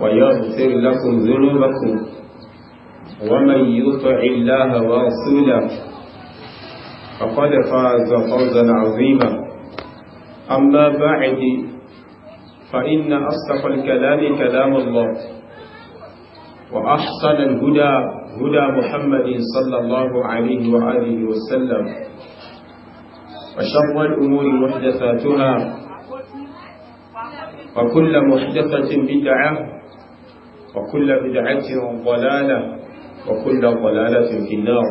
ويغفر لكم ذنوبكم ومن يطع الله ورسوله فقد فاز فوزا عظيما أما بعد فإن أصدق الكلام كلام الله وأحسن الهدى هدى محمد صلى الله عليه وآله وسلم وشر الأمور محدثاتها وكل محدثة بدعة وكل بدعة ضلالة وكل ضلالة في النار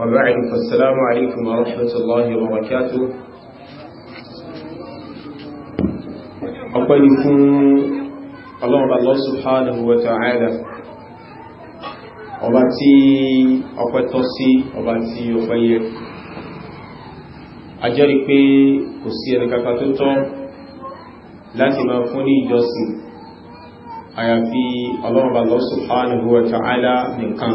وبعد فالسلام عليكم ورحمة الله وبركاته أقبلكم الله الله سبحانه وتعالى ọba tí ọpẹ́ tọ́ sí ọba tí ọpẹ́ yẹ a jẹ́rìí pé kò sí ẹni tó tọ́ láti máa fún ní ìjọsìn àyàfi ọlọ́run Allah subhanahu wa ta'ala nìkan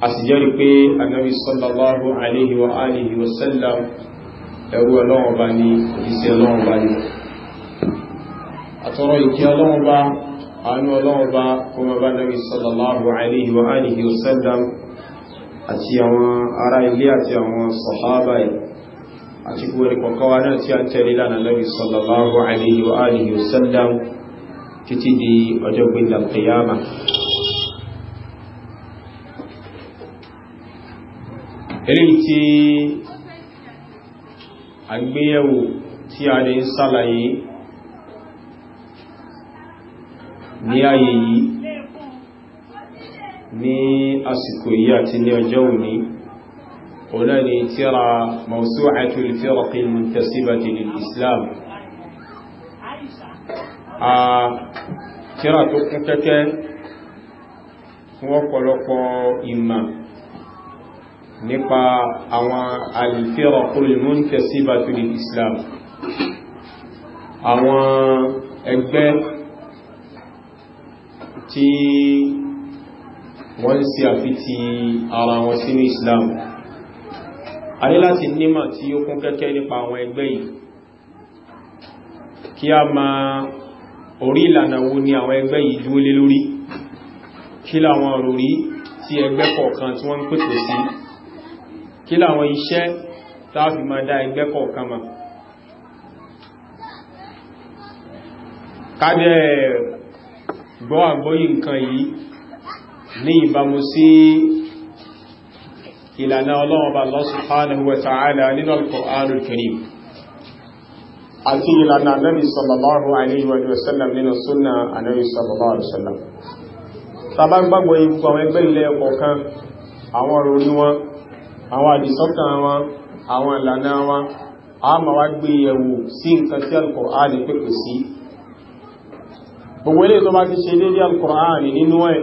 a sì jẹ́rìí pé anábi sallallahu alaihi wa alihi wa sallam ẹrú ọlọ́run bá ní ìsẹ́ ọlọ́run bá ní àtọrọ ìkẹ́ ọlọ́run bá àánú ọlọ́run bá kọmọ bá nábi sallallahu alaihi wa alihi wa sallam àti àwọn ará ilé àti àwọn sàhábà àti gbogbo ẹ̀kọ̀kọ́wà náà tí a tẹ̀lé lánàá lẹ́wì sallallahu alaihi wa alihi wa títí di ọjọ́ gbíndà kìyàmà eléyìí tí àgbéyẹ̀wò tí a lè ń sàlàyé ní ayé yìí ní àsìkò yìí àti ní ọjọ́ òní أولاني ترى موسوعة الفرق المنتسبة للإسلام ترى تقنكك وقلق إما نقى الفرق المنتسبة للإسلام àwọn ẹgbẹ́ tí wọ́n ń ṣe àfitì ara wọn sínú Islam. Islam a ní láti nímọ̀ tí ó kún kẹ́kẹ́ nípa àwọn ẹgbẹ́ yìí kí a ma orí ìlànà wo ni àwọn ẹgbẹ́ yìí dúó lé lórí kí láwọn òròrí tí ẹgbẹ́ kọ̀ọ̀kan tí wọ́n ń pètò sí kí láwọn iṣẹ́ táàfi máa dá ẹgbẹ́ kọ̀ọ̀kan mà kádẹ̀ gbọ́ àgbóyìn nǹkan yìí ní ìbámu sí ìlànà ọlọ́ọ̀bà Allah subhanahu wa ta'ala nínú al-Qur'an al-Karim àti ìlànà Nabi sallallahu alaihi wa sallam nínú súnà Nabi sallallahu alaihi wa sallam tàbá gbàgbọ́ ikú àwọn ẹgbẹ́ ilẹ̀ ọ̀kan àwọn orí wọn àwọn àdìsọ́kà wọn àwọn ìlànà wọn a ma wá gbé yẹ̀wò sí nǹkan tí al pẹ̀pẹ̀ sí gbogbo ilé tó bá ti ṣe dédé al nínú ẹ̀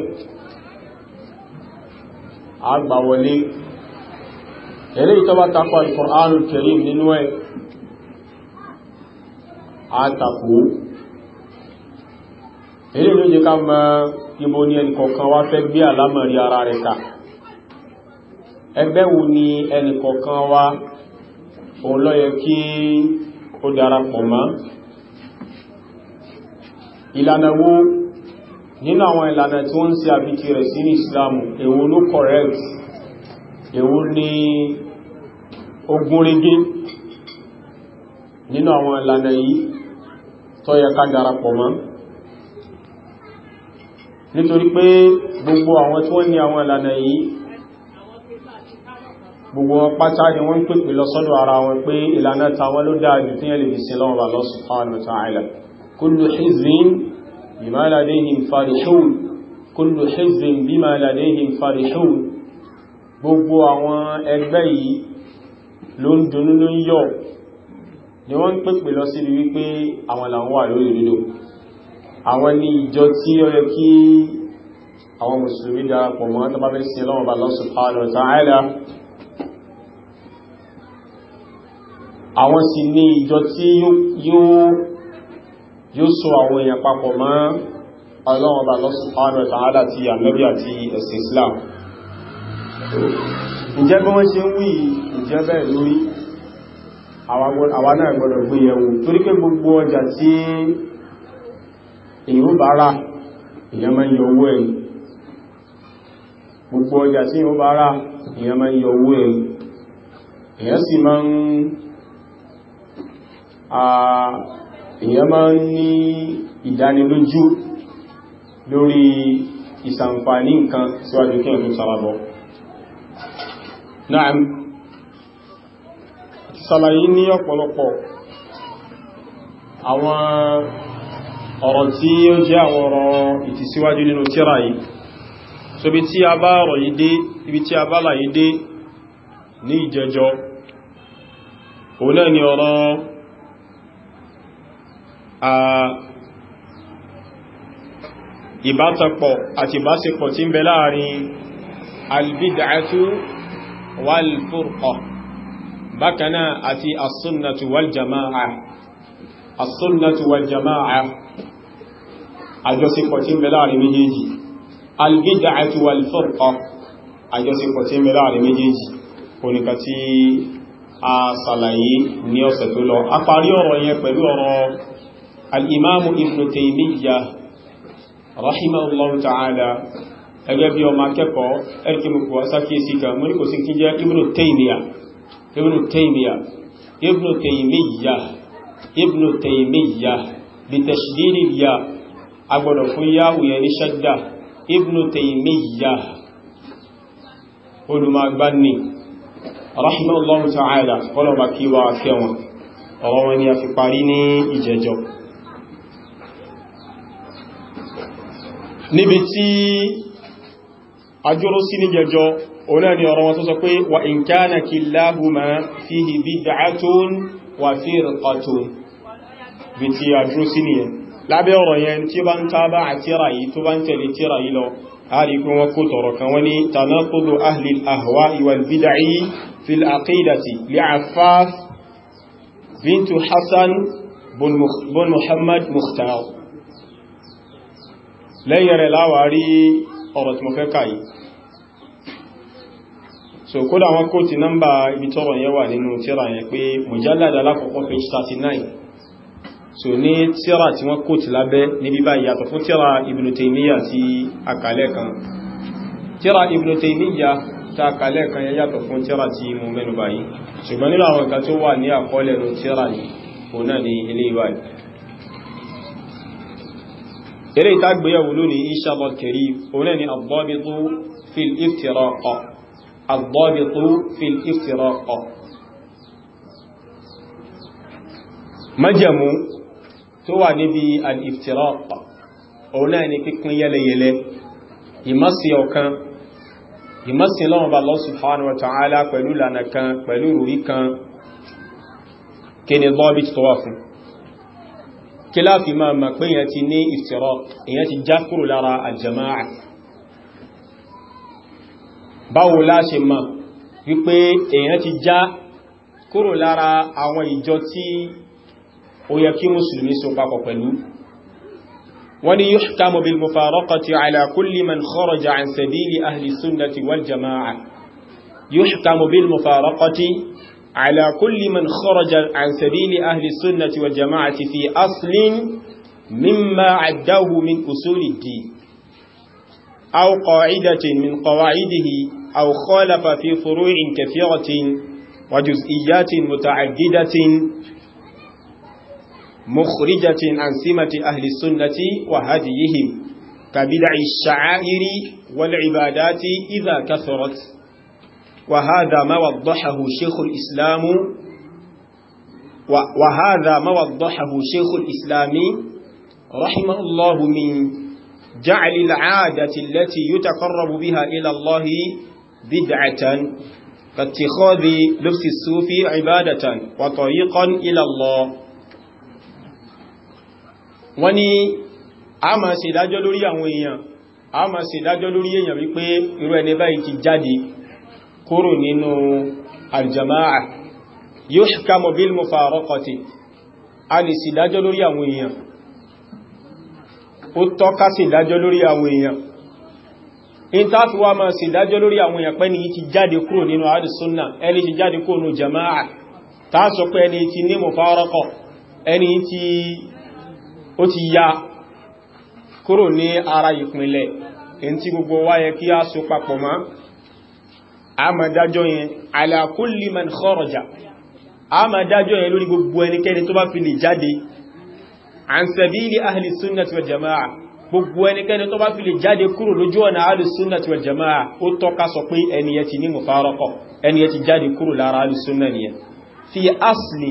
àgbàwọlé eléyìí tó bá takọ alkùránù karim nínú ẹ̀ àtakò eléyìí ló jẹ́ ká mọ̀ ibo ni ẹnìkọ̀ọ̀kan wá fẹ́ gbé àlámọ̀rí ara rẹ̀ ká ẹgbẹ́ wo ni ẹnìkọ̀ọ̀kan wá òun ló yẹ kí ó darapọ̀ mọ́ ìlànà wo nínú àwọn ìlànà tí wọ́n ń ṣe àbíkí rẹ̀ sí ní ìsìlámù èwo ló correct èwo ni ogun rege nínú àwọn ìlànà yìí tó yẹ ká darapọ̀ mọ́ nítorí pé gbogbo àwọn tí wọ́n ní àwọn ìlànà yìí gbogbo wọn pátá ni wọ́n ń pèpè lọ sọ́dọ̀ ara wọn pé ìlànà tàwọn ló dáa jù tí ẹlẹ́bì gbogbo àwọn ẹgbẹ́ yìí ló ń dunú ló ń yọ̀ ni wọ́n ń pèpè lọ sí wípé àwọn làwọn wà lórí rídò àwọn ní ìjọ tí ó yẹ kí àwọn mùsùlùmí darapọ̀ mọ́ tó bá fẹ́ sí ọlọ́wọ́ bá Allah subhanahu wa ta'ala àwọn sì ní ìjọ tí yóò so àwọn èèyàn papọ̀ mọ́ ọlọ́wọ́ bá Allah subhanahu wa ti àmẹ́bí àti ẹ̀sìn Islam ìjẹ́ bí wọ́n ṣe ń wí ìjẹ́ bẹ́ẹ̀ lórí àwa náà gbọ́dọ̀ gbé yẹ̀wò torí pé gbogbo ọjà tí èyí ó bá rà èyàn máa ń yọ owó ẹ̀ gbogbo ọjà tí lórí ìsànfà ní nǹkan síwájú kí ẹ̀mí sábàbọ̀ Naam ṣàlàyé ní ọ̀pọ̀lọpọ̀ àwọn ọ̀rọ̀ tí ó jẹ́ àwọn ọ̀rọ̀ ìtìsíwájú nínú tírà yìí so bí tí a bá ọ̀rọ̀ yìí dé ibi tí a bá láyé dé ní ìjẹjọ òun náà ni ọ̀rọ̀ ìbátapọ̀ àti ìbáṣepọ̀ tí ń bẹ láàrin albid'atu والفرقة بكنا أتي السنة والجماعة السنة والجماعة أجوسي قوتين بلاري مجيجي البدعة والفرقة أجوسي قوتين بلاري مجيجي قولكتي أصلاي نيوسة الله أقاري أرى يقبل أرى الإمام ابن تيمية رحمه الله تعالى ẹgbẹ́ bí ọmọ akẹ́kọ̀ọ́ ẹ̀rìkìmùkù asákíyèsí kan mo ní kò sí kí jẹ́ Ibn Taymiyyah Ibn Taymiyyah Ibn Taymiyyah Ibn Taymiyyah bí tashdid yá agbọ́dọ̀ fún yáwù yẹn ní ṣẹ́dá Ibn Taymiyyah olùmọ̀gbánni rahimahullahu ta'ala kọlọ̀bà ni a fi níbi tí ajúrú sí ní jẹjọ onáà ni ọ̀rọ̀ wọn tó sọ pé wa in kana killahuma fihi bid'atun wa firqatun bí ti ajúrú sí ní yẹn lábẹ́ ọ̀rọ̀ yẹn tí bá ń tábà àtíra yìí tó bá ń tẹ̀lé tíra yìí lọ àrí pé wọn kó tọ̀rọ̀ kan wọ́n ní tanaqudu ahli al-ahwa'i wal bid'i fil aqidati li'affaf bintu hassan bon muhammad mukhtar lẹ́yìn rẹ̀ láwárí ọ̀rọ̀ tí mo fẹ́ kàyìí so kódà wọn kó ti nọ́mbà ibi tọ́rọ yẹn wà nínú tíra yẹn pé mujallada alákọ̀ọ́kọ́ page 39 so ní tíra tí wọ́n kó ti lábẹ́ ní bíbá ìyàtọ̀ fún tíra Ibn Taymiyyah ti àkàlẹ̀ kan tíra Ibn Taymiyyah ta àkàlẹ̀ kan yàtọ̀ fún tíra ti mú mẹ́nu báyìí fil iftiraq الضابط في الافتراق májẹ̀mú tó wà níbi al-iftiraq òun náà ni pípín yẹlẹyẹlẹ ìmọ́sí ọ̀kan ìmọ́sí lọ́wọ́ bá Allah subhanahu wa ta'ala pẹ̀lú lànà kan pẹ̀lú rúrí kan kí ni lọ́bìtì tó wà fún kí láàfí máa mọ̀ pé èyàn ti ní iftiraq èyàn ti já kúrò lára al-jama'a báwo láṣe mọ̀ wípé èèyàn ti já kúrò lára àwọn ìjọ tí ó yẹ kí mùsùlùmí so papọ̀ pẹ̀lú wọ́n ni yuhkamu bil mufaraqati ala kulli man kharaja an sabili ahli sunnati wal jama'a yuhkamu bil mufaraqati على كل من خرج عن سبيل أهل السنة والجماعة في أصل مما عداه من أصول الدين أو قاعدة من قواعده أو خالف في فروع كثيرة وجزئيات متعددة مخرجة عن سمة أهل السنة وهديهم كبدع الشعائر والعبادات إذا كثرت وهذا ما وضحه شيخ الإسلام وهذا ما وضحه شيخ الإسلام رحمه الله من جعل العادة التي يتقرب بها إلى الله بدعة فاتخاذ لبس الصوف عبادة وطريقا إلى الله wani a ma ṣe ìdájọ́ lórí àwọn èèyàn a ma ṣe ìdájọ́ lórí èèyàn wípé irú ẹni báyìí ti jáde kúrò nínú aljama'a yuhkamu bil mufaraqati a lè ṣe ìdájọ́ lórí àwọn èèyàn ó tọ́ka sí ìdájọ́ lórí àwọn èèyàn in ta fi wá máa sí ìdájọ́ lórí àwọn èèyàn pé ni yí ti jáde kúrò nínú àádì súnnà ẹni ti jáde kúrò nínú jama'a ta sọ pé ẹni ti ní mufaraqah ẹni tí ó ti ya kúrò ní ara ìpínlẹ̀ in ti gbogbo wa kí a so papọ̀ mọ́ a máa dájọ́ yẹn ala kulli man a máa dájọ́ yẹn lórí gbogbo ẹnikẹ́ni tó bá fi lè jáde an sabili ahli sunnati wal jama'a gbogbo ẹnikẹ́ni tó bá fi lè jáde kúrò lójú ọ̀nà ahli sunnati wal jama'a ó tọ́ka sọ pé ẹniyẹ ti ní mufarọ́kọ̀ ẹniyẹ ti jáde kúrò lára ahli sunna niyẹ fi asli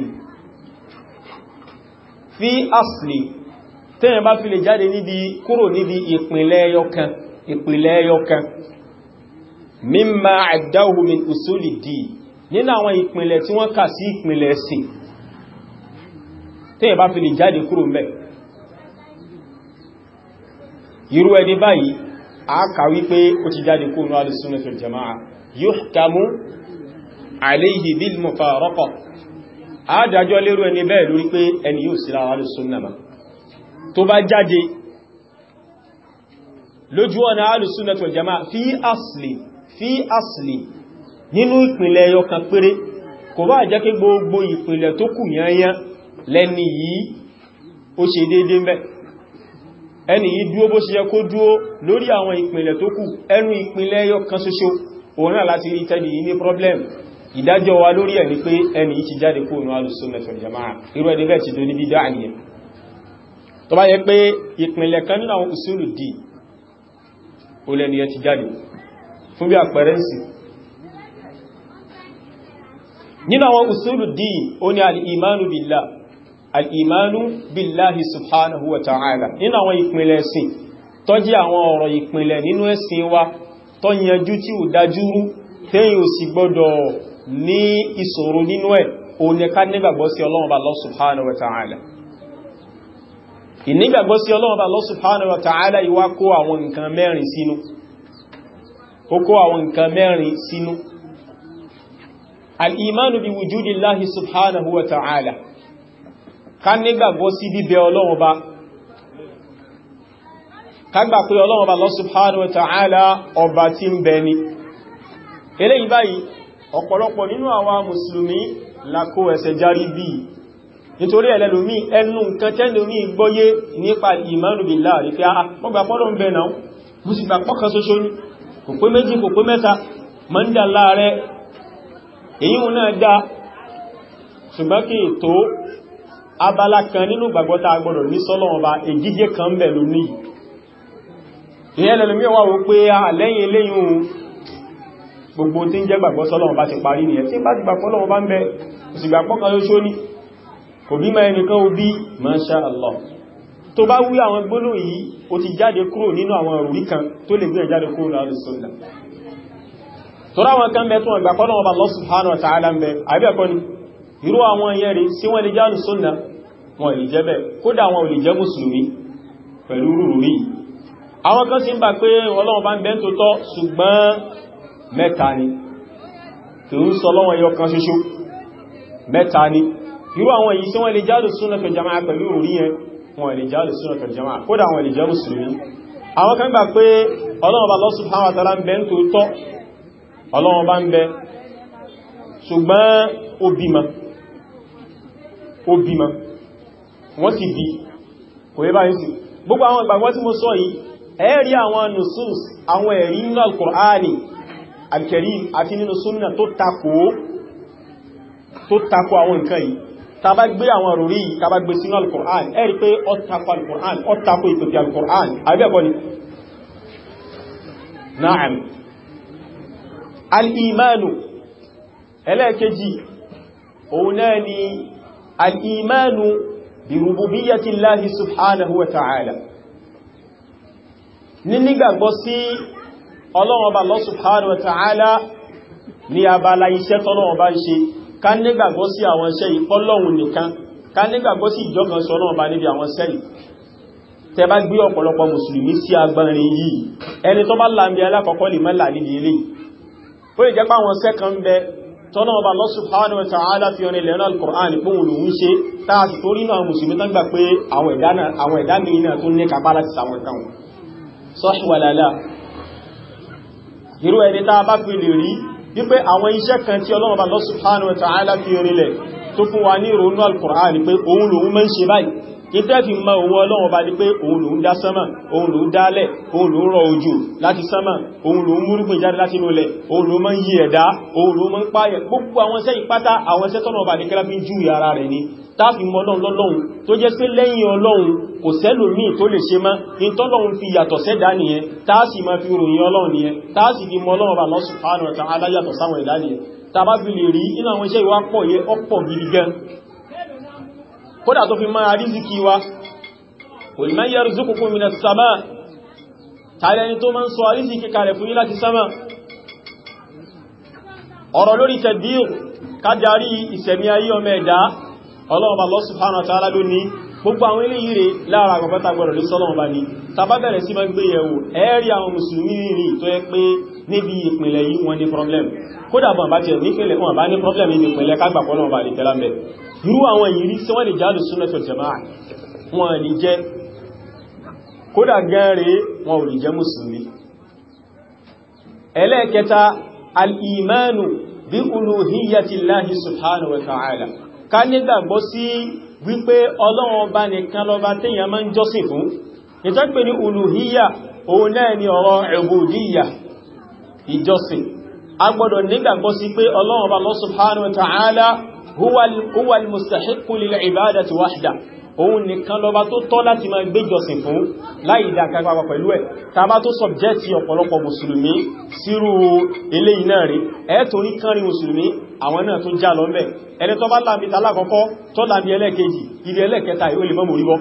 fi asli tẹ́yìn bá fi lè jáde níbi kúrò níbi ìpìnlẹ̀ ẹyọkan tẹ́yẹ̀ bá fi lè jáde kúrò mẹ́ irú ẹni báyìí a kà wípé ó ti jáde kúrò ní alìsúnà fil jama'a yuhkamu alayhi bil mufaraqa a dájọ́ lérú ẹni bẹ́ẹ̀ lórí pé ẹni yóò sí lára alìsúnà ma tó bá jáde lójú ọ̀nà alìsúnà fil jama'a fi kò bá jẹ́ kí gbogbo ìpìlẹ̀ tó kù yányán lẹ́ni yìí ó ṣe déédé mẹ́ ẹni yìí dúó bó ṣe yẹ kó dúó lórí àwọn ìpìnlẹ̀ tó kù ẹnu ìpìnlẹ̀ ẹyọ kan ṣoṣo òun náà láti rí tẹ́lì yìí ní problem ìdájọ́ wa lórí ẹ̀ ni pé ẹni yìí ti jáde kó nù alùsùnnah wal jamaa irú ẹni bẹ́ẹ̀ ti do ní bídá àníyàn tó bá yẹ pé ìpìnlẹ̀ kan nínú àwọn usulu di ó al-imanu billah al'imanu billahi subhanahu wa ta'ala nínú àwọn ìpínlẹ̀ ẹ̀sìn tó jẹ́ àwọn ọ̀rọ̀ ìpínlẹ̀ nínú ẹ̀sìn wa tó yanjú tí ò dájúrú tẹ́yìn ò sì gbọ́dọ̀ ní ìṣòro nínú ẹ̀ oníká nígbàgbọ́ sí Ọlọ́run bá Allah subhanahu wa ta'ala ìnígbàgbọ́ sí Ọlọ́run bá bi wujudillahi subhanahu wa ta'ala ká nígbàgbọ́ sí bíbẹ ọlọ́run ba ká pé ọlọ́run ba Allah ọba tí ń bẹ ni eléyìí báyìí ọ̀pọ̀lọpọ̀ nínú àwa mùsùlùmí làkó ẹsẹ̀ járí bí nítorí ẹlẹ́lùmí ẹnu nǹkan tẹ́lùmí gbọ́yé nípa ìmánu abala kan nínú gbàgbọ́ tá a gbọ́dọ̀ ní sọ́lọ́wọ́n bá ègígé kan bẹ̀ ló ní ìyẹn lẹ́lùmí wà wó pé a lẹ́yìn eléyìn gbogbo tí ń jẹ́ gbàgbọ́ sọ́lọ́wọ́n bá ti parí nìyẹn tí bá ti gbàgbọ́ lọ́wọ́ bá ń bẹ òsìgbàgbọ́ kan lóṣó ní kò bí máa ẹnìkan ó Allah tó bá wí àwọn gbóló yìí ó ti jáde kúrò nínú àwọn òrí kan tó lè gbé jáde kúrò láàrín sọ́lá tọ́rọ àwọn kan bẹ irú àwọn yẹn rí sí wọ́n lè jẹ́ alùsọ́nà wọn lè jẹ́ bẹ́ẹ̀ kódà wọn lè jẹ́ mùsùlùmí pẹ̀lú rúrù rí àwọn kan sì ń bà pé ọlọ́run bá ń bẹ tó tọ́ ṣùgbọ́n mẹ́ta ni kì ń sọ lọ́wọ́ ẹyọ kan ṣoṣo mẹ́ta ni irú àwọn èyí sí wọ́n lè jẹ́ alùsọ́nà fẹ̀ jama pẹ̀lú rúrù yẹn wọn lè jẹ́ alùsọ́nà fẹ̀ jama kódà ṣùgbọ́n ó ó bímọ wọ́n sì bí kò yẹ báyìí sí gbogbo àwọn ìgbàgbọ́ tí mo sọ yìí ẹ̀rí àwọn nusus àwọn ẹ̀rí nínú alkùránì alkarim àti nínú súnnà tó takò tó takò àwọn nǹkan yìí tàbá gbé àwọn òrùrí yìí tàbá gbé sínú alkùránì ẹ̀rí pé ó الإيمان بربوبية الله سبحانه وتعالى nínígbàgbọ́ sí ọlọ́run ọba Allah subhanahu wa ta'ala ní abala iṣẹ́ tọ́lọ́run bá ń ṣe ká nígbàgbọ́ sí àwọn iṣẹ́ ìpọ́lọ́run nìkan ká nígbàgbọ́ sí ìjọkan sọ́lọ́run bá níbi àwọn sẹ́yìn tẹ bá gbé ọ̀pọ̀lọpọ̀ mùsùlùmí sí agbárin yìí ẹni tó bá láàmì alákọ̀ọ́kọ́ lè mẹ́là níbi eléyìí ó lè jẹ́ pé àwọn sẹ́kàn ń bẹ tọ́nà ọba Allah subhanahu wa ta'ala fi ọ̀nà ilẹ̀ ọ̀nà Qur'an fún olùhún ṣe táàtì torí náà mùsùlùmí tán gbà pé àwọn ẹ̀dá mi náà tó ní kàpá láti sàwọn kan sọ́ṣùwàlálà irú ẹni tá a bá fi lè rí wípé ìtẹ́fì ma owó ọlọ́run bá ní pé òun lòun dá sánmà òun lòun dálẹ̀ òun lòun rọ òjò láti sánmà òun lòun múrùgbìn jáde láti nulẹ̀ òun lòun máa ń yí ẹ̀dá òun lòun máa ń pààyẹ̀ gbogbo àwọn iṣẹ́ ìpátá àwọn iṣẹ́ tọ́nà ọba nìkẹ́lá fi ń ju rẹ̀ ni táàfi mọ́ ọlọ́run lọ́lọ́run tó jẹ́ pé lẹ́yìn ọlọ́run kò sẹ́lò míì tó lè ṣe máa ní tọ́lọ́run fi yàtọ̀ sẹ́dá nìyẹn táàsì máa fi ròyìn ọlọ́run nìyẹn táàsì fi mọ́ ọlọ́run bá lọ́sùn fánà ọ̀tà aláyàtọ̀ sáwọn ìdá nìyẹn tàbá fi lè rí inú àwọn iṣẹ́ ìwà pọ̀ yẹ ọ̀pọ̀ gidi gan kódà tó fi máa ríziki wa olùmọ́ yẹ rìzúkùkù mi na sàmà tàbí ẹni tó máa ń sọ ríziki kalẹ̀ fún yí láti sàmà ọ̀rọ̀ lórí tẹ̀díl kájàrí ìsẹ̀mí ayé ọmọ ẹ̀dá ọlọ́ọ̀bà Allah subhanahu lónìí gbogbo àwọn ilé yìí rẹ̀ lára àgbàbátà gbọ́rọ̀ ló sọ́lọ́ ọba ni tàbá bẹ̀rẹ̀ sí máa gbé yẹ̀wò ẹ̀ẹ́rí àwọn mùsùlùmí rìn tó yẹ pé níbi ìpìnlẹ̀ yìí wọ́n ní problem kódà bọ̀n bá tiẹ̀ nípìnlẹ̀ wọn bá ní problem ìpìnlẹ̀ ká nígbàgbọ́ wípé ọlọ́run ọba nìkan lọba téèyàn máa ń jọ́sìn fún ìtọ́pẹ̀ ní olùhíyà òun náà ni ọ̀rọ̀ ẹ̀bùdíyà ìjọsìn a gbọ́dọ̀ nígbàgbọ́ sí pé ọlọ́run ọba subhanahu wa ta'ala huwal òun nìkan lọba tó tọ́ láti máa gbéjọsìn fún láì ìdákàgbà pẹ̀lú ẹ̀ tàbá tó sọ̀bjẹ́tì ọ̀pọ̀lọpọ̀ mùsùlùmí sírú eléyìí náà rí ẹ̀ẹ́tòrí kan rí mùsùlùmí àwọn náà tún já lọ́mẹ́ ẹni tó bá láàmì tàlákọ́kọ́ tó láàmì ẹlẹ́kejì ibi ẹlẹ́kẹta ìwé lè mọ́mù rí bọ́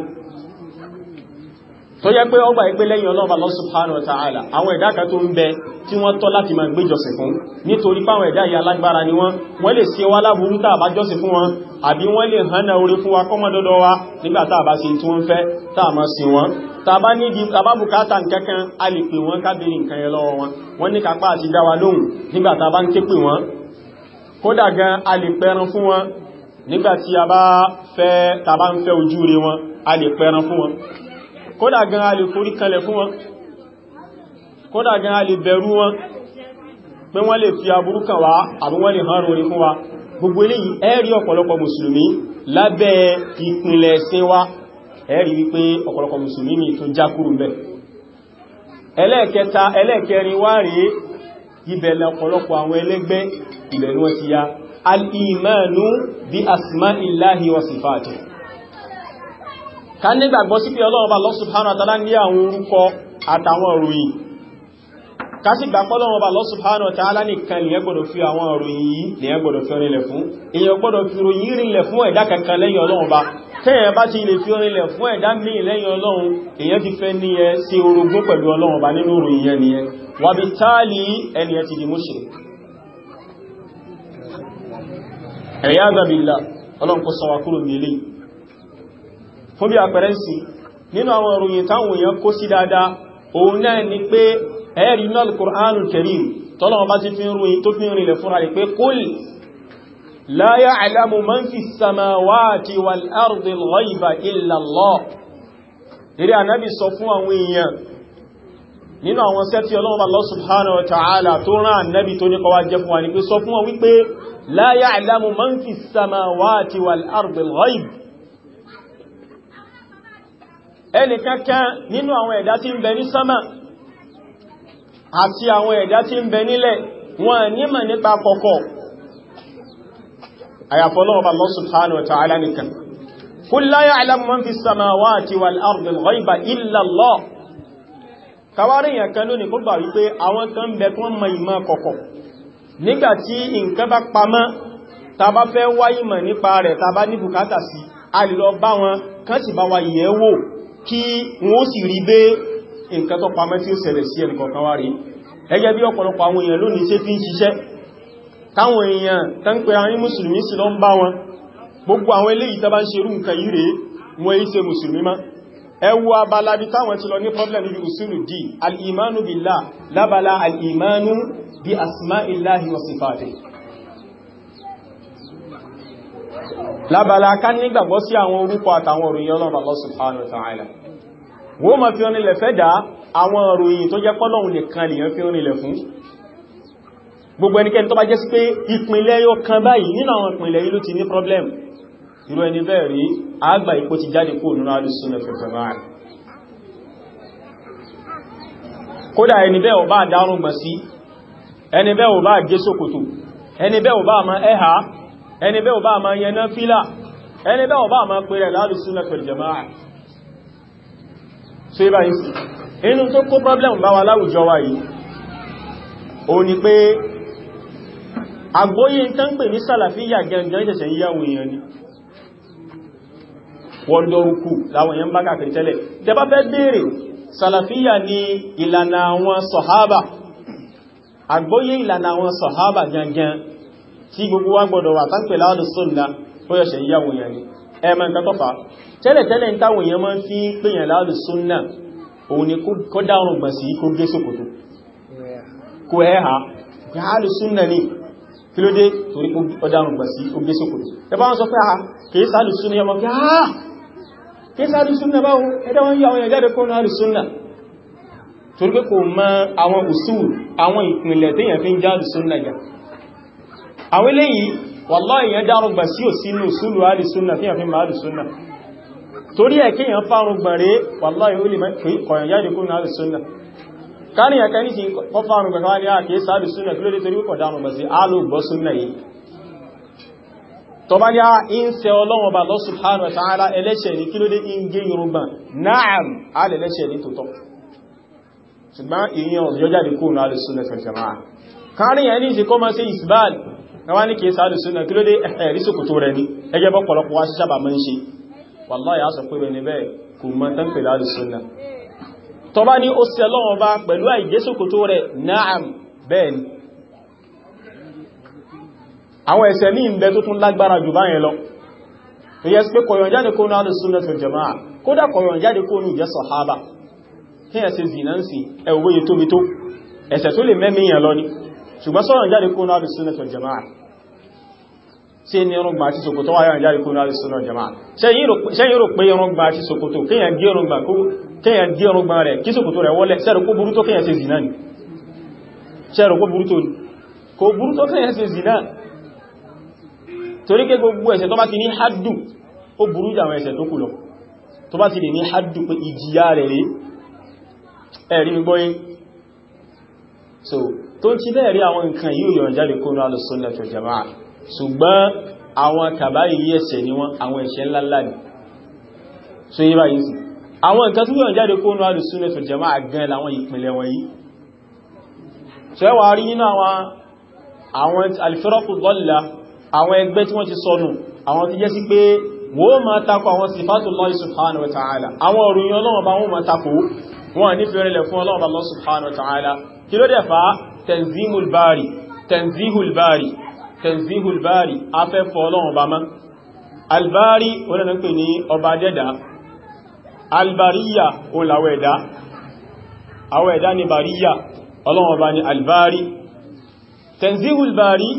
tó yẹ pé ọgbà ìpé lẹ́yìn ọlọ́ọ̀bà Allah subhanahu wa ta'ala àwọn ẹ̀dá kan tó ń bẹ tí wọ́n tọ́ láti máa gbéjọsìn fún nítorí páwọn ẹ̀dá yìí alágbára ni wọ́n wọ́n lè ṣe wá láburú tá bá jọ́sìn fún wọn àbí wọ́n lè hánà orí fún wa kọ́mọ́ dọ́dọ́ wa nígbà tá bá ṣe tí wọ́n fẹ́ tá máa sìn wọ́n tá bá níbi tá bá bùkátà nǹkankan a lè pè wọ́n kábìrì nǹkan yẹn lọ́wọ́ wọn wọ́n ní kápá àti dá wa ń fẹ́ ojú rere wọn a lè pẹran fún wọn kódà gan a lè forí kanlẹ̀ fún wọn kódà gan a lè bẹ̀rù wọn pé wọ́n lè fi aburú kàn wá àbí wọ́n lè hàn rúrí fún wa gbogbo eléyìí ẹ̀rí ọ̀pọ̀lọpọ̀ mùsùlùmí lábẹ́ ìpìnlẹ̀ ẹ̀sìn wa ẹ̀rí wípé ọ̀pọ̀lọpọ̀ mùsùlùmí mi tó já kúrò bẹ̀ ẹlẹ́ẹ̀kẹta ẹlẹ́ẹ̀kẹrin wá ká nígbàgbọ́ sí pé ọlọ́run bá Allah subhanahu wa ta'ala ní àwọn orúkọ àtàwọn ìròyìn ká sì gbà pé ọlọ́run bá Allah subhanahu wa ta'ala nìkan lèyàn gbọ́dọ̀ fi àwọn ìròyìn yìí lèyàn gbọ́dọ̀ fi rinlẹ̀ fún èyàn gbọ́dọ̀ fi ròyìn rinlẹ̀ fún ẹ̀dá kankan lẹ́yìn ọlọ́run bá tẹ́yàn bá ti lè fi rinlẹ̀ fún ẹ̀dá míì lẹ́yìn ọlọ́run èyàn ti fẹ́ ní ẹ sí ẹ̀yà àgbàbìlà ọlọ́run kó nílé fún bí àpẹẹrẹ sí nínú àwọn ìròyìn táwọn èèyàn kó sí dáadáa òun náà ni pé ẹ̀rí náà kùránù kẹrìm tọ́lọ́wọ́ bá ti fi ròyìn tó fi rìnlẹ̀ fúnra rẹ̀ pé qul la ya'lamu man fi samawati wal ardi al-ghayba fi samawati wal ardi al ẹni kankan nínú àwọn ẹ̀dá tí ń bẹ ní sánmà àti àwọn ẹ̀dá tí ń bẹ nílẹ̀ wọn nímọ̀ nípa kọ̀kọ̀ àyàfọ́lọ́wọ́ Allah subhanahu wa ta'ala nìkan kul la ya'lamu man fis samawati wal ardi al wá ìmọ̀ nípa ní bùkátà sí a lè lọ kí wọ́n sì rí bé nǹkan tó pamẹ́ tí ó ṣẹlẹ̀ sí ẹnìkọ̀ọ̀kan wá rí ẹgẹ́ bí ọ̀pọ̀lọpọ̀ àwọn èèyàn lónìí ṣe fi ń ṣiṣẹ́ táwọn èèyàn tán pé àwọn mùsùlùmí sí lọ ń bá wọn gbogbo àwọn eléyìí tó bá ń ṣerú nǹkan yìí rèé wọ́n yí ṣe mùsùlùmí má ẹ abala bí táwọn ti lọ ní problem níbi usulu di al-imanu billah labala al-imanu bi asma'illahi wa sifatihi lábala ká nígbàgbọ́ sí àwọn orúkọ àtàwọn òròyìn ọlọ́run Allah subhanahu wa ta'ala wọ́n ma fi ọ́nà ilẹ̀ fẹ́ dá àwọn òròyìn tó jẹ́ pọ́lọ́run nìkan lèyàn fi ọ́nà ilẹ̀ fún gbogbo ẹnikẹ́ni tó bá jẹ́ sí pé ìpínlẹ̀ yóò kan báyìí nínú àwọn ìpínlẹ̀ yìí ló ti ní problem irú ẹni bẹ́ẹ̀ rí àgbà ipò ti jáde kó nínú alùsùn ẹ̀fẹ̀fẹ̀máà kódà ẹni bẹ́ẹ̀ ò bá dárùn-ún gbà sí ẹni bẹ́ẹ̀ ò bá gé ẹni bẹ́ ọba ma yẹn náà fílà ẹni bẹ́ ọba ma pẹ̀rẹ̀ láàrín súnà pẹ̀lú jama'a so ibá yìí inú tó kó problem bá wa láwùjọ wa yìí o ni pé àgbóyé tán pè ní sàlàfíyà gẹ̀ǹgẹ̀ ìtẹ̀sẹ̀ yíyàwó èèyàn ni wọ́n dọ́rùkù láwọn èèyàn bá kàkiri tẹ́lẹ̀ tí gbogbo wa gbọdọ̀ wà tánpẹ̀ láàdù sọ́nà ó yẹ̀ṣẹ̀ yíyàwó yẹn ni ẹmọ nǹkan tọ́fà tẹ́lẹ̀tẹ́lẹ̀ ń táwọn èèyàn máa ń fi pèèyàn láàdù sọ́nà òun ni kó dárùn gbà sí kó gé sókòtò ni kí ló dé torí kó dárùn gbà sí kó gé sókòtò ẹ bá wọn sọ pé a ah, kìí sáàdù sọ́nà ah, kò mọ àwọn usul àwọn ìpìnlẹ̀ téèyàn fi ń jáàdù sọ́nà yà àwọn eléyìí wallahi èèyàn dárùngbà sí ò sínú usulu alìsúnà tí a fi máa alìsúnà torí ẹ̀ kí èèyàn fárùngbà rẹ̀ wallahi ó lè mẹ́ pé kọ̀yàn jáde kúrò ní alìsúnà káníyàn kan níṣe kọ́ fárùngbà kan ní àkíyè sí alìsúnà kí ló dé torí kọ̀ dárùngbà sí alùgbọ́ súnà yìí tọba yá in ṣe ọlọ́wọ́ bá ah, Allah subhanahu wa ta'ala ẹlẹ́ṣẹ̀ ní kí ló dé in gé yorùbá na'am alẹ́lẹ́ṣẹ̀ ní tòótọ́ ṣùgbọ́n ìyẹn ọ̀yọ́jáde káwá ní kìí sáàdù súnà kí ló dé ẹ̀rí sòkòtò rẹ̀ ní ẹgẹ́ bọ́ pọ̀lọpọ̀ wá sí sábà máa ń ṣe wàláhì á sọ pé rẹ̀ níbẹ̀ kò mọ́ tán pẹ̀lú àdù súnà tó bá ní ó sẹ lọ́wọ́n bá pẹ̀lú àìjẹ́ sòkòtò rẹ̀ náàm bẹ́ẹ̀ ni àwọn ẹ̀ṣẹ̀ ní ìbẹ́ tó tún lágbára jù báyẹn lọ tó yẹ pé kọ̀yàn jáde kó ní àdù súnà tó jẹ̀má kódà kọ̀yàn jáde kó ní ìjẹ́ sọ̀hábà kí ẹ̀ ṣe zìnánsì ẹ̀wọ́ yẹ tóbi tó ẹ̀ṣẹ̀ tó lè mẹ́mìyàn lọ ni ṣùgbọ́n sọ́rọ̀ jáde kó náà lùsùn náà jama'a tí ní irungba àti ṣòkòtò wáyé jáde kó náà lùsùn náà jama'a ṣe yíò pé irungba àti ṣòkòtò kíyàn gé irungba rẹ̀ kí ṣòkòtò rẹ̀ wọlẹ̀ ṣẹ́rù kó burú tó kíyàn ṣe zìnà ni ṣẹ́rù kó burú tó ni kò burú tó kíyàn ṣe zìnà torí pé gbogbo ẹ̀ṣẹ̀ tó bá ti ní haddu ó burú jàwọn ẹ̀ṣẹ̀ so tó ń ti bẹ́ẹ̀ rí àwọn nǹkan yíò yọ̀n jáde kó náà lọ́sọ́nà tó jama'a ṣùgbọ́n àwọn kàbá yìí ẹ̀ṣẹ̀ ni wọ́n àwọn ẹ̀ṣẹ̀ ńláńlá ni so yí báyìí sí àwọn nǹkan tó yọ̀n jáde kó náà lọ́sọ́nà tó jama'a gan láwọn ìpìnlẹ̀ wọn yìí ṣe wà rí nínú àwọn alifirọ́kù dọ́là àwọn ẹgbẹ́ tí wọ́n ti sọnù àwọn ti jẹ́ sí pé ní fẹ́rẹ̀lẹ̀ fún kí ló dẹ̀ fàá tẹ̀nzíhùl báàrì tẹ̀nzíhùl báàrì tẹ̀nzíhùl báàrì afẹ́ fọ́lọ́run ọba mọ́ albáàrì olóòrùn pè ní ọba dẹ́dà albáríyà olàwọ̀ ẹ̀dá ni bàríyà ọlọ́run ni albáàrì tẹ̀nzíhùl báàrì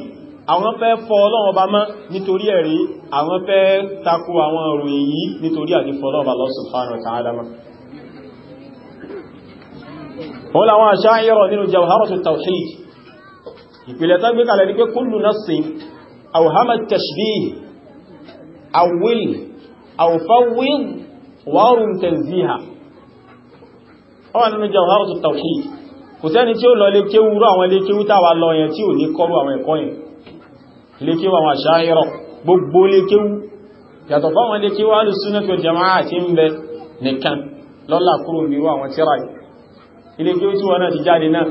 àwọn fẹ́ fọ́lọ́run ọba mọ́ nítorí ẹ̀rí àwọn fẹ́ tako àwọn ìròyìn yìí nítorí àti fọ́lọ́run ọba subhanahu wa ta'ala mọ́ wọ́n láwọn aṣáyẹ̀rọ nínú jawharatu tawhid ìpìlẹ̀ tó gbé kalẹ̀ ní pé kullu nassin aw hama tashbih aw wil aw fawwid warun tanziha ọwà nínú jawharatu tawhid kò sẹ́ni tí ó lọ lékéwú rú àwọn lékéwú táwà lọ yẹn tí ò ní kọrù àwọn ẹ̀kọ́ yẹn ilé kí ó tí wọ́n náà ti jáde náà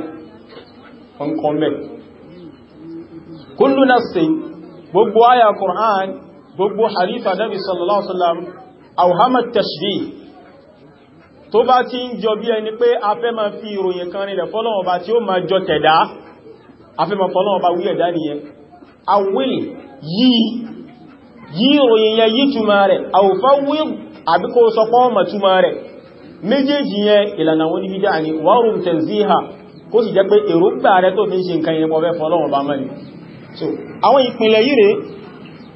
wọ́n kọ́ mẹ́ kullu nassin gbogbo aya Qur'an gbogbo hadith Nabi sallallahu alaihi wasallam awhama tashbih tó bá ti ń jọ bí ẹni pé a fẹ́ ma fi ìròyìn kan rí rẹ̀ fọ́lọ́wọ́ bá tí ó ma yẹ yìí túmọ̀ rẹ̀ àwòfáwí àbíkó sọpọ́ mọ̀ túmọ̀ rẹ̀ méjèèjì yẹn ìlànà wọn ní bídá ní wárùn tẹ̀síhà kó sì jẹ́ pé èròǹgbà rẹ tó fi ń ṣe nǹkan ìrìnpọ̀ fẹ́ fọ́lọ́wọ̀n bá mẹ́rin so àwọn ìpìnlẹ̀ yìí rẹ̀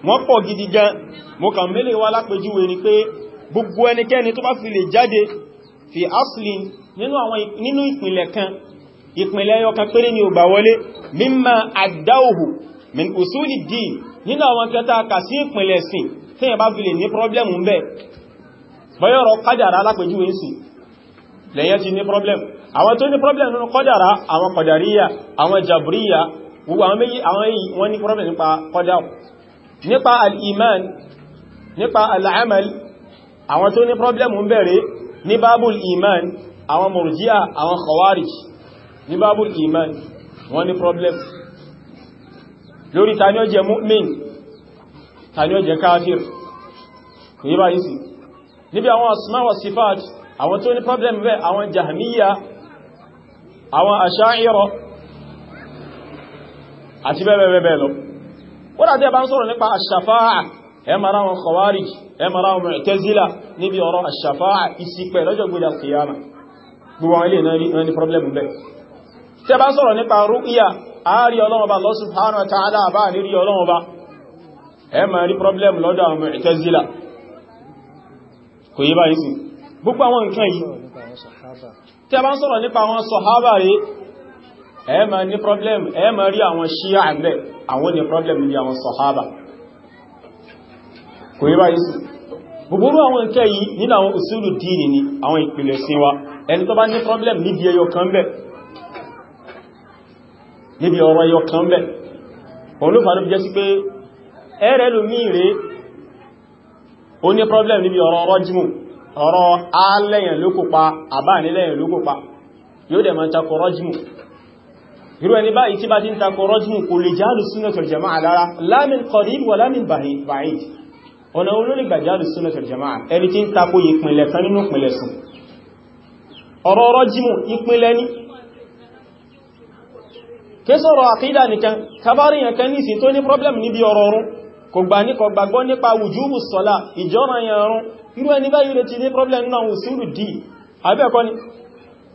wọ́n pọ̀ gidi gan mo kàn mẹ́lẹ̀ wá lápẹjúwe ni pé gbogbo ẹnikẹ́ni tó bá fi lè jáde fi aslin nínú ìpìnlẹ̀ kan ni ò gbà àwọn ìpìnlẹ̀ bọ́yọ̀rọ̀ kádàrá lápẹjú èsì lẹ́yẹn ti ní problem àwọn tó ní problem nínú kọ́dàrá àwọn kọ̀dàríyà àwọn jàbríyà gbogbo àwọn méjì àwọn èyí wọ́n ní problem nípa kọ́dàrá nípa al-iman nípa al-amal àwọn tó ní problem ń bẹ̀rẹ̀ ní bábùl iman àwọn murji'a àwọn khawarij ní bábùl iman wọ́n ní problem lórí tani ó jẹ́ mu'min tani ó jẹ́ káfir kò yí bá yìí sí níbi àwọn asma wa sifat àwọn tó ní problem bẹ́ àwọn jahmiya àwọn asha'ira àti bẹ́ẹ̀bẹ́ẹ̀ lọ wọ́n àti ẹbá ń sọ̀rọ̀ nípa ashafa'a ẹmara wọn khawarij ẹmara wọn mu'tazila níbi ọ̀rọ̀ ashafa'a ìṣìpẹ̀ lọ́jọ́ gbọ́dọ̀ kìyàmà gbogbo àwọn ilé náà ní problem bẹ́ tí a bá sọ̀rọ̀ nípa rúkíyà àárí ọlọ́wọ́ba Allah subhanahu wa ta'ala àbá ànírí ọlọ́wọ́ba ẹ ma rí problem lọ́dọ̀ àwọn mu'tazila kò yí báyìí sí gbogbo àwọn nǹkan yìí tí a bá ń sọ̀rọ̀ nípa àwọn sọ̀hábà rí ẹ ma ní problem ẹ ma rí àwọn ṣíyà àgbẹ̀ àwọn ní problem ní àwọn sọ̀hábà kò yí báyìí sí gbogbo àwọn nǹkan yìí nínú àwọn usulu dìní ni àwọn ìpìlẹ̀ sí wa ẹni tó bá ní problem níbi ẹyọ kan bẹ̀ níbi ọ̀rọ̀ ẹyọ kan bẹ̀ òun ló fà ló jẹ́ sí pé ẹ̀rẹ́ rèé ó ní problem níbi ọ̀rọ̀ rọ́jímù ọ̀rọ̀ alẹ́yìn lókòpa àbá nílẹ́yìn lókòpa yóò dẹ̀ máa takò rọ́jímù irú ẹni báyìí tí bá ti ń takò rọ́jímù kò lè jáàlù sunnatul jama'a lára la min qarib wa la min ba'id ọ̀nà olórí gbà jáàlù sunnatul jama'a ẹni tí ń takò ìpìnlẹ̀ kan nínú ìpìnlẹ̀ sùn ọ̀rọ̀ rọ́jímù ìpìnlẹ̀ ni kí sọ̀rọ̀ àkídà nìkan kabari yankan ní sí tó ní problem níbi ọ̀rọ̀ ọ̀run kò gbà ní kò gbàgbọ́ nípa wùjúbù sọ́lá ìjọ́ràn yẹ̀rún irú ẹni báyìí lè ti ní problem náà wù sí ìrùdí àbẹ́ẹ̀kọ́ ni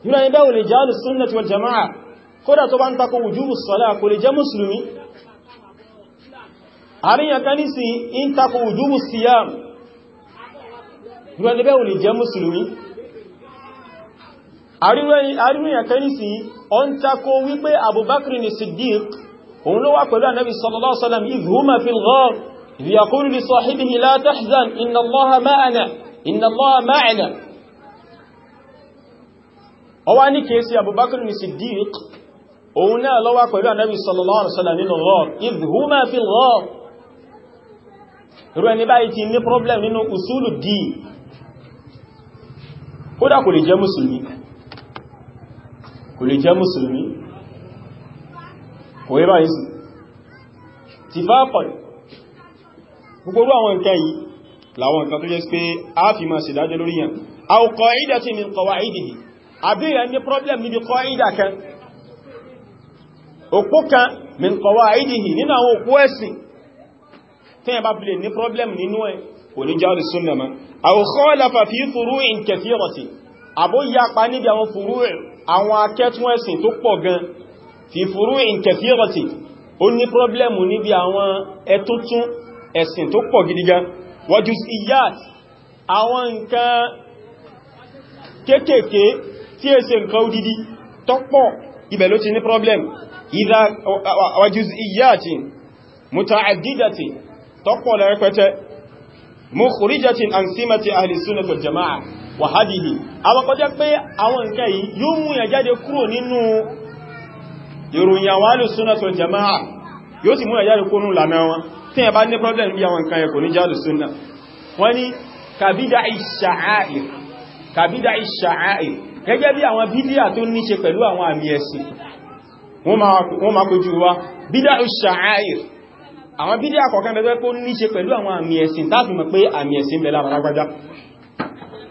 irú ẹni báyìí lè jálù sunnati wal jama'a kódà tó bá ń takò wùjúbù sọ́lá kò lè jẹ́ mùsùlùmí àríyàn kan ní sí ń takò wùjúbù siyam irú ẹni báyìí lè òun ló wà pẹ̀lú Ànábì sallallahu alaihi wasallam idh ليقول لصاحبه لا تحزن إن الله معنا إن الله معنا أو أني كيسي أبو بكر الصديق أونا لو أقول النبي صلى الله عليه وسلم إن الله إذ هما في الغار رواني بايتي إني بروبلم إنه أصول الدين كودا كولي جا مسلمي كولي جا مسلمي ويبا يسلم تفاقل gbogbo àwọn nǹkan yìí láwọn nǹkan tó jẹ́ pé a fi máa ṣe dájọ́ lórí yẹn aw qa'idatin min qawa'idihi àbí yẹn ní problem níbi qaida kan òpó kan min qawa'idihi nínú àwọn òpó ẹ̀sìn tí yẹn bá bilẹ̀ ní problem nínú ẹ̀ kò ní jáde súnnà mọ́ aw khalafa fi furu'in kathirati àbó yapa níbi àwọn furu àwọn akẹ́tún ẹ̀sìn tó ó ní problem níbi àwọn ẹ̀tútún ẹ̀sìn tó pọ̀ gidi gan wọ́jú sí yàt àwọn nǹkan kéékèèké tí è ṣe nǹkan odidi tó pọ̀ ibẹ̀ ló ti ní problem ìdá wọ́jú sí yàt muta'addidati tó pọ̀ lẹ́rẹ́pẹ́tẹ́ mukhrijatin an simati ahli sunnah wal jama'a wa hadihi àwọn kọjá pé àwọn nǹkan yìí yóò mú yà jáde kúrò nínú ìròyìn àwọn ahli sunnah wal jama'a yóò sì mú yà jáde kúrò nínú lànà wọn tí ẹ bá ní problem bí àwọn nǹkan ẹ̀kọ́ ní jálù súnnà wọ́n ní kàbídà ìṣàáìr kàbídà ìṣàáìr gẹ́gẹ́ bí àwọn bídíà tó ní ṣe pẹ̀lú àwọn àmì ẹ̀sìn wọ́n máa kojú wa bídà ìṣàáìr àwọn bídíà kọ̀ọ̀kan bẹ́ẹ̀ kó ní ṣe pẹ̀lú àwọn àmì ẹ̀sìn táàfin mọ̀ pé àmì ẹ̀sìn bẹ̀ lára gbájá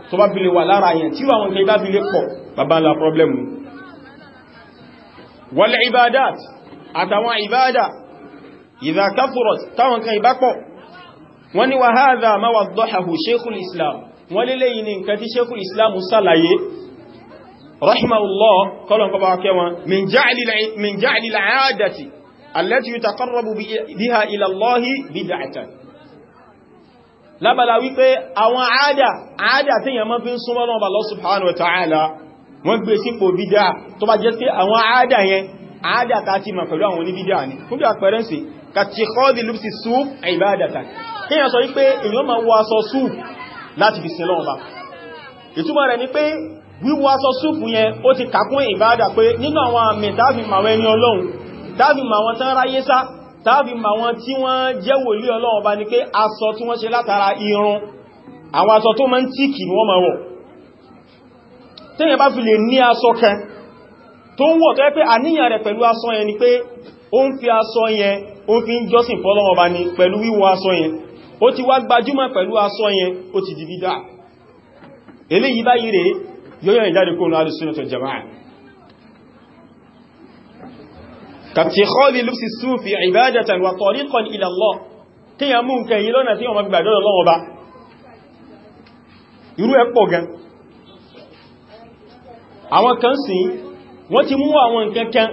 tó bá fi lè wà ibadat àtàwọn ìbádà idha kathurat táwọn kan ìbápọ̀ wọ́n ni wa hadha ma waddahahu sheikhul islam wọ́n lè lẹ́yìn ní nǹkan tí sheikhul islam sàlàyé rahimahullah kọlọ̀nkọba kẹwọn min ja'li al-'adati allati yutaqarrabu biha ila Allahi bid'atan lábàlá wípé àwọn àádà àádà tí yẹn mọ́ fi ń súnmọ́ lọ́wọ́ Allah subhanahu wa ta'ala wọ́n gbé sípò bídá ni fún bí àpẹẹrẹ kàtíkọ́dì lùpsì súf ìbádàtà kí yà sọ wípé èyàn ma wọ aṣọ súf láti fi sin lọ́wọ́ bá ìtumọ̀ rẹ̀ ni pé wíwọ aṣọ súf yẹn ó ti kàkún ìbádà pé nínú àwọn àmì tàbí màwọn ẹni ọlọ́run tàbí màwọn tán ráyé sá tàbí màwọn tí wọ́n jẹ́ wòlí ọlọ́run bá ni pé aṣọ tí wọ́n tó ń ni wọ́n máa wọ̀ tẹ́yìn bá fi lè ní aṣọ tó ń pé àníyàn rẹ̀ pẹ̀lú aṣọ yẹn pé ó ń fi aṣọ yẹn ó fi ń jọ́sìn fọ́lọ́wọ́ bá ní pẹ̀lú wíwọ aṣọ yẹn ó ti wá gbajúmọ̀ pẹ̀lú aṣọ yẹn ó ti di bídá eléyìí báyìí rẹ̀ yóò ìjáde kó náà lùsùn tó jama'a kàtíkọ́lì lùsì súfì ìbájatan wà tariqan ila Allah tí a mú nǹkan yìí lọ́nà tí wọ́n gbàdọ́ lọ́wọ́ bá irú ẹ̀ pọ̀ gan àwọn kan sí wọ́n ti mú àwọn nǹkan kan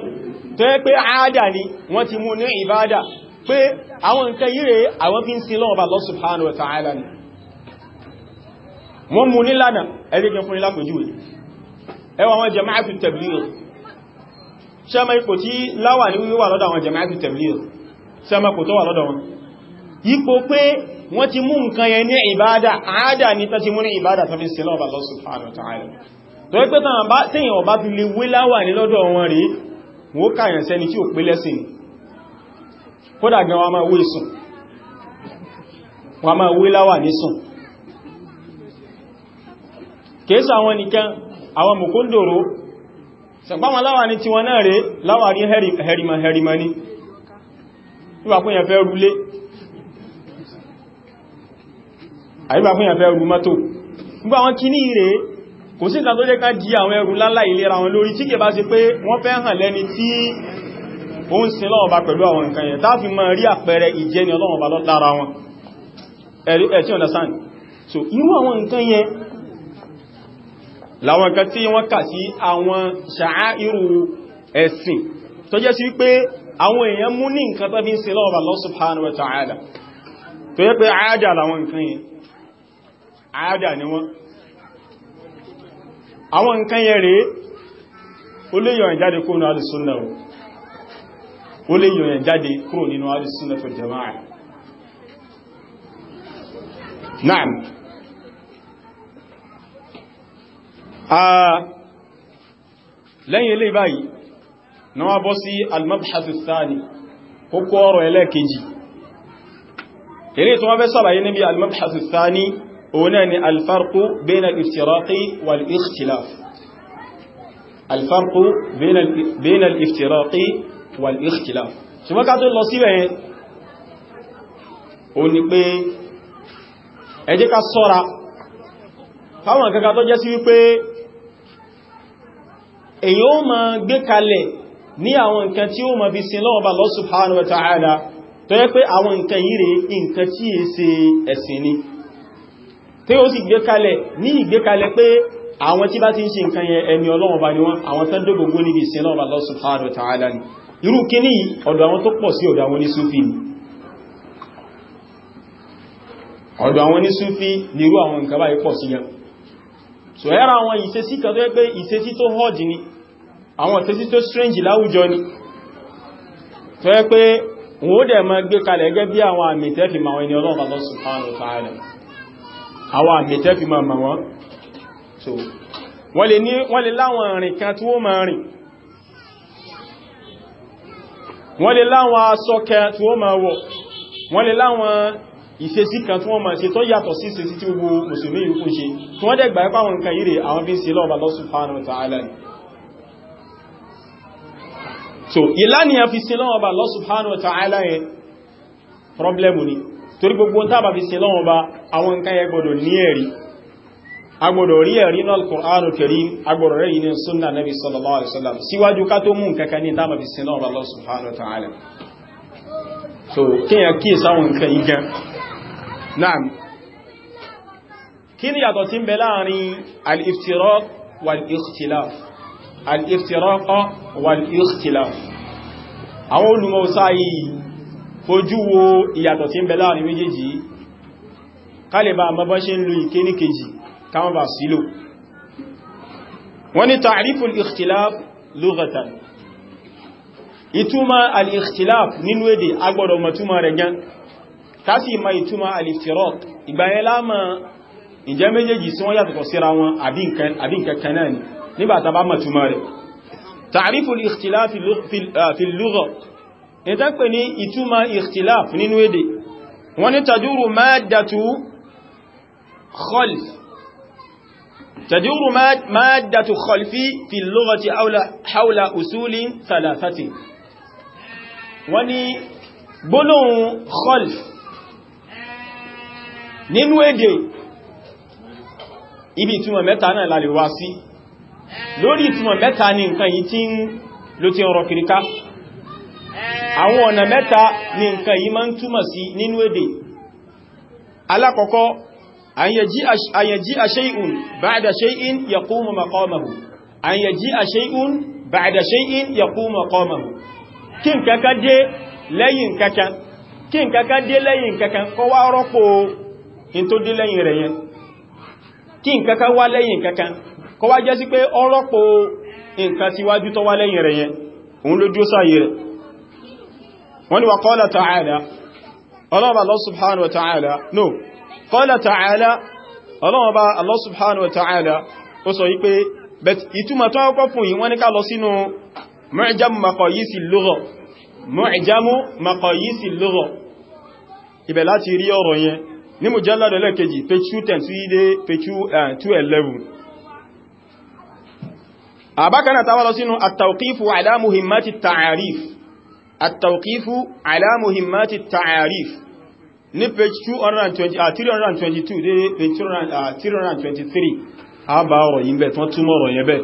tó yẹ pé àádà ni wọ́n ti mú ní ìbádà pé àwọn nǹkan yíre àwọn fi ń sin lọ́wọ́ bá Allah subhanahu wa ta'ala ni wọ́n mú nílànà ẹgbẹ́gbẹ́ fún nílápòjúwé ẹwà àwọn jama'atu tabligh ṣẹ́mà ipò tí láwà ní wíwà lọ́dọ̀ àwọn jama'atu tabligh ṣẹ́mà kò tó wà lọ́dọ̀ wọn ipò pé wọ́n ti mú nǹkan yẹn ní ìbádà àádà ní tàti mú ní ìbádà tàbí sílọ́ọ̀bà Allah subhanahu wa ta'ala tó wípé tàbí tí yàn bá fi lè wé láwà ní lọ́dọ̀ wọn rí wọ́n kàyàn sẹ́ni tí ò pé lẹ́sìn ni kódà gan wọ́n máa wé sùn wọ́n máa wé láwà ní sùn kèésà àwọn nìkan àwọn mùkúndòrò sẹ̀páwọn láwà ní tiwọn náà rẹ̀ láwà rí hẹrìmọ̀ hẹrìmọ̀ ní kò sí ìta tó jẹ́ ká di àwọn ẹrù lálá ìlera wọn lórí tí kìí bá ṣe pé wọ́n fẹ́ hàn lẹ́ni tí ó ń sin Ọlọ́run bá pẹ̀lú àwọn nǹkan yẹn táàfi máa rí àpẹẹrẹ ìjẹni Ọlọ́run bá lára wọn ẹ̀tí understand so inú àwọn nǹkan yẹn láwọn nǹkan tí wọ́n kà sí àwọn ṣàáìrù ẹ̀sìn tó jẹ́ sí wípé àwọn èèyàn mú ní nǹkan tó fi ń sin Ọlọ́run bá Allah subhanahu wa ta'ala tó yẹ pé àádà làwọn nǹkan yẹn àádà ni wọ́n àwọn nǹkan yẹn rèé ó lè yọ̀yìn jáde kúrò nínú alìsúnnà ó lè yọ̀yìn jáde kúrò nínú alìsúnnà fil jama'a na'am lẹ́yìn ilé báyìí na wá bọ́ sí al-mabhath ath-thani kókó ọ̀rọ̀ ẹlẹ́kejì eré tó wá fẹ́ sàlàyé níbi al òun náà ni alfarku bẹ́ẹ̀nà al-iftiraqi wal-ikhtilaf alfarku bẹ́ẹ̀nà al-iftiraqi wal-ikhtilaf ṣùgbọ́n ká tó lọ síbẹ̀ yẹn o ni pé ẹ jẹ́ ká sọ́ra fáwọn kankan tó jẹ́ sí wípé èyí ó ma gbé kalẹ̀ ní àwọn nǹkan tí ó ma fi sin lọ́wọ́ bá Allah subhanahu tó yẹ pé àwọn nǹkan yìí rẹ̀ nǹkan tí è ṣe ẹ̀sìn ni tí ó sì gbé kalẹ̀ ní ìgbékalẹ̀ pé àwọn tí bá ti ń ṣe nǹkan yẹn ẹni Ọlọ́run bá ní wọ́n àwọn tán dógógó níbi ìsìn Ọlọ́run Allah subhanahu wa ta'ala ni irú kíní ọ̀dọ̀ àwọn tó pọ̀ sí ọ̀dọ̀ àwọn onísúfí so ẹ́ra àwọn ìṣesí kan tó yẹ pé ìṣesí tó họ́dì ni àwọn strange láwùjọ ni tó yẹ pé wọ́n ó dẹ̀ máa gbé kalẹ̀ gẹ́gẹ́ bí àwọn àmì tẹ́fì màwọn ẹni Ọlọ́run Allah subhanahu wa ta'ala àwọn àmìtẹ́ fi máa mọ̀ wọ́n so wọ́n lè ní wọ́n lè láwọn àrìn kan tí ó máa rìn wọ́n lè láwọn aṣọ kan tí ó máa wọ̀ wọ́n lè láwọn ìṣesí kan tí wọ́n máa ṣe tó yàtọ̀ sí ìṣesí tí gbogbo mùsùlùmí yìí kún ṣe tí wọ́n dẹ̀gbà ẹ́pà wọn nǹkan yìí àwọn bí i sí lọ́ọ̀bà Allah subhanahu wa ta'ala so ìlànìyàn fi sí lọ́ọ̀bà Allah subhanahu wa ta'ala yẹn problem ni torí gbogbo tábà fi sin lọ́wọ́ bá àwọn nǹkan yẹ gbọdọ̀ ní ẹ̀rí agbọdọ̀ rí ẹ̀rí náà Al-Qur'anul Karim agbọdọ̀ rẹ̀ yìí ní súnnà Nabi sallallahu alaihi so kíyàn kí sáwọn nǹkan yìí gan naam kí ni yàtọ̀ tí ń bẹ láàrin àwọn olùmọ̀ sáyìí fojú wo ìyàtọ̀ tí ń bẹ láàrin méjèèjì yìí kálẹ̀bà mọ́bọ́ ṣe ń lo ìkéní kejì káwọn bá sílò wọ́n ni ta'rifu al-ikhtilaf lughatan ìtumọ̀ al-ikhtilaf nínú èdè agbọ́dọ̀ mọ̀túmọ̀ rẹ̀ gan kásì ma ìtumọ̀ al-iftiraq ìgbàyẹn láàmà ìjẹ́ méjèèjì sí wọ́n yàtọ̀ síra wọn àbí ìtàpè ní ìtumà ìkhtilaf nínú èdè wọ́n ní tàjúrù máàdàtú khalf tàjúrù máàdàtú khalfi fi lughati hawla usulin thalathati wọ́n ní gbólóhùn khalf nínú èdè ibi ìtumọ̀ mẹ́ta náà lálẹ́wá sí lórí ìtumọ̀ mẹ́ta ni nǹkan yìí tí ń ló ti ń kìríká àwọn ọ̀nà mẹ́ta ni nǹkan yìí máa ń túmọ̀ sí nínú èdè alákọ̀ọ́kọ́ an yaji a shay'un ba'da shay'in yaqumu maqamahu an yaji a shay'un ba'da shay'in yaqumu maqamahu kí nǹkan kan dé lẹ́yìn nǹkan kan kí nǹkan kan dé lẹ́yìn nǹkan kan kó wá rọ́pò in tó dé lẹ́yìn jẹ́ sí pé ó nǹkan síwájú tó wá lẹ́yìn rẹ̀ yẹn òun ló dúó sáyé rẹ̀ wọ́n ni wa qala ta'ala ọlọ́ọ̀bá Allah subhanahu wa ta'ala no qala ta'ala ọlọ́ọ̀bá Allah subhanahu wa ta'ala ó sọ wípé bet ìtumọ̀ tó ọkọ̀ fún yí wọ́n ní ká lọ sínú mu'jam maqayis al-lugha mu'jam maqayis al-lugha ibẹ̀ láti rí التوقيف على مهمات التعاريف ní page 222 322 dé page 323 a bá ọ̀rọ̀ yìí bẹ̀ tán túnmọ̀ ọ̀rọ̀ yẹ bẹ̀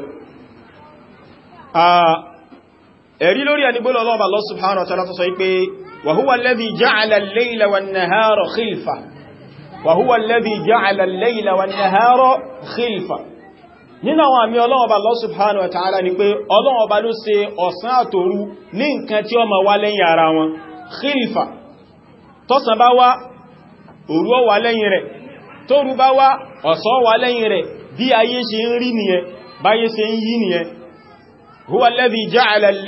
ẹ̀rí lórí ànígbólọ̀ ọlọ́ọ̀bà Allah subhanahu وهو الذي جعل الليل والنهار خلفة وهو الذي جعل الليل والنهار خلفة nínú àwọn àmì Ọlọ́run Ọba Allah subhanahu wa ta'ala ni pé Ọlọ́run Ọba ló ṣe ọ̀sán àtòru ní nǹkan tí ó máa wá lẹ́yìn ara wọn khilfa tọ́sàn bá wá òru ó wá lẹ́yìn rẹ̀ tóru bá wá ọ̀sán wá lẹ́yìn rẹ̀ bí ayé ṣe ń rí nìyẹn báyé ṣe ń yí nìyẹn huwa alladhi ja'ala al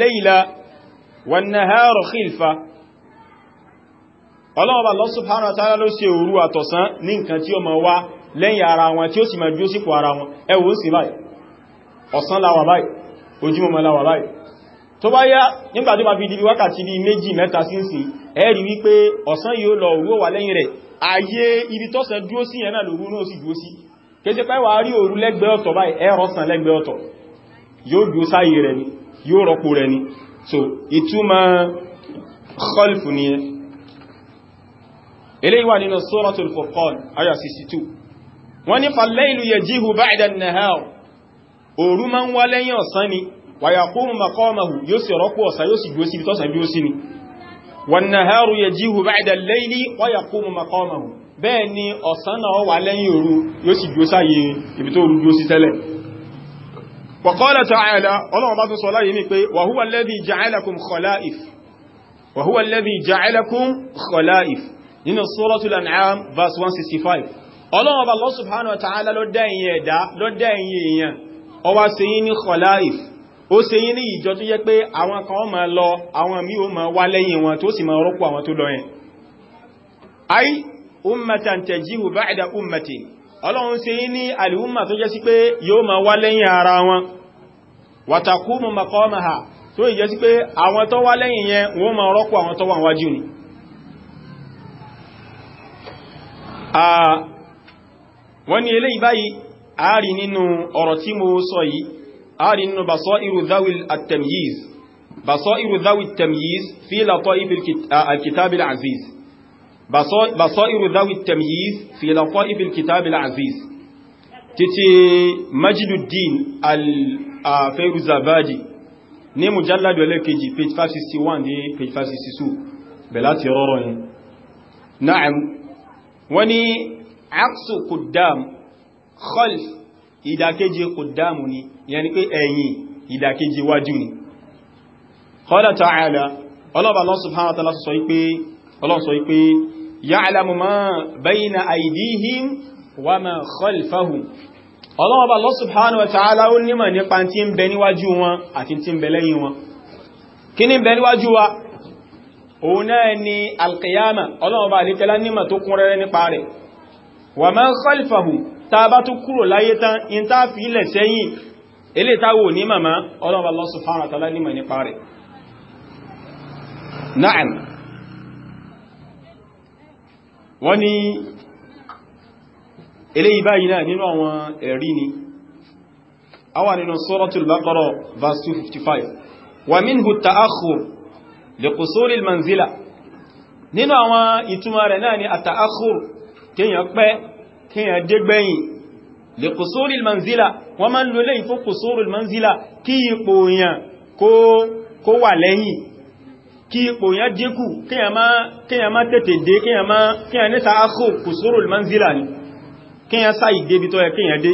ló ṣe òru àtọ̀sán ní nǹkan tí ó wá lẹ́yìn ara wọn tí ó sì máa dúró sípò ara wọn ẹwọ sí báyìí ọ̀sán láwà báyìí ojúmọmọ láwà báyìí tó bá yá nígbàtí bá fi di wákàtí bí méjì mẹ́ta sínsìn ẹ̀rí wípé ọ̀sán yóò lọ òru wà lẹ́yìn rẹ̀ ayé ibi tọ́sán dúró sí yẹn náà lòru náà sì dúró sí kéṣe pé ni yóò rọ́pò rẹ̀ ni so 62 wọ́n ní fàlẹ́ìlú yẹ jíhù báìdà nahar òru ma ń wá lẹ́yìn ọ̀sán ni wàyàkúrù makọ́mahù yóò sì rọ́pù ọ̀sá yóò sì gbósí tọ́sà bí ó sí ni wọ́n naharu yẹ jíhù báìdà lẹ́ìlí wàyàkúrù makọ́mahù 165 ọlọ́run ọba Allah subhanahu wa ta'ala ló dá ẹ̀yin ẹ̀dá ló dá ẹ̀yin èèyàn ó wá ṣe yín ní kọláìf ó ṣe yín ní ìjọ tó yẹ pé àwọn kan ó máa lọ àwọn míì ó máa wá lẹ́yìn wọn tó sì máa rọ́pò àwọn tó lọ yẹn ay ummatan taji'u tó ìjẹ́ sí pé àwọn tó wá lẹ́yìn yẹn wọ́n máa rọ́pò àwọn tó wà wájú ni ah, wọ́n ní eléyìí báyìí ààrí nínú ọ̀rọ̀ tí mo sọ yìí ààrí nínú basairu dhawil at-tamyiz basairu dhawil at-tamyiz fi lataif al-kitab al-aziz basairu dhawil at-tamyiz fi lataif al-kitab aziz títí Majduddin al-Fairuzabadi ní mujalladu ẹlẹ́kejì page 561 dé page 562 aksu kùdám khalf ìdàkejì kùdámù ni yàní pé ẹ̀yìn ìdàkejì wájú ni qala ta'ala ọlọ́bà Allah subhanahu wa ta'ala sọ wípé ọlọ́n sọ wípé ya'lamu ma bayna aydihim wa ma khalfahum ọlọ́wọ́ bá Allah subhanahu wa ta'ala ó nímọ̀ nípa tí ń bẹ níwájú wọn àti tí ń bẹ lẹ́yìn wọn kí ní bẹ níwájú wa òun náà ni alqiyama ọlọ́wọ́ bá alìkẹ́lá nímọ̀ tó kún rẹ́rẹ́ nípa rẹ̀ wà máa kọlfàhù ta bá tún kúrò láyé tán in ta fi ilẹ̀ sẹ́yìn ilé táwò ní màmá ọlọ́wà Allah subhanahu wa ta'ala nímọ̀ nípa rẹ̀ na'am wọ́n ni ilé ìbáyìí náà nínú àwọn ẹ̀rí ni a wà nínú suratul Baqara verse 255 wa minhu kíyàn pẹ́ kíyàn dégbẹ̀yìn lè kùsùrù manzila wọ́n máa ń lo lẹ́yìn fún kùsùrù manzila kí ipò èèyàn kó wà lẹ́yìn kí ipò èèyàn dínkù kíyàn má tètè dé kíyàn ní sàákò kùsùrù manzila ni kíyàn sáì débi tó yẹ kíyàn dé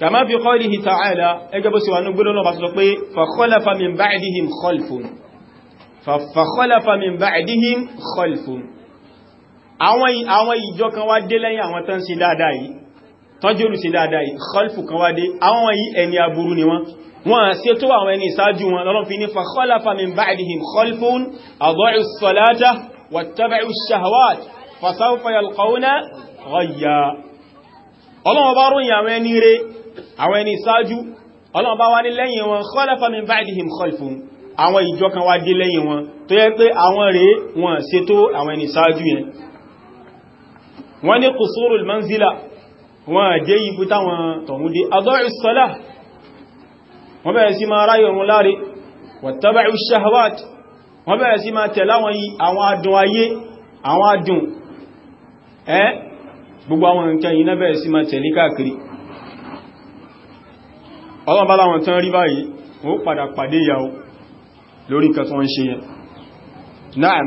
kàmá fi qawlihi ta'ala ẹgbẹ́ bó sì wà ní gbọ́dọ̀ náà bá sọ pé fa khalafa min ba'dihim khalfun àwọn ìjọ kan wá dé lẹ́yìn àwọn tán ṣe dáadáa yìí tọ́jú olùṣe dáadáa yìí khalfu kan wá dé àwọn wọ̀nyí ẹni aburú ni wọ́n wọ́n ṣe tó àwọn ẹni ìsáájú wọn lọ́rọ̀ fi ní fa khalafa min ba'dihim khalfun adha'u as-salata wattaba'u ash-shahawat fasawfa yalqawna ghayya ọlọ́wọ́ bá ròyìn àwọn ẹni rẹ̀ àwọn ẹni ìsáájú ọlọ́wọ́ bá wá ní ìjọ kan wá dé lẹ́yìn wọn tó yẹ pé àwọn rẹ̀ wọ́n ṣe tó àwọn ìsáájú yẹn wọ́n ní kùsùrù manzila wọ́n àjẹ́ ibu táwọn tọ̀múdé adọ́ìsọ́lá wọ́n bẹ̀rẹ̀ sí máa ráyọ̀ wọn láre wàtàbàí shahwat wọ́n bẹ̀rẹ̀ sí máa tẹ̀lá wọn yí àwọn adùn ayé àwọn adùn ẹ́ gbogbo àwọn nǹkan yìí náà bẹ̀rẹ̀ sí máa tẹ̀lé káàkiri ọlọ́bá láwọn tán rí báyìí Naam,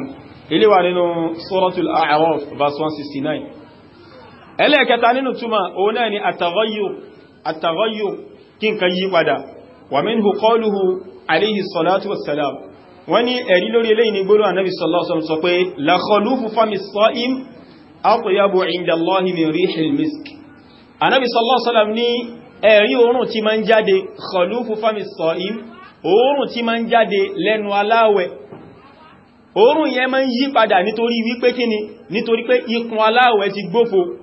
ilé wà nínú Suratul A'raf, verse 169 ẹlẹ́ẹ̀kẹta nínú túmọ̀ òun náà ni àtàgọ́yò àtàgọ́yò kí nǹkan yí padà wà minhu qawluhu alayhi salatu wassalam wọ́n ní ẹ̀rí lórí eléyìn ní gbóló ànábì sallallahu alaihi wasallam sọ pé la khulufu fami sa'im atyabu inda Allahi min rihil misk ànábì sallallahu alaihi wasallam ní ẹ̀rí òórùn ń yí padà nítorí wípé kíni nítorí pé ikùn aláwẹ̀ ti gbófo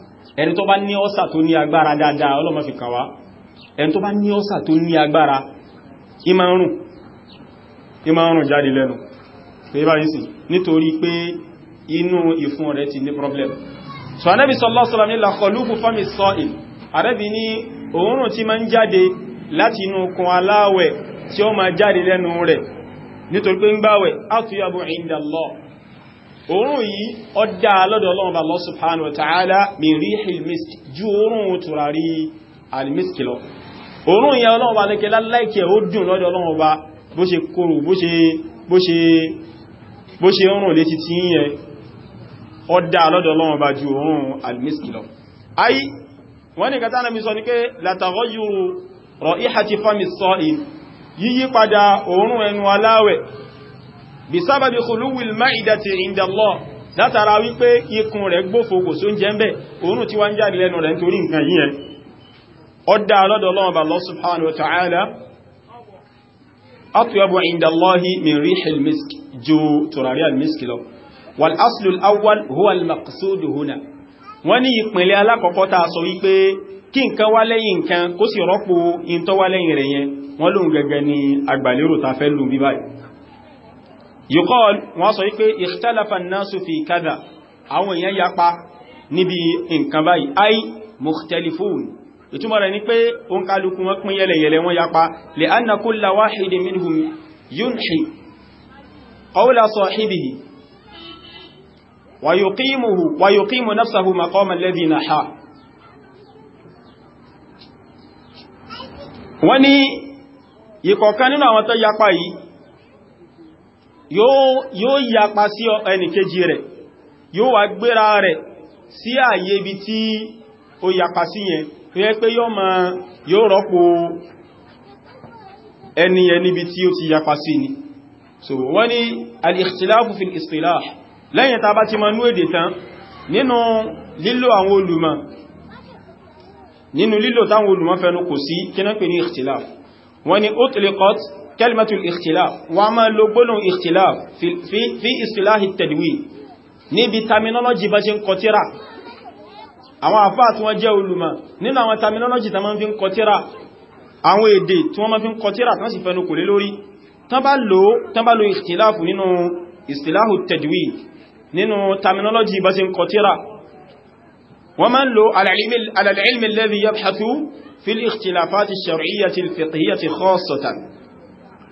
ẹni tó bá ní ọ́sà tó ní agbára dáadáa ọlọ́mọ fi kàwá ẹni tó bá ní ọ́sà tó ní agbára ìmárùn ìmárùn jáde lẹ́nu pé bá yìí nítorí pé inú ìfún rẹ̀ ti ní problem so anẹ́bí sallallahu alaihi wasallam ní làkọlùkù fami sọ́ìn arẹ́bí ní òórùn tí ma ń jáde láti inú kun aláwẹ̀ tí ó ma jáde lẹ́nu rẹ̀ nítorí pé Allah òórùn yìí ó dá lọ́dọ̀ Ọlọ́run Allah subhanahu wa ta'ala min rihil misk ju òórùn tùràrí al-misk lọ òórùn yẹn Ọlọ́run bá lẹ́kẹ́ láìkẹ́ ó dùn lọ́dọ̀ Ọlọ́run bá bó ṣe kòrò bó ṣe òórùn létí tí yẹn ó dá lọ́dọ̀ Ọlọ́run bá ju òórùn bí sábàbí khuluwil ma'idati inda Allah látara wípé ikùn rẹ̀ gbófo kò só ń jẹ́ mbẹ̀ òórùn tí wá ń jáde lẹ́nu rẹ̀ nítorí nǹkan yìí yẹn ọdá lọ́dọ̀ Ọlọ́run bá Allah subhanahu wa ta'ala atyabu inda Allahi min rihil misk ju turari al-misk lọ wal aslu al-awwal huwa al-maqsud huna wọ́n lóun gẹ́gẹ́ ni àgbàlérò ta fẹ́ lù bí báyìí yíkọ́ọ̀l wọ́n sọ wípé ìṣtálàfàn náà sọ fi kádà àwọn èèyàn yapa níbi nǹkan báyìí ai mukhtalifun ìtumọ̀ rẹ̀ ni pé òun kálukú wọn pín yẹlẹ̀yẹlẹ wọn yapa lè anna kulla wáhìdì minhum yunhi qawla sahibihi wa yuqimuhu wa yuqimu nafsahu yóò yapa sí ẹnìkejì rẹ̀ yóò wá gbéra rẹ̀ sí ààyè ibi tí ó yapa sí yẹn tó yẹ pé yóò ma yóò rọ́pò ẹni ẹni tí ó ti yapa sí ni so wọ́n ni al-ikhtilafu fil istilah lẹ́yìn ta bá ti ma nú èdè tán nínú lílò àwọn olùmọ̀ nínú lílò táwọn olùmọ̀ fẹ́nu kò sí kí náà pè ní ikhtilaf wọ́n ni utliqat كلمة الاختلاف وما لبلون اختلاف في, في, في اصطلاح التدوين níbi terminology bá ṣe ń kọtíra àwọn àfáà tí wọ́n jẹ́ olùmọ̀ nínú àwọn terminology tí wọ́n fi ń kọtíra àwọn èdè tí wọ́n fi ń kọtíra tán sì fẹ́nu kò lé lórí tán bá lò tán bá lò ìsìláàfù nínú ìsìláàfù tẹ̀dùwì nínú terminology bá ṣe ń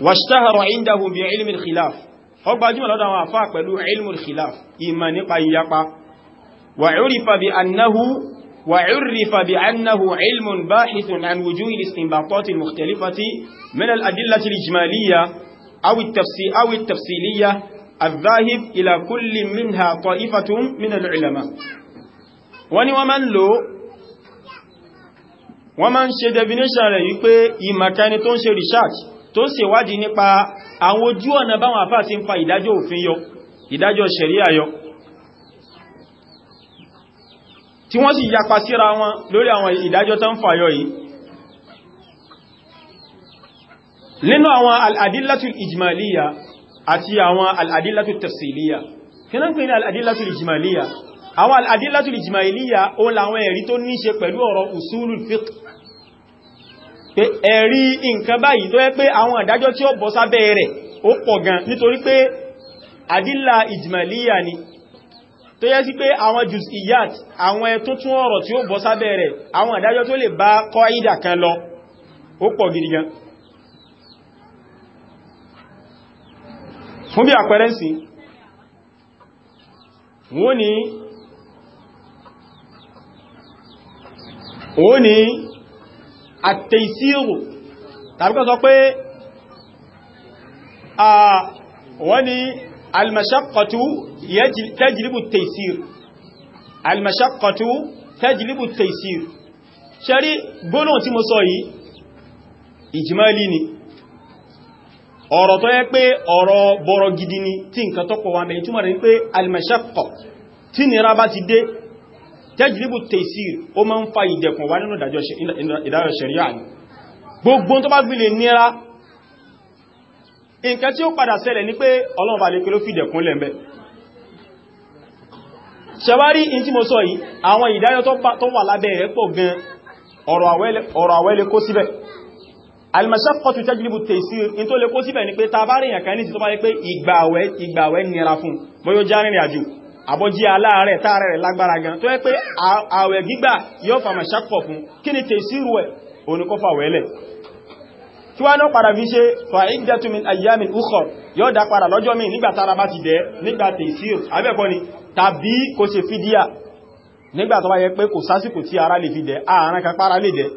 واشتهر عنده بعلم الخلاف فباجي مالا دوا فا بلو علم الخلاف ايمان يقا يابا وعرف بانه وعرف بانه علم باحث عن وجوه الاستنباطات المختلفه من الادله الاجماليه او التفسير او التفصيليه الذاهب الى كل منها طائفه من العلماء وني ومن لو ومن شد بنشاري بي ايمان كان تو نسي ريسيرش tó ń ṣèwádìí nípa àwọn ojú ọ̀nà báwọn àfáà ti ń fa ìdájọ́ òfin yọ ìdájọ́ ṣẹ̀ríà yọ tí wọ́n sì yapa síra wọn lórí àwọn ìdájọ́ tó ń fa yọ yìí nínú àwọn al'adílátù ìjìmàlíyà àti àwọn al'adílátù tafsiliya kí náà pè ní al'adílátù ìjìmàlíyà àwọn al'adílátù ìjìmàlíyà ó láwọn ẹ̀rí tó ní ṣe pẹ̀lú ọ̀rọ̀ usulul fiqh pé ẹ̀rí nǹkan báyìí tó yẹ pé àwọn àdájọ́ tí ó bọ́ sábẹ́ rẹ̀ ó pọ̀ gan nítorí pé àdílà ìjìmàlíyà ni tó yẹ sí pé àwọn jùs ìyàt àwọn ẹ̀tún tún ọ̀rọ̀ tí ó bọ́ sábẹ́ rẹ̀ àwọn àdájọ́ tó lè bá kọ́ ìdà kan lọ ó pọ̀ gidi gan fún bí àpẹẹrẹ sí wọ́n ni wọ́n ni àtẹ̀síìrù tàbí kan sọ pé wọ́n ni almashaqqatu tajlibu tẹ̀síìr almashaqqatu tajlibu tẹ̀síìr ṣẹ́rí gbónà tí mo sọ yìí ìjìmálì ni ọ̀rọ̀ tó yẹ pé ọ̀rọ̀ bọ̀rọ̀ gidi ni tí nǹkan tọ́pọ̀ wà mẹ́ ìtumọ̀ rẹ̀ pé almashaqqa tí nira bá ti dé tẹ́jìlíbù tẹ̀sír ó máa ń fa ìdẹ̀kùn wá nínú ìdájọ́ ṣẹ̀ríà ni gbogbo tó bá gbílé nira nǹkan tí ó padà ṣẹlẹ̀ ní pé ọlọ́run bá lè pé ló fi ìdẹ̀kùn lẹ́m̀bẹ̀ ṣẹwárí in tí mo sọ yìí àwọn ìdájọ́ tó wà lábẹ́ rẹ̀ pọ̀ gan ọ̀rọ̀ àwẹ́lẹ̀ kó síbẹ̀ alìmọ̀ṣẹ́kọ̀tù tẹ́jìlíbù tẹ̀sír in tó lè kó síbẹ̀ ni pé ta kan ní sí tó bá yẹ pé ìgbàwẹ́ nira fún bóyó járìnrìn àjò àbọ́jí aláàrẹ̀ táàrẹ̀ rẹ̀ lágbára gan tó yẹ pé àwẹ̀ gbígbà yóò fàmà ṣàpọ̀ fún kí ni tẹ̀síru ẹ̀ oníkọ́fà wẹ́lẹ̀ tí wá náà padà fi ṣe fa ìdẹ́tùmí ayyámi ukhor yóò dá padà lọ́jọ́ mi nígbà tára ni tàbí kò ṣe fídíà nígbà tó bá yẹ pé kò sásìkò tí ara lè fi dẹ̀ àárín kan para lè dẹ̀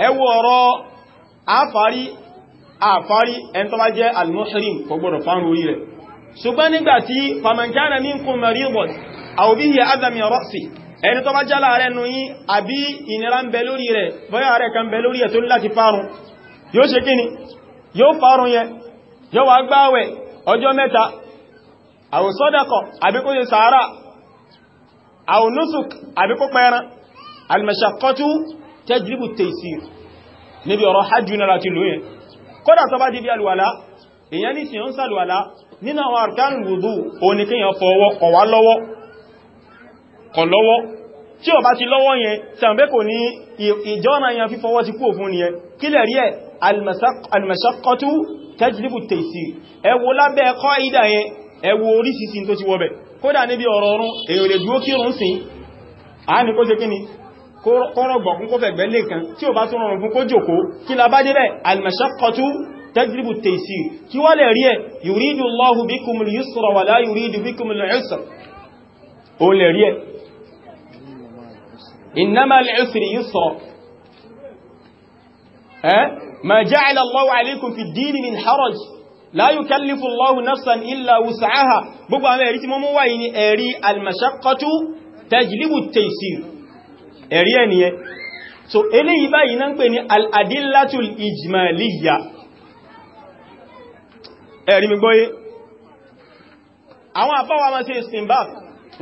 yóò ọ̀rọ̀ àfárí àfárí ẹn tó bá jẹ́ al-muhrim kò gbọ́dọ̀ fárun orí rẹ̀ ṣùgbọ́n nígbà tí famankana minkum maridun aw bihi adha min ra'si ẹni tó bá jẹ́ láàrẹ nù yí àbí ìnira ń bẹ lórí rẹ̀ bóyá rẹ̀ kan bẹ lórí ẹ̀ tó láti fárun yóò ṣe kíni yóò fárun yẹ yóò níbi ọ̀rọ̀ hajjú náà láti lóyìn kódà tó bá di bí alùwàlá èyàn ní sí ń sàlùwàlá nínú àwọn arkanul wudu òun ni kíyàn fọwọ́ kọ̀wá lọ́wọ́ kọ̀ lọ́wọ́ tí ó bá ti lọ́wọ́ yẹn sàmbé kò ní ìjọ́nà yẹn fífọwọ́ ti kú òfin yẹn kílẹ̀ rí ẹ̀ almashaqqatu tajlibu at-taysir ẹ wo lábẹ́ qaida yẹn ẹ wo orísìsìn tó ti wọ́bẹ̀ kọ́rọ̀gbọ̀ fún kó fẹ̀gbẹ́ lè kan tí ó bá tún rọrùn fún kó jòkó kí la bá débẹ̀ al-mashaqqatu tajlibu at-taysir kí wá lè rí ẹ̀ yuridu Allahu bikum al-yusra wa la yuridu bikum al-usra ó lè rí ẹ̀ innama al-usri yusra ma ja'ala Allahu alaykum fi gbogbo àwọn ẹ̀rí tí mọ́ mú wáyé ni ẹ̀rí al-mashaqqatu tajlibu ẹ̀rí ẹ̀ so eléyìí báyìí náà ń pè ní al-adillatul ijmaliyya ẹ̀rí mi gbọ́yé àwọn àfáwà máa ṣe istinbat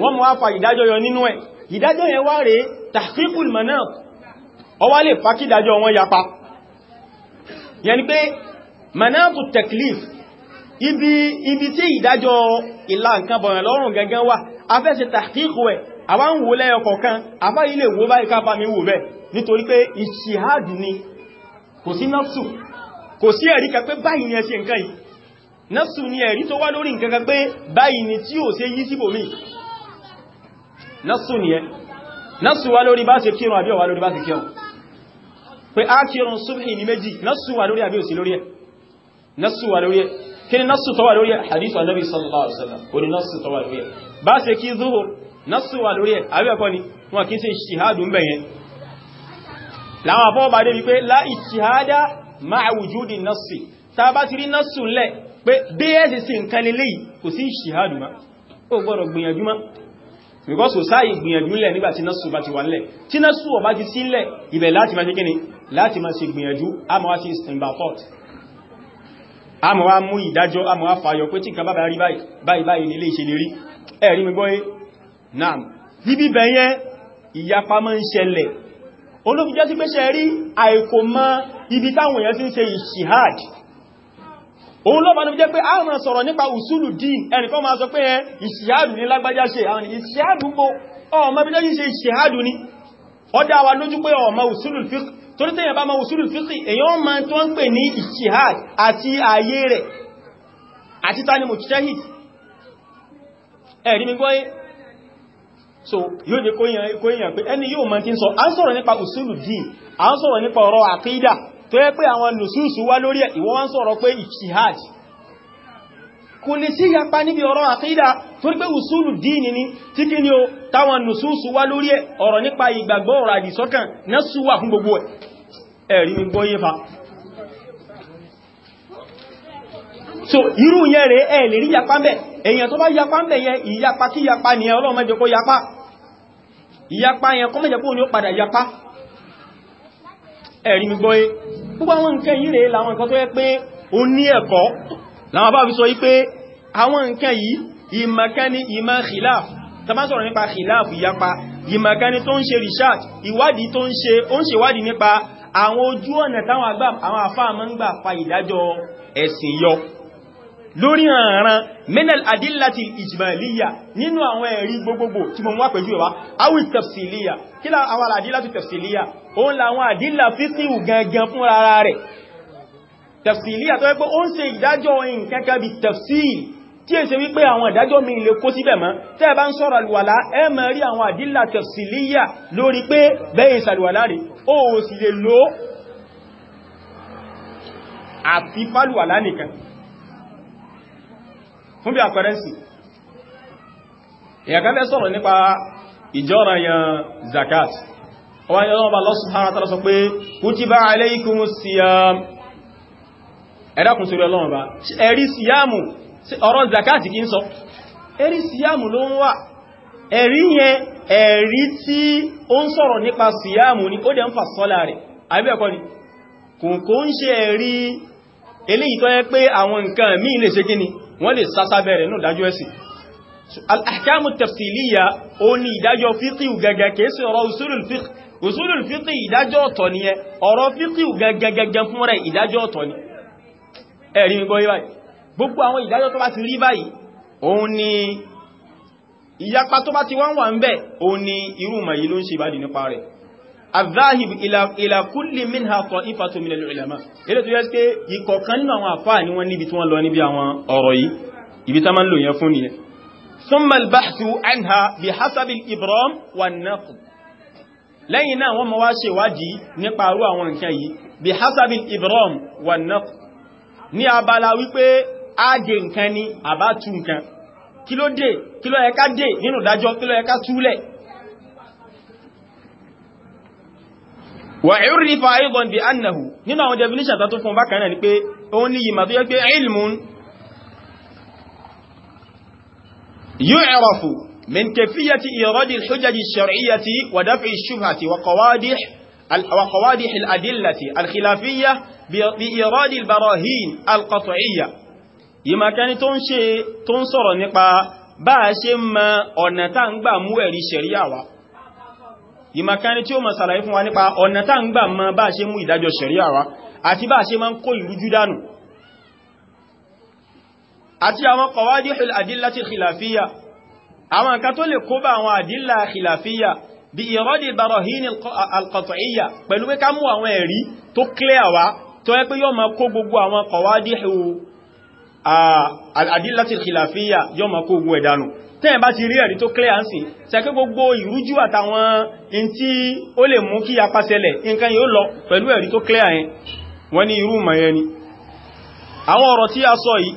wọ́n mú àfà ìdájọ́ yọ nínú ẹ̀ ìdájọ́ yẹn wá rèé tahqiqul manaf ó wá lè fà kí ìdájọ́ wọn yapa yẹni pé manatu taklif ibi ibi tí ìdájọ́ ìlà àwa ń wò lẹ́yọ kọ̀ọ̀kan àbá ilé wò báyìí kápa mi wò bẹ́ nítorí pé ìṣìhádì ni kò sí nafsu kò sí ẹ̀rí kan pé báyìí ni ẹ ṣe nǹkan yìí nafsu ni ẹ̀rí tó wá lórí nǹkan pé báyìí ni tí ò ṣe yí síbò mí nafsu ni ẹ nafsu wá lórí sí lórí ẹ ni hadith wa nabi sallallahu alaihi wasallam kò ní nafsu tó wà lórí ẹ bá ṣe kí zuhur Nasu wa lórí ẹ̀ àríwẹ̀kọ́ ni wọn kí n ṣe ìṣìhádùn bẹ̀yẹn láwọn àfọ́ọ̀bà dé wípé láì ṣìhádá máa wùjúdì nọ́sù ta bá ti rí nọ́sù lẹ̀ pé bs sí nǹkan lélẹ̀ yìí kò sí ìṣìhádùn má ó because kò sáàyè gbìyànjú lẹ̀ nígbà tí nọ́sù bá ti wà lẹ̀ tí nọ́sù ọba ti sí lẹ̀ ibẹ̀ láti máa ṣe kíni láti máa ṣe gbìyànjú a máa ṣe istinbatot a máa mú ìdájọ́ a máa fàyọ pé tí nǹkan bá bá rí báyìí ẹ̀rí mi gbọ́ náà níbi bẹ̀yẹn ìyapa máa ń ṣẹlẹ̀ olóbi jẹ́ sí pé ṣe rí àìkò mọ́ ibi táwọn èèyàn ti ń ṣe ìṣìhàd òun lọ́pàá níbi jẹ́ pé a máa sọ̀rọ̀ nípa usulu dín ẹnìkan máa sọ pé ẹ ìṣìhàdù ní lágbájá ṣe àwọn ìṣìhàdù gbó ọmọ bí jẹ́ ṣe ìṣìhàdù ni ó dá wa lójú pé ọmọ usulu fiqh torí tẹ́yàn bá ma usulu fiqh èyàn ma tó ń pè ní ìṣìhàd àti ààyè rẹ̀ àti tani mujtahid ẹ̀rí mi gbọ́yé so yóò jẹ́ kó èyàn pé ẹni yóò mọ́ tí ń sọ a ń sọ̀rọ̀ nípa usulu din a ń sọ̀rọ̀ nípa ọ̀rọ̀ àkídà tó yẹ pé àwọn nùsùsù wá lórí ẹ̀ wá ń sọ̀rọ̀ pé ìṣìhàj kò lè sí yapa níbi ọ̀rọ̀ àkídà tó usulu din ni tí kí ni ó táwọn nùsùsù wá lórí ọ̀rọ̀ nípa ìgbàgbọ́ ọ̀rọ̀ gbogbo ẹ̀rí so irú yẹn rẹ̀ ẹ̀ lè rí yapa mẹ́ èyàn tó bá yapa mẹ́ yẹn ìyapa kí yapa ni ẹ ọlọ́run má jẹ́ kó yapa ìyapa yẹn kọ́ má jẹ́ kó ní ó padà yapa ẹ̀rí mi gbọ́yé púpọ̀ àwọn nǹkan yìí rẹ̀ láwọn nǹkan tó yẹ pé ó ní ẹ̀kọ́ láwọn bá fi sọ yí pé àwọn nǹkan yìí ìmọ̀kání ìmọ̀ khilaf tàbá sọ̀rọ̀ nípa khilaf ìyapa ìmọ̀kání tó ń ṣe research ojú ọ̀nà táwọn àgbà àwọn àfáà máa ń gbà fa ìdájọ́ ẹ̀sìn yọ lórí ààrán minal adillati ìjìmàlíyà nínú àwọn ẹ̀rí gbogbogbò tí mo mú àpèjú ẹ̀wá awi tafsiliya kí lá àwọn àdílàtù tafsiliya òun làwọn àdílà fíkíhù gangan fún rárá rẹ̀ tafsiliya tó wípé ó ń ṣe ìdájọ́ nǹkankan bí tafsil tí è ṣe wípé àwọn ìdájọ́ mi lè kó síbẹ̀ mọ́ tẹ́ bá ń sọ̀rọ̀ àlùwàlá ẹ máa rí àwọn àdílà tafsiliya lórí pé bẹ́ẹ̀ ìsàlùwàlá rẹ̀ ó sì lè lò àfi fálùwàlá nìkan fún bí àpẹẹrẹ sí èyàn kan sọ̀rọ̀ nípa ìjọ́ra yan zakat wọ́n yọ́ ọba Allah subhanahu wa ta'ala sọ pé kutiba alaykumus siyam ẹ̀dàkùn sí ọlọ́run bá ẹ̀rí síyàmù ọ̀rọ̀ zakat kí ń sọ ẹ̀rí síyàmù ló ń wà ẹ̀rí yẹn ẹ̀rí tí ó ń sọ̀rọ̀ nípa síyàmù ní ó dẹ̀ ń fà sọ́lá ni kò kò ń ṣe ẹ̀rí eléyìí tó yẹ pé àwọn nǹkan míì lè ṣe kíni wọ́n lè sásábẹ̀rẹ̀ nù dájú ẹ̀sìn al-ahkamu tafsiliya ó ní ìdájọ́ fíkíù gẹ́gẹ́ kèésì ọ̀rọ̀ usulul fiqh usulul fiqh ìdájọ́ ọ̀tọ̀ ni ẹ ọ̀rọ̀ fíkíù gẹ́gẹ́gẹ́gẹ́ fún rẹ̀ ìdájọ́ ọ̀tọ̀ ni ẹ̀rí mi gbọ́ yí báyìí gbogbo àwọn ìdájọ́ tó bá الذاهب الى الى كل منها طائفه من العلماء ele tó yẹ pé ìkọ̀kan nínú àwọn àfáà ni wọ́n níbi tí wọ́n lọ níbi àwọn ọ̀rọ̀ yìí ibi tá máa ń lò yẹn fún nìyẹn ثم البحث عنها بحسب الابرام والنقد lẹ́yìn náà wọ́n máa wá ṣe wádìí nípa irú àwọn nǹkan yìí بحسب الابرام والنقد ní abala wípé a dé nǹkan ni àbá tú nǹkan kí ló dé kí ló yẹ ká dé nínú ìdájọ́ kí ló yẹ ká túlẹ̀ wà ìrìnfà ayébọn bí annahu nínú àwọn definition tó tún fún bákan náà ni pé òun ní yìí ma tó yẹ pé ilmun yu'rafu min kayfiyati iradi al-hujaj ash-shar'iyyati wa daf'i ìmọ̀kan ni tí ó mọ̀ sàlàyé fún wa nípa ọ̀nà tá ń gbà mọ̀ bá ṣe mú ìdájọ́ ṣẹ̀ríà wá àti bá ṣe máa ń kó ìrújú dànù àti àwọn qawadihul adillati khilafiyya àwọn nǹkan tó lè kó bá àwọn àdílà khilafiyya bí ìrọ́dì barahini tẹ́yìn bá ti rí ẹ̀rí tó clear ń sìn sẹ́kẹ́ gbogbo ìrújú àtàwọn in tí ó lè mú kí apá ṣẹlẹ̀ nǹkan yóò lọ pẹ̀lú ẹ̀rí tó clear yẹn wọ́n ní irú mọ̀ yẹn ni àwọn ọ̀rọ̀ tí a sọ yìí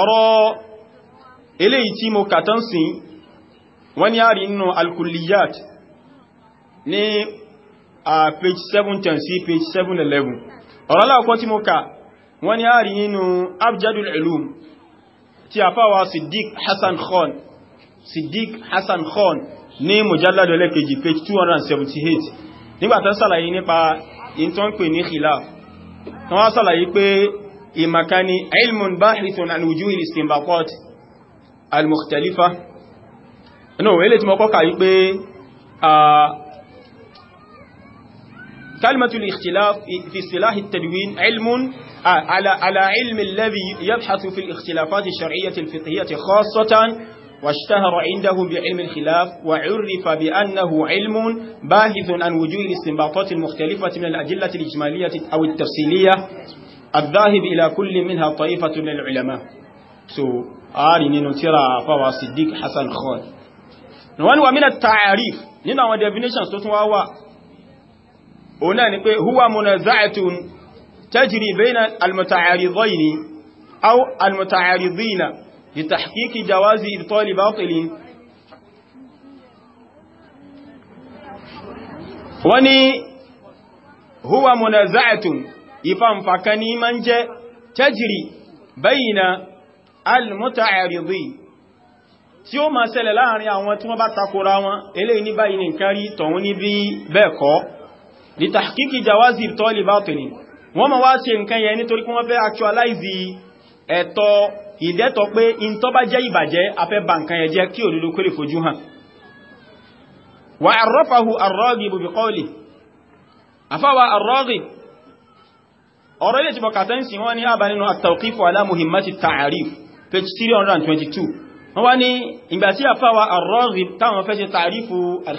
ọ̀rọ̀ eléyìí tí mo page 710 sí page 711 ọ̀rọ̀ aláàkọ́ tí mo kà abjadul ilum tí àfáwà Siddiq Hassan Khan Siddiq Hassan Khan ní mujalladu ẹlẹ́kejì page 278 nígbàtà sàlàyé nípa ìntọ́ ń pè ní khilaf wọ́n wá sàlàyé pé ìmàkání ilmun bahithun an wujuhi istinbaqat al كلمة الاختلاف في اصطلاح التدوين علم آه، على على علم الذي يبحث في الاختلافات الشرعية الفقهية خاصة واشتهر عنده بعلم الخلاف وعرف بأنه علم باحث عن وجوه الاستنباطات المختلفة من الأدلة الإجمالية أو التفصيلية الذاهب إلى كل منها طائفة من العلماء so ari نينوتيرا فوا صديق حسن Hasan Khod wọ́n wà min at-ta'arif nínú òun náà ni pé huwa munazaatun tajri bayna almuta'aridayni aw almuta'aridina li tahqiqi jawazi ibtali batilin wani huwa munazaatun ifanfaka ni man jẹ́ tajri bayna almuta'aridin tí ó máa ṣẹlẹ̀ láàrin àwọn tí wọ́n bá takora wọn eléyìí ní báyìí nìkan rí tọ̀hún ní bí bẹ́ẹ̀ lè tàkíkì jawazi ìtọ́lì bátìlì wọ́n ma wá ṣe nǹkan yẹn nítorí kí wọ́n fẹ́ actualize ẹ̀tọ́ ìdẹ́tọ̀ pé in tó bá jẹ́ ìbàjẹ́ afẹ́ bà nǹkan yẹn jẹ́ kí òdodo kó lè fojú hàn wà àrọ́fàhù àrọ́gì ibùbí kọ́ọ̀lì àfáwà àrọ́gì ọ̀rọ̀ ilé ti bọ̀kàtà ń sin wọ́n ní àbá nínú àtàkífò alámuhimmati ta'arif page 322 wọ́n wá ní ìgbà tí àfáwà àrọ́gì táwọn fẹ́ ṣe ta'arifu al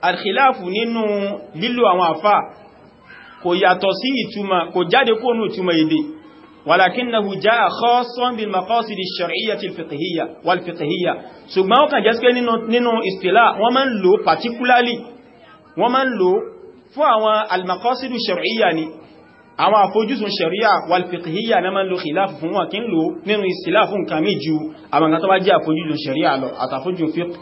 alkhilafu nínú lílò àwọn àfà kò yàtọ̀ sí ìtumọ̀ kò jáde kó nù ìtumọ̀ èdè walakinnahu jaa khassan bil maqasid ash-shar'iyyah al-fiqhiyyah wal-fiqhiyyah ṣùgbọ́n ó kàn jẹ́ pé nínú ìstìlá wọ́n máa ń lò particularly wọ́n máa ń lò fún àwọn al-maqasid ash-shar'iyyah ni àwọn àfojúsùn sharia wal na máa lò khilaf fún wọn kí ń lò nínú ìstìlá fún nǹkan àwọn nǹkan tó bá jẹ́ àfojúsùn sharia lọ àtàfojúsùn fiqh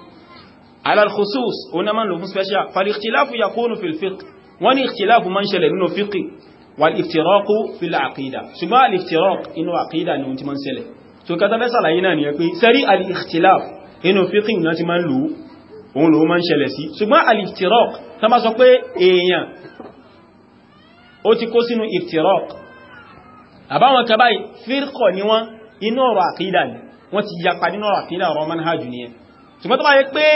على الخصوص هنا من له سبيشال فالاختلاف يكون في الفقه وان اختلاف من شل انه فقه والافتراق في العقيده شما الافتراق انه عقيده انه انت من شل تو كذا بس على هنا ني بي سري الاختلاف انه فقه انه انت من لو اون لو من شل سي شما الافتراق كما سو بي ايان او تي كو سينو افتراق ابا وان كباي فرقه ني وان انه عقيده ni wọ́n ti yapa nínú àkílà ọ̀rọ̀ manhajù ní ẹ̀ ṣùgbọ́n tó bá yẹ pé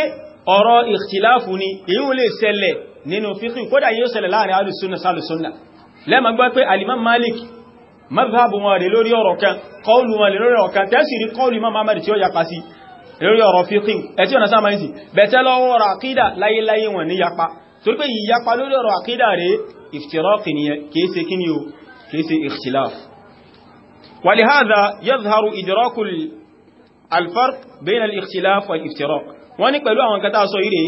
ọ̀rọ̀ ìkìláàfù ni èyí lè ṣẹlẹ̀ nínú fíkín kódà yíó ṣẹlẹ̀ láàrin alùsúnnà sálùsúnnà lẹ́mà gbọ́ pé alimam malik mazhabu wọn rẹ̀ lórí ọ̀rọ̀ kan kọlù wọn lórí ọ̀rọ̀ kan tẹ́sì rí kọlù imam ahmed tí ó yapa sí lórí ọ̀rọ̀ fíkín ẹ̀tí ọ̀nà sáà mẹ́sì bẹ̀tẹ́ lọ́wọ́ ولهذا يظهر إدراك الفرق بين الاختلاف والافتراق wọ́n ní pẹ̀lú àwọn kẹta sọ ire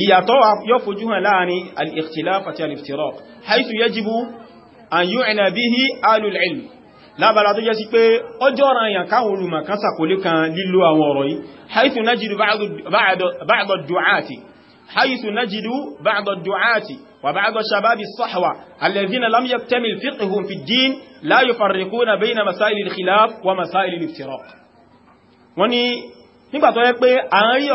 ìyàtọ̀ yóò fojú hàn láàrin al-ikhtilaf àti al-iftiraq haythu yajibu an yu'na bihi ahlul ilm lábára tó jẹ́ sí pé ọjọ́ ọ̀rọ̀ àyàn káwọn olùmọ̀ kan sàkólé kan lílo وبعض شباب الصحوة الذين لم يكتمل فقههم في الدين لا يفرقون بين مسائل الخلاف ومسائل الافتراق وني nígbà tó yẹ pé àárí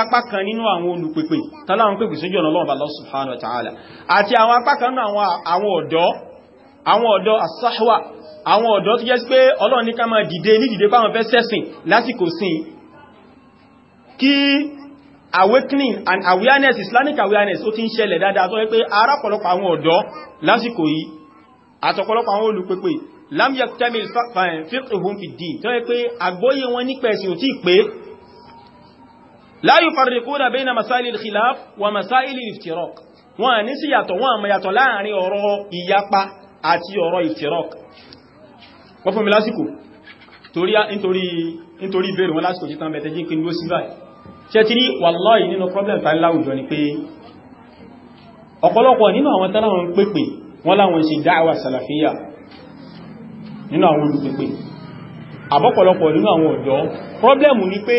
apá kan nínú àwọn olùpèpè tánláwọn pèpè sójú ọ̀nà Ọlọ́run Allah subhanahu wa ta'ala àti àwọn apá kan nínú àwọn ọ̀dọ́ àwọn ọ̀dọ́ asahwa àwọn ọ̀dọ́ tó jẹ́ pé Ọlọ́run ní ká máa dìde ní dìde pàwọn fẹ́ sẹ́sìn awakening and awareness Islamic awareness ó ti ń ṣẹlẹ̀ dáadáa tó yẹ pé arápọ̀lọpọ̀ àwọn ọ̀dọ́ lásìkò yìí àtọ̀pọ̀lọpọ̀ àwọn olùpèpè lam yaktamil fiqhuhum fi din tó yẹ pé àgbóyé wọn nípa ẹ̀sìn ò tí pé la yufarriquna bayna masáìlì khilaf wa masáìlì iftiraq wọn ní sí yàtọ̀ wọn àmà yàtọ̀ láàrin ọ̀rọ̀ ìyapa àti ọ̀rọ̀ iftiraq wọ́n fún mi lásìkò nítorí ìbéèrè wọn lásìkò títàn bẹ̀tẹ̀ jí kí n sí báyìí ṣe nínú problem tàí láwùjọ ni pé ọ̀pọ̀lọpọ̀ nínú àwọn tánàwọn pèpè wọ́n láwọn ṣe dáwà sàlàfíyà nínú àwọn olùpèpè àbọ̀pọ̀lọpọ̀ nínú ọ̀dọ́ problem ni pé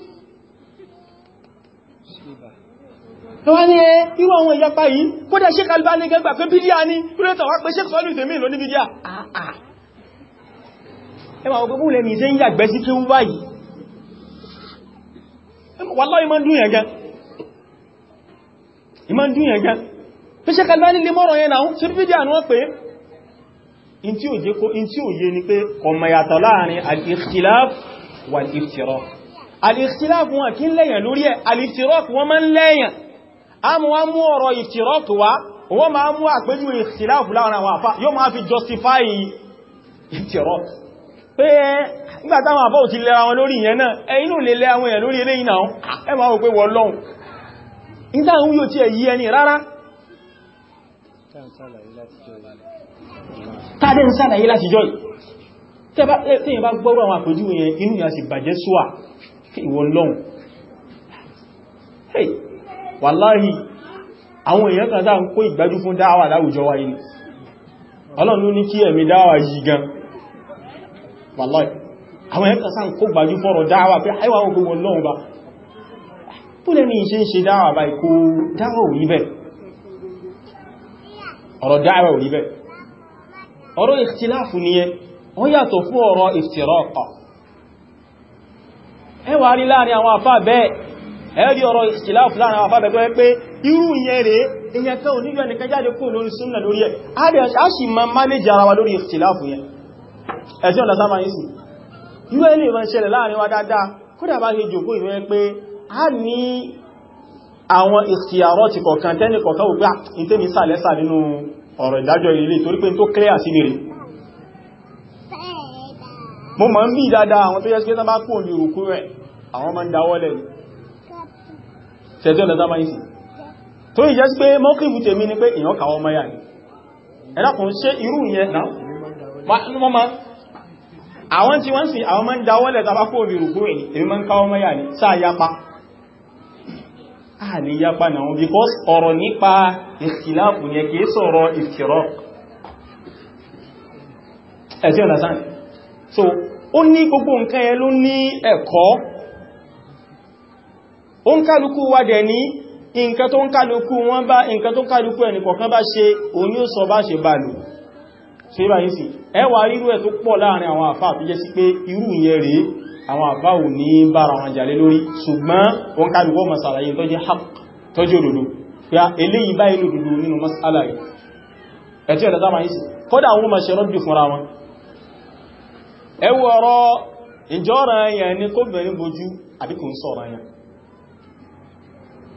wọ́n ní eh, irú àwọn ìyapa yìí kó dẹ̀ ṣe kalibá ní gẹ́gbà pé bídíà ní kúrẹ́tọ̀ wá pé ṣe sọ́lù ìtẹ̀mí ló ní bídíà àà ẹwà ọgbogbo lè mi ṣe ń yàgbẹ́ sí kí ń wá yìí wàláhí ìmọ̀ dún yẹn gan ìmọ̀ dún yẹn gan pé ṣe kalibá ní lè mọ́rọ̀ yẹn náà ṣe bídíà ní wọ́n pé in tí wal-iftiraq wọn kí ń lẹ́yìn lórí ẹ̀ al wọn máa ń lẹ́yìn a mú wá mú ọ̀rọ̀ ìfìrọ́pù wá wọ́n máa mú àpéjú justify ìfìrọ́pù pé nígbàtàwọn àfá ò ti lẹ́ra wọn lórí ìyẹn náà ẹ̀yìn ò lè lẹ́ àwọn èèyàn lórí ilé ìnà ẹ máa wò pé wọ́n lọ́hun nígbà ń yóò ti ẹ̀yí ẹni rárá tàdé ń sàlàyé láti jọ́ tẹ́yìn bá gbọ́rọ̀ àwọn àpéjú ìyẹn inú ìyà wàláhì àwọn èèyàn kan sáà ń kó ìgbájú fún dáwà láwùjọ wa yìí ọlọ́run ní kí ẹ̀mí dáwà yìí gan wàláhì àwọn èèyàn kan sáà ń kó ìgbájú fọ́rọ̀ dáwà pé àìwà àwọn gbogbo lọ́wọ́ bá tó lẹ́ni iṣẹ́ ń ṣe dáwà bá ikú dáwà ọ̀rọ̀ dáwà ò rí wọ́n yàtọ̀ fún ọ̀rọ̀ ìftirāq ẹwà rí láàrin àwọn àfáà bẹ́ẹ̀ ẹ̀rí ọ̀rọ̀ ìsìláàfù láàrin àwọn afábẹ̀gbẹ́ pé irú ìyẹn rẹ̀ èyàn kan oníyàn nìkan jáde kún lórí súnnà lórí ẹ̀ a sì ma mánéjì ara wa lórí ìsìláàfù yẹn ẹ̀sí ọ̀nà sáma yìí sí irú ẹni ìwọ̀n ṣẹlẹ̀ láàrin wa dáadáa kódà bá ṣe jòkó ìwọ̀n pé a ní àwọn ìsìyàrọ̀ ti kọ̀kan tẹ́ni kọ̀kan wò pé ah, n tẹ́mi sàlẹ́sà nínú ọ̀rọ̀ ìdájọ́ mo mọ̀ ń bí dáadáa àwọn tó yẹ́ sí pé tán bá kò lè rẹ̀ àwọn máa ń dáwọ́lẹ̀ ni ṣẹ̀tí ọ̀nà dáma ìsìn tó yìí jẹ́ sí pé mọ́kìlù tèmi ni pé èyàn kàwọ́ ọmọ yà ní ẹ̀dàkùn ṣe irú yẹn náà mọ́mọ́ àwọn tí wọ́n sì àwọn mọ́ ń dáwọ́lẹ̀ tabakó orí rùgbó èyí èmi mọ́ ń kàwọ́ ọmọ yapa a lè yapa náà wọn because ọ̀rọ̀ nípa ìsìláàpù yẹn kìí sọ̀rọ̀ ìfìrọ̀ ẹ̀tí so ó ní gbogbo ó ń kálukú wá dẹ̀ ní nǹkan tó ń kálukú wọ́n bá nǹkan tó ń kálukú ẹnìkọ̀ọ̀kan bá ṣe òní ó sọ bá ṣe bá lò ṣe bá yìí sí ẹwà rírú ẹ̀ tó pọ̀ láàrin àwọn àfá àti jẹ́ sí pé irú ìyẹn rèé àwọn àfá ò ní bára wọn jà lórí ṣùgbọ́n ó kálukú ọmọ sàlàyé ya eléyìí báyìí lòdodo nínú masala yìí ẹ̀tí ẹ̀dá táwọn yìí sí kódà àwọn ọmọ ṣe rọ́dù fúnra wọn ẹwọ ọ̀rọ̀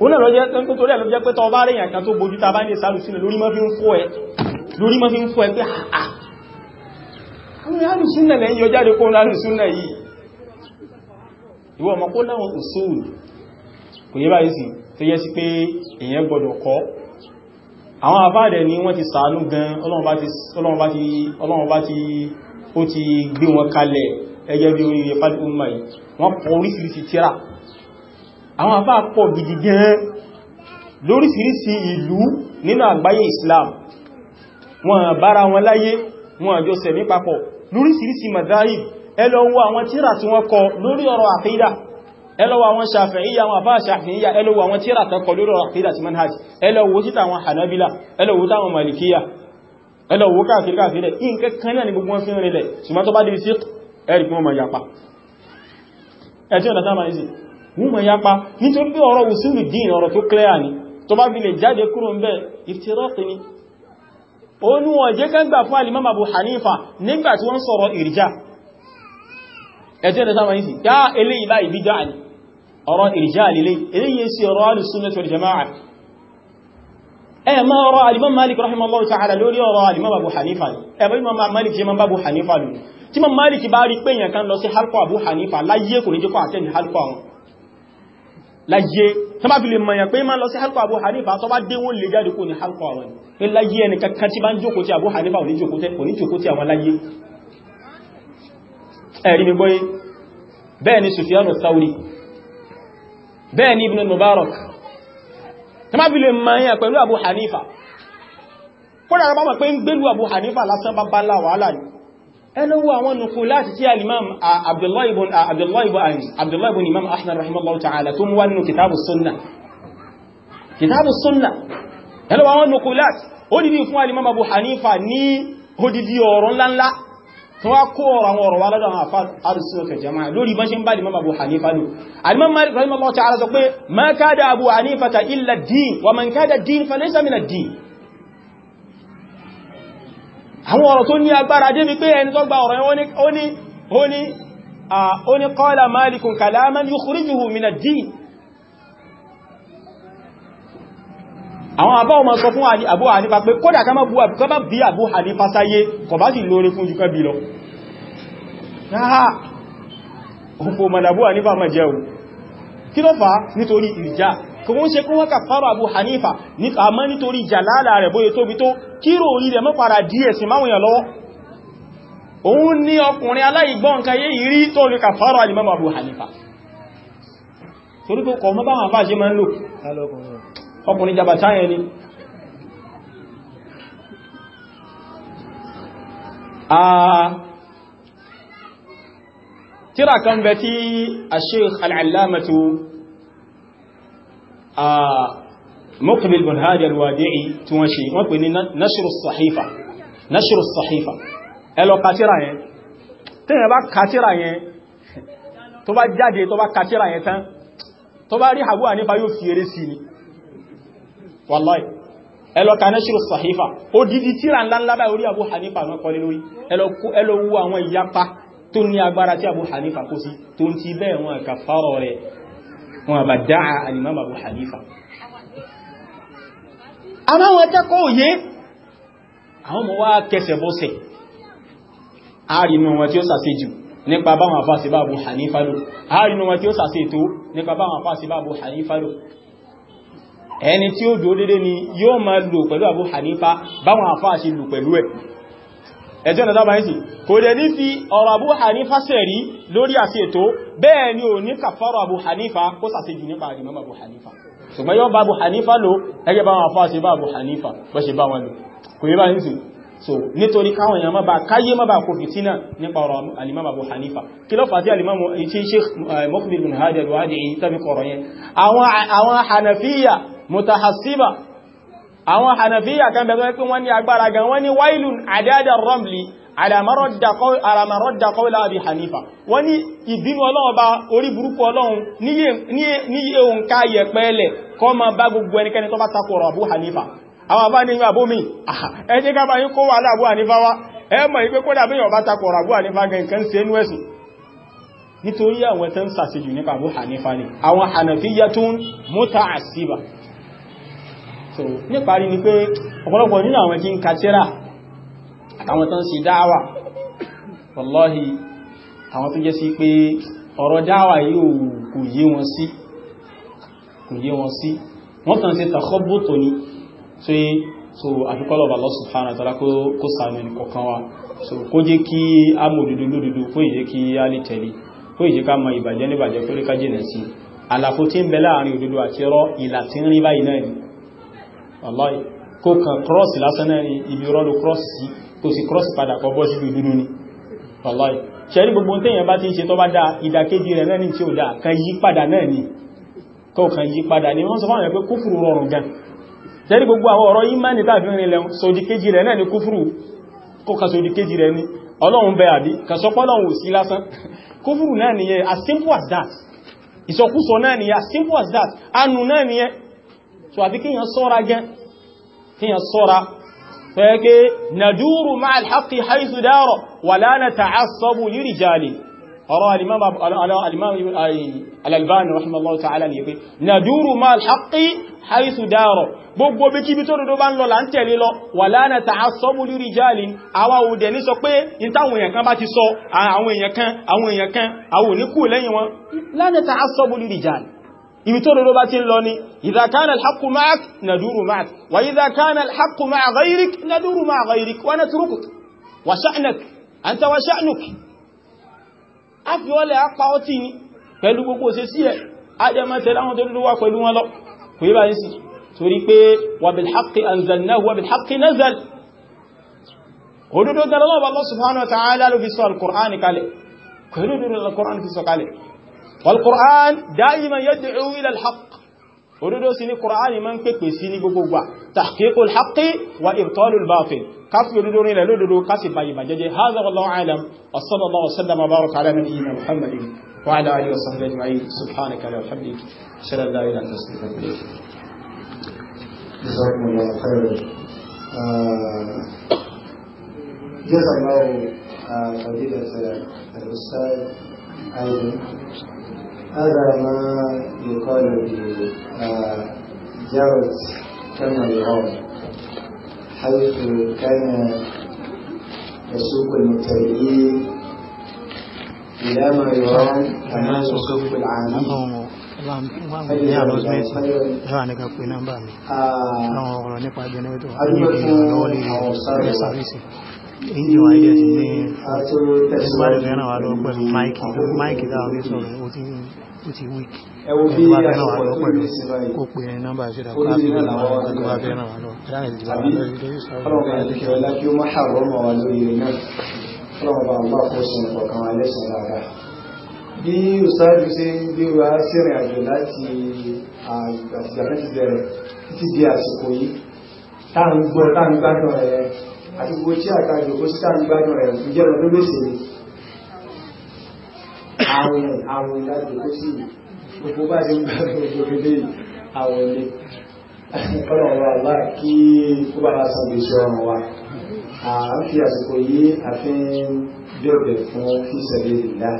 òun náà lọ́jẹ́ tó torí ẹ̀lọ́jẹ́ pé tọ́ bá rí ìyàn kan tó bójú tàbá ní ìsàlù sínú lórí mọ́ fi ń fọ́ ẹ lórí mọ́ fi ń fọ́ ẹ pé àà ah, ah. àwọn alùsúnnà lẹ́yìn ọjáde kó alùsúnnà yìí ìwọ ọmọ kó láwọn òṣòòlù ni wọ́n ti ṣàánú gan Ọlọ́run bá ti ó ti gbé wọn kalẹ̀ ẹgẹ́ bí oríire fàdí ó mọ̀ àwọn àfá pọ̀ gidi gan lóríṣìíríṣìí ìlú nínú àgbáyé Islam wọn bára wọn láyé wọn àjọ sẹ̀mí papọ̀ lóríṣìíríṣìí madari ẹlọ́wọ́ àwọn tíra tí wọ́n kọ lórí ọ̀rọ̀ àkídà ẹlọ́wọ́ àwọn ṣàfẹ̀íyà àwọn àfáà ṣàfẹ̀íyà ẹlọ́wọ́ àwọn tíra tó kọ lórí ọ̀rọ̀ àkídà ti manhaj ẹlọ́wọ́ títà àwọn hanabila ẹlọ́wọ́ táwọn malikiya ẹlọ́wọ́ káàkiri káàkiri nǹkan kan náà ni gbogbo wọn fi ń rinlẹ̀ ṣùgbọ́n tó bá dé sí ẹ̀rì fún ọmọ yapa ẹ̀tí ọ̀nà táwọn ìsìn wọ́n mọ̀ yapa nítorí pé ọ̀rọ̀ usulu dín ọ̀rọ̀ tó clear ni tó bá fi lè jáde kúrò ń bẹ́ ìfìtìrọ́pì ni ó ní wọ́n jẹ́ kẹ́gbà fún alimam Abu Hanifa nígbà tí wọ́n sọ̀rọ̀ ìrìjá ẹ̀tẹ́ ẹ̀dẹ́ sáwọn ìsìn yá eléyìí bá ìbídá ni ọ̀rọ̀ ìrìjá lílé eléyìí sí ọ̀rọ̀ al-sunnah wal jama'ah ẹ ma ọ̀rọ̀ alimam Malik rahimahullah ta'ala lórí ọ̀rọ̀ alimam Abu Hanifa ẹ bá imam Malik jẹ́ tí mamman Malik bá rí pé èèyàn kan lọ sí halqa Abu Hanifa láyé kò ní jẹ́ àtẹ́ ní halqa wọn láyé tó bá fi lè mọ̀yàn pé máa lọ sí halkọ̀ Abu Hanifa tó bá dé wọ́n lè jáde kò ní halkọ̀ àwọn pé ẹni kankan tí bá ń jókòó tí Abu Hanifa ò ní jókòó tí àwọn láyé ẹ̀rí mi gbọ́yé bẹ́ẹ̀ ni Sufyan al-Thawri bẹ́ẹ̀ ni Ibn al-Mubarak tó bá fi lè mọ̀yàn pẹ̀lú Abu Hanifa kódà bá mọ̀ pé ń Abu Hanifa lásán bá bá láwàálà ẹlọ́wọ́ àwọn nùkú láti tí alìmam Abdullah ibn Imam Ahmad rahimallahu ta'ala tó mú wá nínú kìtàbù sunna kìtàbù sunna ẹlọ́wọ́ àwọn nùkú láti ó dìdí fún alìmam Abu Hanifa ní odidi ọ̀rọ̀ ńláńlá tó wá kó ọ̀rọ̀ àwọn ọ̀rọ̀ wá lọ́dọ̀ àwọn àfáà arìsílọ́kẹ̀ jama'a lórí bá ṣe ń bá alìmam Abu Hanifa lò alìmam Malik rahimallahu ta'ala sọ pé ma kada Abu Hanifa ta illa ad-din àwọn ọ̀rọ̀ tó ní agbára débi pé ẹni tó gba ọ̀rọ̀ yẹn ó ní qala malikun kalaman yukhrijuhu min ad-din àwọn àbá ọmọ sọ fún Abu Hanifa pé kódà ká má bú àbúkọ́ bá bí Abu Hanifa sáyé kò bá sì lórí fún jùkọ́ bí lọ náà òfò kò ń ṣe kó wákà fara Abu Hanifa ní àmọ́ nítorí jàlálà rẹ̀ bóyẹ tóbi tó kírò orí rẹ̀ mọ́ para díẹ̀ sí máwọn èèyàn lọ́wọ́ òun ní ọkùnrin aláìgbọ́n nǹkan yé yìí tó lè kà fara Imam Abu Hanifa torí pé kọ̀ọ̀mọ́ báwọn Muqbil bin Hadi al-Wadi'i tí wọ́n ṣe wọ́n pè ní nashiru sahifa nashiru sahifa ẹlọ katira yẹn tí yẹn bá katira yẹn tó bá jáde tó bá katira yẹn tán tó bá rí àbúwà nípa yóò fi eré sí ni wallahi ẹlọ ka nashiru sahifa ó dìdí tíra ńláńlá báyìí orí Abu Hanifa wọn bá dáa al-Imam Abu Hanifa àmọ́ àwọn akẹ́kọ̀ọ́ òye àwọn ọmọ wá kẹsẹ̀ bọ́sẹ̀ àárínú wọn tí ó sàṣe jù nípa báwọn àfáàsí bá Abu Hanifa lò àárínú wọn tí ó sàṣe tó nípa báwọn àfáàsí bá Abu Hanifa lò ẹni tí ó dúró dédé ni yóò máa lò pẹ̀lú Abu Hanifa báwọn àfáàsí lò pẹ̀lú ẹ̀ ẹjọ́ ìrìnàdá bá ń sì kò dẹ̀ ní fi ọ̀rọ̀ Abu Hanifa sẹ̀rí lórí àti ètò bẹ́ẹ̀ ni ò ní kàfàrọ̀ Abu Hanifa kó sàṣejù nípa àrìmọ́ Abu Hanifa ṣùgbọ́n yọ́ bá Abu Hanifa lò ẹgẹ́ bá wọn fà sí bá Abu Hanifa bọ́ ṣe bá wọn lò kò yẹ bá ń sì so nítorí káwọn èèyàn má ba káyé má ba kò àwọn hanafiya kan bẹ̀rẹ̀ pé wọ́n ní agbára gan wọ́n ní wailun adada ramli alamarodda kọ́wàlá àbí hanifa wọ́n ní ìbínú ọlọ́run bá orí burúkú ọlọ́run níye òǹkà yẹ̀pẹ́lẹ̀ kọ́ ma bá gbogbo ẹnikẹ́ni tó bá takọ̀rọ̀ àbú hanifa àwọn àbá ní àbó mi ẹjẹ́ ká bá yí kó wà láàbú hanifa wá ẹ mọ̀ ìpé kó dàbí yọ̀bá takọ̀rọ̀ àbú hanifa gan kan se nú ẹ̀sìn nítorí so níparí ni pé ọ̀pọ̀lọpọ̀ nínú àwọn tí ń ka tírà àtàwọn tán sí dáwà wallahi àwọn tó jẹ́ sí pé ọ̀rọ̀ dáwà yóò kò yé wọn sí kò ni so so àfikọ́lọ̀bà wa ta'ala kó sàánú ẹnìkọ̀kan wa so kó jẹ́ kí a mọ̀ òdodo lódodo kó ìjẹ́ kí a lè tẹ̀lé kó ìjẹ́ ká mọ ìbàjẹ́ níbàjẹ́ kó lè ká sí àlàfo tí ń bẹ láàrin òdodo àti irọ́ ìlà ń rí báyìí náà wàláì kó kan cross lásán náà ni ibi rọ́lù cross sí kó sì cross padà kọ bọ́ síbi dúdú ni wàláì ṣẹ́rí gbogbo téèyàn bá ti ń ṣe tó bá dá ìdàkejì rẹ̀ náà ní tí ó dá kan yí padà náà ni kó kan yí padà ni wọ́n sọ fáwọn ẹ̀ pé kúfùrù rọrùn gan ṣẹ́rí gbogbo àwọn ọ̀rọ̀ yí máa ní tàbí rìn lẹ́hun sódìkejì rẹ̀ náà ni kúfùrù kó kan sódìkejì rẹ̀ ni ọlọ́run bẹ àbí kàṣọpọ́lọ́run sí lásán kúfùrù náà nìyẹn as simple as that ìsọkúsọ náà nìyẹn as simple as that anù náà nìyẹn so àbí kíyàn sọ́ra gan kíyàn sọ́ra tó yẹ pé nadúrù máa alhaqi haisu dára wà lánà ta'assabu li rijali ọ̀rọ̀ alìmáàmì rahimallahu ta'ala ni pé nadúrù máa alhaqi haisu dára gbogbo bí kíbi tó dodo bá ń lọ là ń tẹ̀lé lọ wà lánà ta'assabu li rijali àwa òdẹ̀ ní sọ pé in táwọn èèyàn kan bá ti sọ àwọn èèyàn kan ibi tó dodo bá ti ń lọ ni idha kana al-haqqu ma'ak naduru ma'ak wa idha kana al-haqqu ma'a ghayrik naduru ma'a ghayrik wa natrukuk wa sha'nak anta wa sha'nuk a fi wọ́lẹ̀ apá ọtí ni pẹ̀lú gbogbo ṣe sí ẹ̀ ajẹ́mọ́ tẹ́lá wọn tó والقران دائما يدعو الى الحق اريدو سيني قراني من كيكوي سيني غوغوغا تحقيق الحق وابطال الباطل كف يريدون الى لودو كاسي باي باجي هذا والله اعلم وصلى الله وسلم وبارك على نبينا محمد وعلى اله وصحبه اجمعين سبحانك اللهم وبحمدك اشهد ان لا اله الا انت استغفرك جزاكم الله خيرا آه، جزاك الله خيرا آه، الاستاذ ايضا هذا ما يقال بجرد كما يرون حيث كان يسوق المبتدئين إلى ما يرون كما يسوق العامين ní àlọ́sí ẹ̀wà ní kàpé nọ́mbà mi àwọn ọ̀rọ̀ nípa jẹ́ ní wẹ́tọ̀ ní ìgbìyànjú lọ́wọ́ lè rẹ̀ sáré sí angel ideas ní ìsìnwájú tó yánà wà lọ pẹ̀lú máìkì máìkì dáa ní sọ̀rọ̀ ó ti ó ti wík ẹgbẹ́ sí bí òṣáájú ṣe ń àjò láti àgbàtìgbà láti bẹ̀rẹ̀ títí di àsìkò yìí táà gbọ́ táà gbádùn ẹ̀ àti gbogbo tí àtàjò kó síta ń gbádùn rẹ̀ ìjọ rẹ̀ lólóṣè ni àwọn àwọn ìlàjò kó sì gbogbo bá ti ń gbádùn gbogbo ilé àwọn ilé ọ̀nà ọ̀rọ̀ àbá kí ó bá lásán lè ṣe ọ̀rọ̀ wa à ń fi àsìkò yìí àfi ń dọ̀bẹ̀ fún ìṣẹ̀lẹ̀ ìlà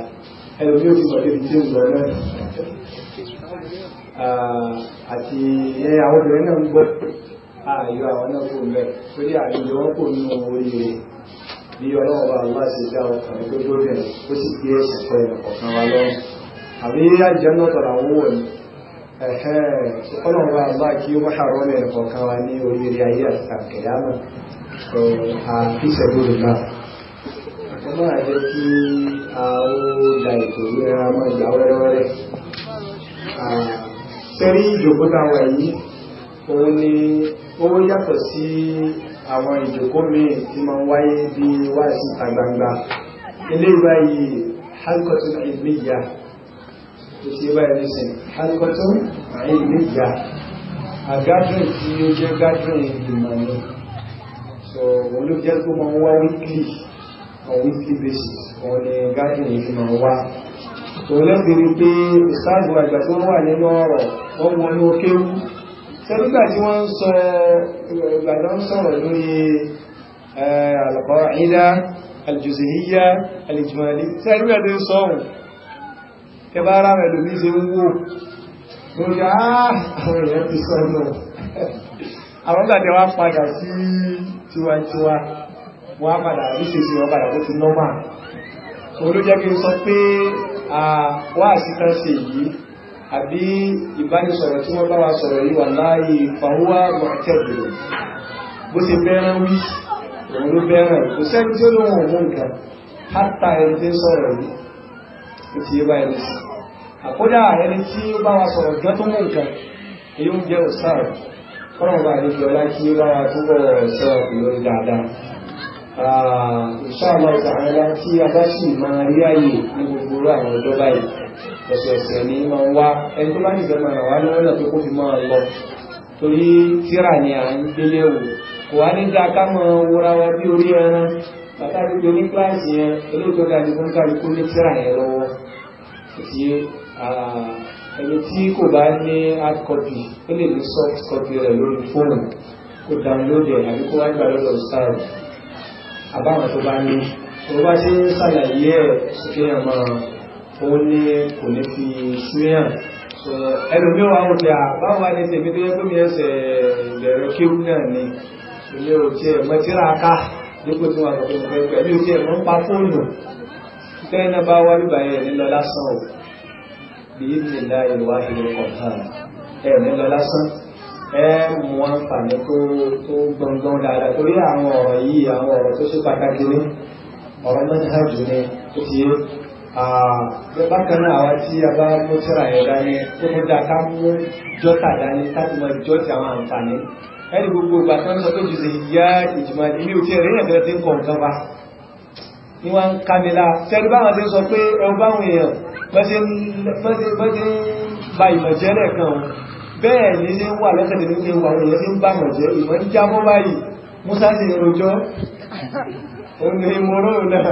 ẹlòmí ò fi mọ̀ débi tí ń lọ náà àti àwọn obìnrin náà ń gbọ́ ààyò àwọn náà kò mẹ́ torí àìyọ wọn kò nínú oríire bí ọlọ́run bá wá sí dá ọkùnrin tó gbóbìn ó sì gbé ẹ̀sìn pẹ́ ọ̀kan wa lọ́rùn àbí àjẹ́ náà tọ̀rọ̀ àwọn wò ní ẹ̀hẹ́n ọlọ́run bá wá kí ó máa rọ́ mẹ́rin ọ̀kan wa ní oríire ayé àkẹyàmọ̀ àfíṣẹ́gbòrò náà wọ́n máa jẹ́ kí a ó ètò ìrẹ́ra mọ́ ìgbà wẹ́rẹ́wẹ́rẹ́ sẹ́rí ìjòkó táwọn yìí òun ni ó yàtọ̀ sí àwọn ìjòkó míì tí ma ń wáyé bí wá sí ìta gbangba ilé ìbáyìí halkotun ìgbéyà tó ti báyìí nísìn halkotun ìgbéyà a gathering tí ó jẹ́ gathering ìgbìmọ̀ ni so wọ́n ló jẹ́ tó ma ń wá weekly on weekly basis wọ́n ni gathering ìgbìmọ̀ wá tòun lẹ́gbẹ̀ẹ́ pé ìsáàgbọ̀ àgbà tó wà nínú ọ̀rọ̀ wọ́n wọnú kéwú ṣẹ́lúgbà tí wọ́n ń sọ ìgbàdán sọ̀rọ̀ lórí al-qa'ida al-juz'iyya al-ijmali ṣẹ́lúgbà tí ń sọ̀rọ̀ kẹba ara rẹ̀ lórí ṣe ń wó lórí àwọn èèyàn ti sọ náà àwọn ìgbàdẹ wá padà sí tiwantiwa wọ́n padà ríṣèṣì wọ́n padà tó àbí ìbánisọ̀rọ̀ tí wọ́n bá wa sọ̀rọ̀ yìí wà láàyè fàwọ́wà mọ̀tẹ́bùrù bó ti bẹ́ẹ̀rẹ̀ wí òun ló bẹ́ẹ̀rẹ̀ kò sẹ́ni tí ó lóun òun nǹkan hátà ẹni tí ń sọ̀rọ̀ yìí ó ti yé báyìí sí àkódà ẹni tí ó bá wa sọ̀rọ̀ gan tó mú nǹkan èyí ń jẹ́ òsáàrù kọ́nà bá ní fi ọlá kí bá wa túbọ̀ sọ ìlú dáadáa ah, ọ̀sẹ̀ọ̀sẹ̀ ní máa ń wá ẹni tó bá nìfẹ́ máa wá lọ́nà tó kó fi máa lọ torí tíra ni à ń gbélé wò kò wá ní dá ká máa wúra wa bí orí ẹran bàtà gbogbo ní kíláàsì yẹn eléyìí ga ni fún kálukú ní tíra yẹn lọ́wọ́ ti ẹni tí kò bá ní hard copy ó lè ní soft copy rẹ̀ lórí fóònù kó download ẹ̀ àbí kó wá gbà lọ́dọ̀ style àbáwọn tó bá ní tó bá ṣe ń ṣàlàyé ẹ̀ sókè òun ni kò ní fi síyàn ẹlòmí wa wò dà báwo ni tèmi tó yẹ kó mi ẹsẹ̀ ìbẹ̀rẹ̀ kéwù náà ni ilé o tiẹ̀ mọ́tíra ká dípò tí wọn àtọ̀tọ̀ fẹ́ pẹ̀lú o tiẹ̀ mọ́ ń pa fóònù tẹ́yìn náà bá wá bíbá yẹn ní lọ lásán o bíi ti dá ìwà ìlú kọ̀ọ̀kan ẹ̀ ní lọ lásán ẹ mú wọn fàní tó tó gbọ̀ngàn dáadáa torí àwọn ọ̀rọ̀ yìí àwọn ọ̀rọ̀ tó ṣe pàtàkì ní ọ̀rọ̀ mọ́tíhàjù ni ó ti yé bákan náà àwọn tí a bá kó tíra yẹn dání tó kó dáa ká mú jọ́tà dání láti mọ jọ́tì àwọn àǹfààní ẹni gbogbo ìgbà tí wọ́n sọ pé jùlọ ìyá ìjùmọ̀ ilé òtí ẹ̀rẹ́ yẹn tẹ́lẹ̀ tí ń kọ̀ nǹkan wa ni wọ́n ń kamila tẹ́lú báwọn ti ń sọ pé ẹ̀rù báwọn èèyàn bọ́n ń ba ìmọ̀jẹ́ lẹ́ẹ̀kan bẹ́ẹ̀ ni ní wà lẹ́sẹ̀dẹ̀ ní ewu àwọn èèyàn ti ń ba ìmọ̀jẹ́ ìmọ̀ ń jábọ́ báyìí Musa sì ń rojọ́ òun ni mo náà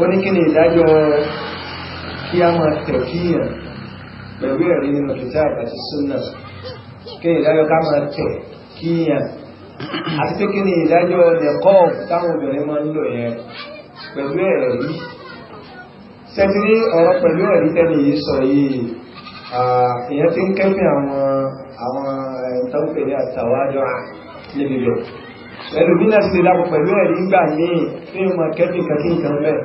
ó ní kí ni ìdájọ́ kí a máa tẹ̀fíyàn pẹ̀lú ẹ̀rí nínú kìtà àti súnà kí ni ìdájọ́ ká máa tẹ̀ kíyàn àti pé kí ni ìdájọ́ ẹ̀kọ́ táwọn obìnrin máa ń lò yẹn pẹ̀lú ẹ̀rí sẹ́tìrí ọ̀rọ̀ pẹ̀lú ẹ̀rí tẹ́lẹ̀ yìí sọ yìí ìyẹn ti ń kẹ́fìn àwọn àwọn ẹ̀ńtọ́pẹ̀lẹ̀ àtàwájọ́ níbi bẹ̀rẹ̀ pẹ̀lú bí náà sí lápò pẹ̀lú ẹ̀rí ń gbà ní fíìmù kẹ́kì kẹ́kì nǹkan bẹ́ẹ̀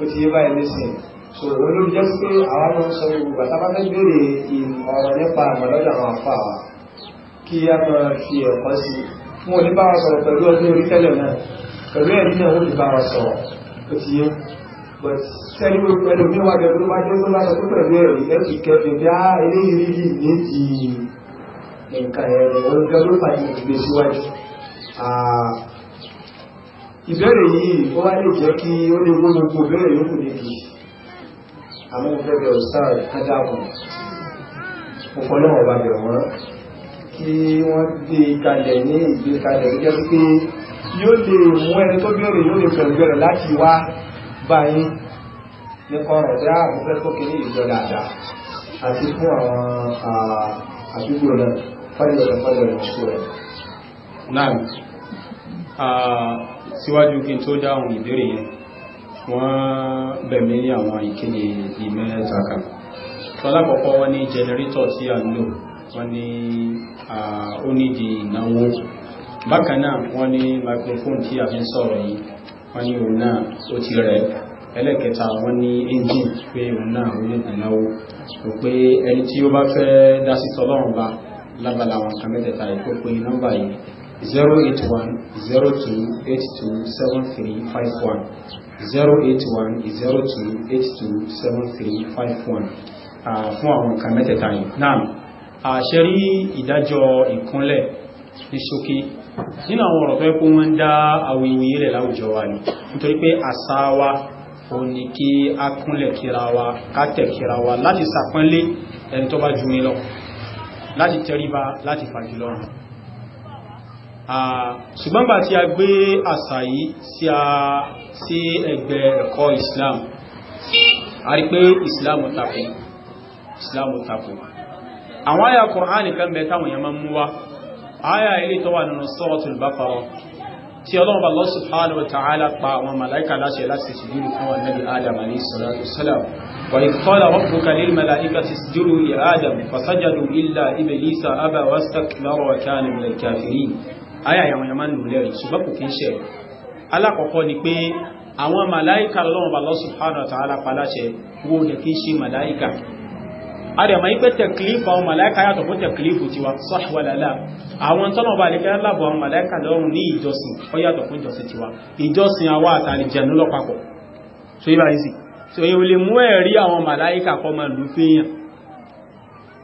ó ti yé báyìí lẹ́sìn so òun ló jẹ́ pé àwọn ọmọ sọ gbogbo àtàbátẹ́ béèrè ọ̀rọ̀ nípa àmọ̀lọ́dọ̀ àwọn afá wa kí a máa fi ẹ̀kọ́ sí fún òní bá wa sọ̀rọ̀ pẹ̀lú ọdún orí tẹ́lẹ̀ náà pẹ̀lú ẹ̀rí náà ó ti bá wa sọ̀rọ̀ ó ti yé but sẹ́ni wo pẹ̀lú mi wá jẹ́ pé wá jẹ́ pé lásán pẹ̀lú ẹ̀rí ẹ̀kì kẹfì bí a ìbẹ̀rẹ̀ yìí ó wá lè jẹ́ kí ó ní mú gbogbo bẹ̀rẹ̀ yóò ní kí àmọ́ ìfẹ́bẹ̀ ọ̀sáà kájákùn ọ̀pọ̀lọ́wọ̀ bá bẹ̀rẹ̀ wọ́n kí wọ́n gbé e kalẹ̀ ní ìgbé kalẹ̀ gẹ́gẹ́ bí pé yóò lè mú ẹni tó bẹ̀rẹ̀ yóò lè pẹ̀lú bẹ̀rẹ̀ láti wá báyìí nípa ọ̀rọ̀ tí a mú fẹ́ tó kéré ìjọ dáadáa àti fún àwọn àdúgbò náà fọ́lẹ̀ ọ̀rọ̀ fọ́lẹ̀ ọ̀rọ̀ síwájú kí n tó dáhùn ìbéèrè yẹn wọ́n bẹ̀mí àwọn ìkíni ìmẹ́ẹ̀tàkà tọ́lápọ̀pọ̀ wọ́n ní jẹnẹrétọ̀ tí a lò wọ́n ní ó ní di ìnáwó bákanáà wọ́n ní microphone tí a fi sọ̀rọ̀ yìí wọ́n ní òun náà ó ti rẹ̀ ẹlẹ́kẹta wọ́n ní engine pé òun náà ó ní ìnáwó rò pé ẹni tí ó bá fẹ́ dásítọ́lọ́run bá lábala àwọn kan mẹ́tẹ̀ẹ̀ta ìkó pé nọ́mbà yìí 081-0282-7351 081-0282-7351 fún àwọn nǹkan mẹ́tẹ̀ta yìí náà àṣẹ rí ìdájọ́ ìkúnlẹ̀ ní ṣókí nínú àwọn ọ̀rọ̀ fẹ́ kó wọ́n ń dá awuyewuye rẹ̀ láwùjọ wa ni nítorí pé àṣà wa ò ní kí a kúnlẹ̀ kíra wa ká tẹ̀ kíra wa láti sàpọ́nlé ẹni tó bá ju ní lọ láti tẹríba láti fàjùlọ́rùn ṣùgbọ́n gbà tí a gbé àṣà yìí sí ẹgbẹ́ ẹ̀kọ́ Islam a rí pé Islam tako Islam tako àwọn àyà Qur'an nìkan bẹ táwọn yẹn máa mú wá àyà ilé tó wà nínú Suratul Baqara tí ọlọ́run bá Allah subhanahu wa ta'ala pa àwọn màláìkà láṣẹ láti ṣùgbọ́n fún wọn nabi Adam alayhi salatu wasalam wa idh qala rabbuka lil mala'ikati isjudu li Adam fasajadu illa iblisa aba wastakbara wa kana minal Aya àwọn èèyàn máa ń lò lẹ́rìí ṣùgbọ́n kò kí ń ṣẹ̀rọ alákọ̀ọ́kọ́ ni pé àwọn màláìkà lọ́wọ́ bá lọ́sùn ta'ala paláṣẹ wo ni kí ń ṣe màláìkà àdẹ̀mọ̀ ipẹ́ tẹ̀kìlífù àwọn màláìkà yàtọ̀ fún tẹ̀kìlífù ti wa sọ́ṣwàlálà àwọn tọ́nà bá lè kẹ́lá bọ̀ àwọn màláìkà lọ́rùn ní ìjọsìn ó yàtọ̀ fún ìjọsìn ti wa ìjọsìn àwa àtàlì jẹ̀nú lọ́pàpọ̀ so yíba ìsì so yíò lè mú ẹ̀rí àwọn màláìkà kọ́ máa lù fíyàn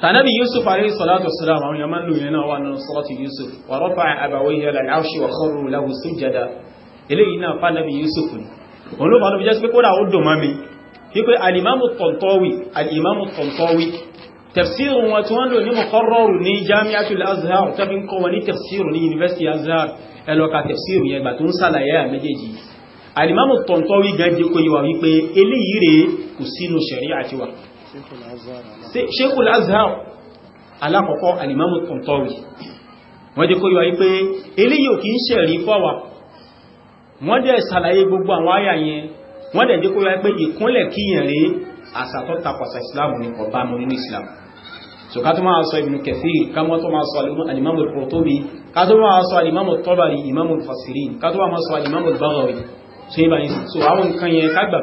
tànàbí yusuf alayhi salatu wasalam àwọn yamma lò yẹn náà wà nínú surati yusuf wa rafa'a abawayhi ala al-arshi wa kharru lahu sujada eléyìí náà fànàbí yusuf ni òun ló bá lọ́bí jẹ́ pé kódà ó dùn mami wípé alìmáàmù tọ̀ntọ́wì alìmáàmù tọ̀ntọ́wì tafsirun wọn tí wọ́n lò ní mọ̀kọ́rọ̀rù ní jami'atul azhar tàbí ń kọ́ wọn ní tafsirun ní university azhar ẹlọ́ka tafsirun yẹn gbà tó ń sàlàyé à méjèèjì alìmáàmù tọ̀ntọ́wì gan jẹ́ kó yíwa wípé eléyìí rèé kò sínú ṣẹ̀rí àtiwà Sheikhul Azhar alákọ̀ọ́kọ́ alimamu kọ̀ntọ́rì wọ́n jẹ́ kó yọ wípé eléyìí ò kí ń ṣẹ̀rí fọ́wà wọ́n dẹ̀ ṣàlàyé gbogbo àwọn àyà yẹn wọ́n dẹ̀ jẹ́ kó yọ wípé ìkúnlẹ̀ kíyàn rí àṣà tó islam ní ọba mọ̀ nínú islam so ká tó máa sọ Ibn Kathir ká mọ́ tó máa sọ alimamu Qurtubi ká tó máa imamu fasirin ká tó máa sọ alimamu Baghawi so ibà so àwọn nǹkan yẹn ká gbà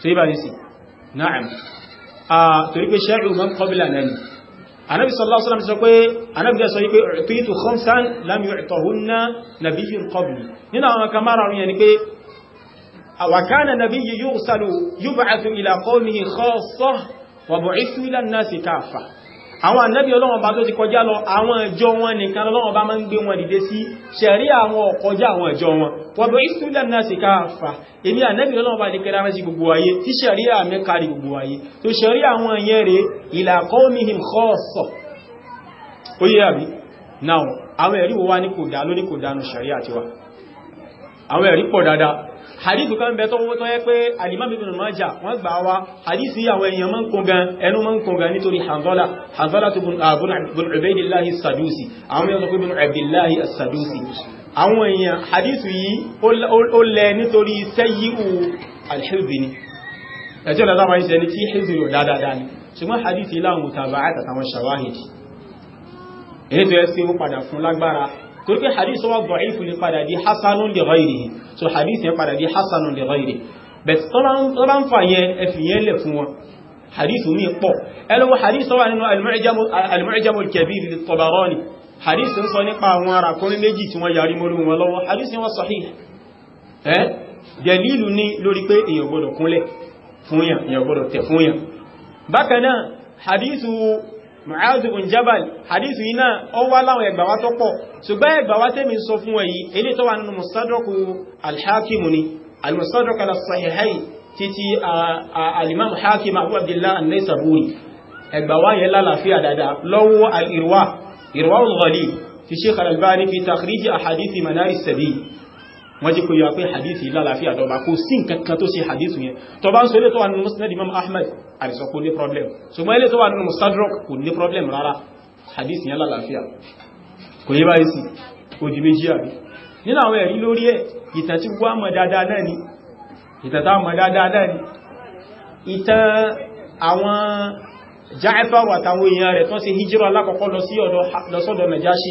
so ibà na'am torí pé ṣẹ́rù mọ́ kọbílà lẹ́nu anábi sallallahu alaihi wasallam sọ pé anábi sọ wípé ọ̀tíyìtù khamsan lam yu'tahunna nabiyyun qabli nínú àwọn kamara rìn yẹni pé wa kana nabiyyu yursalu yub'athu ila qawmihi khassa wa bu'ithu ila an-nasi kaffa àwọn ànábì ọlọ́wọ́n bá tó ti kọjá lọ àwọn ìjọ wọn nìkan ọlọ́wọ́n bá máa ń gbé wọn dìde sí ṣẹ̀rí àwọn ọ̀kọjá àwọn ìjọ wọn wọ́n bẹ̀ ìsúlẹ̀ náà sì káàfà èmi ànábì ọlọ́wọ́n bá ní kẹrẹ rẹ̀ sí gbogbo ayé tí ṣẹ̀rí àmì kárí gbogbo hadith kan bẹ tọ́wọ́ tọ́ yẹ pé alimami ibn Majah wọ́n gbà wá hadith yìí àwọn èèyàn máa ń kún gan ẹnu máa ń kún gan nítorí hanzala hanzala tó bùn ah, ubaidillahi sadusi àwọn èèyàn sọ pé bùn abdillahi sadusi àwọn èèyàn hadith yìí ó lẹ nítorí sayyi'u alhizbi ni ẹjọ́ lọ́dá máa ń ṣe ẹni tí hizbi rò dáadáa ni ṣùgbọ́n hadith yìí láwọn mùtàbà àtàtàwọn shawahid èyí tó yẹ sí ó padà fún lágbára torí pé hadith wa dọ̀ífù lè padà di hasanu li ghayrihi so hadith yẹn padà di hasanu li ghayrihi bẹ̀t tọ́lá ń fà yẹn ẹfì yẹn lẹ̀ fún wọn hadith ní pọ̀ ẹlọ́wọ́ hadith wà nínú al-mu'jamul kabir li hadithu Mu'adh bin Jabal hadithu yìí náà ó wá láwọn ẹgbàwá tó pọ̀ ṣùgbọ́n ẹgbàwá tẹ́mi sọ fún ẹ yìí eléyìí tó wà nínú mustadraku al-Hakim ni al-mustadraku al-sahihayn títí al-Imam Hakim Abu Abdillah an-Naysaburi ẹgbàwá yẹn lálàáfíà dáadáa lọ́wọ́ al-Irwa Irwa al-Ghalib ti Sheikh al-Albani fi takhrij ahadithi Manar as-Sabil wọ́n jẹ́ kó yọ pé hadith yìí lálàáfíà dọ́ba kò sí nǹkan kan tó ṣe hadith yẹn tó bá ń sọ ilé tó wà nínú musnad imam ahmed àrísọ kò ní problem ṣùgbọ́n ilé tó wà nínú mustadrak kò ní problem rárá hadith yẹn lálàáfíà kò yé báyìí sí òdì méjì àbí nínú àwọn ẹ̀rí lórí ẹ̀ ìtàn tí wọ́n mọ̀ dáadáa náà ni ìtàn tá mọ̀ dáadáa náà ni ìtàn àwọn Ja'far àtàwọn èèyàn rẹ̀ tó ṣe hijira alákọ̀ọ́kọ́ lọ sí ọ̀dọ̀ Najashi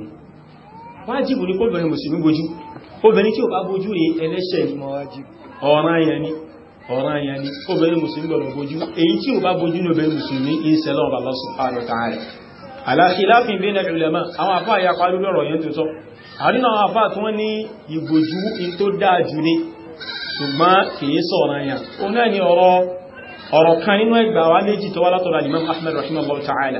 wájìbù ní kóbìnrin mùsùlùmí bojú obìnrin tí ó bá bojú ní ẹlẹ́ṣẹ̀ ni ọ̀ràn yẹn ni ọ̀ràn yẹn ni obìnrin mùsùlùmí bọ̀rọ̀ bojú èyí tí ó bá bojú ní obìnrin mùsùlùmí ìṣẹ̀lọ́ Allah subhanahu wa ta'ala ala khilafin bayna al-ulama àwọn àfáà ya parí lọ́rọ̀ yẹn tó sọ àrínà àwọn àfáà tí wọ́n ní ìbojú in tó dáa jù ní ṣùgbọ́n kìí sọ̀rọ̀ yẹn ó náà ni ọ̀rọ̀ kan nínú ẹgbàá méjì tó wá látọ̀rọ̀ Imam Ahmad rahimahullah ta'ala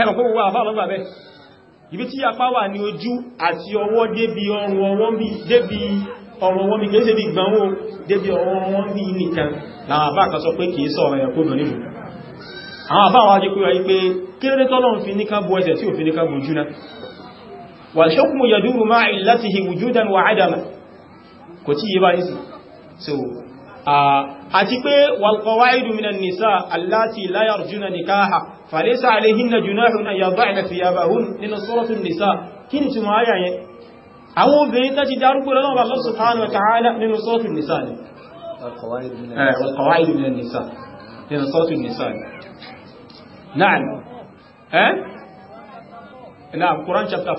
ẹ̀rọ pé wọ́n àbá lọ́gbà bẹ́ ibi tí apá wà ní ojú àti ọwọ́ débi ọrùn ọwọ́ bí débi ọrùn ọwọ́ bí kìí ṣe bí gbọ́nwó débi ọrùn ọwọ́ bí nìkan láwọn àbá kan sọ pé kìí sọ ọ̀rọ̀ àti pé wal qawaidu minan nisa allati la فليس عليهن جناح أن يضعن ثيابهن من سورة النساء كنت معايا يعني أو بيتا تدارك لنا الله سبحانه وتعالى من سورة النساء والقواعد من النساء والقواعد من النساء من سورة النساء نعم ها نعم قرآن chapter 4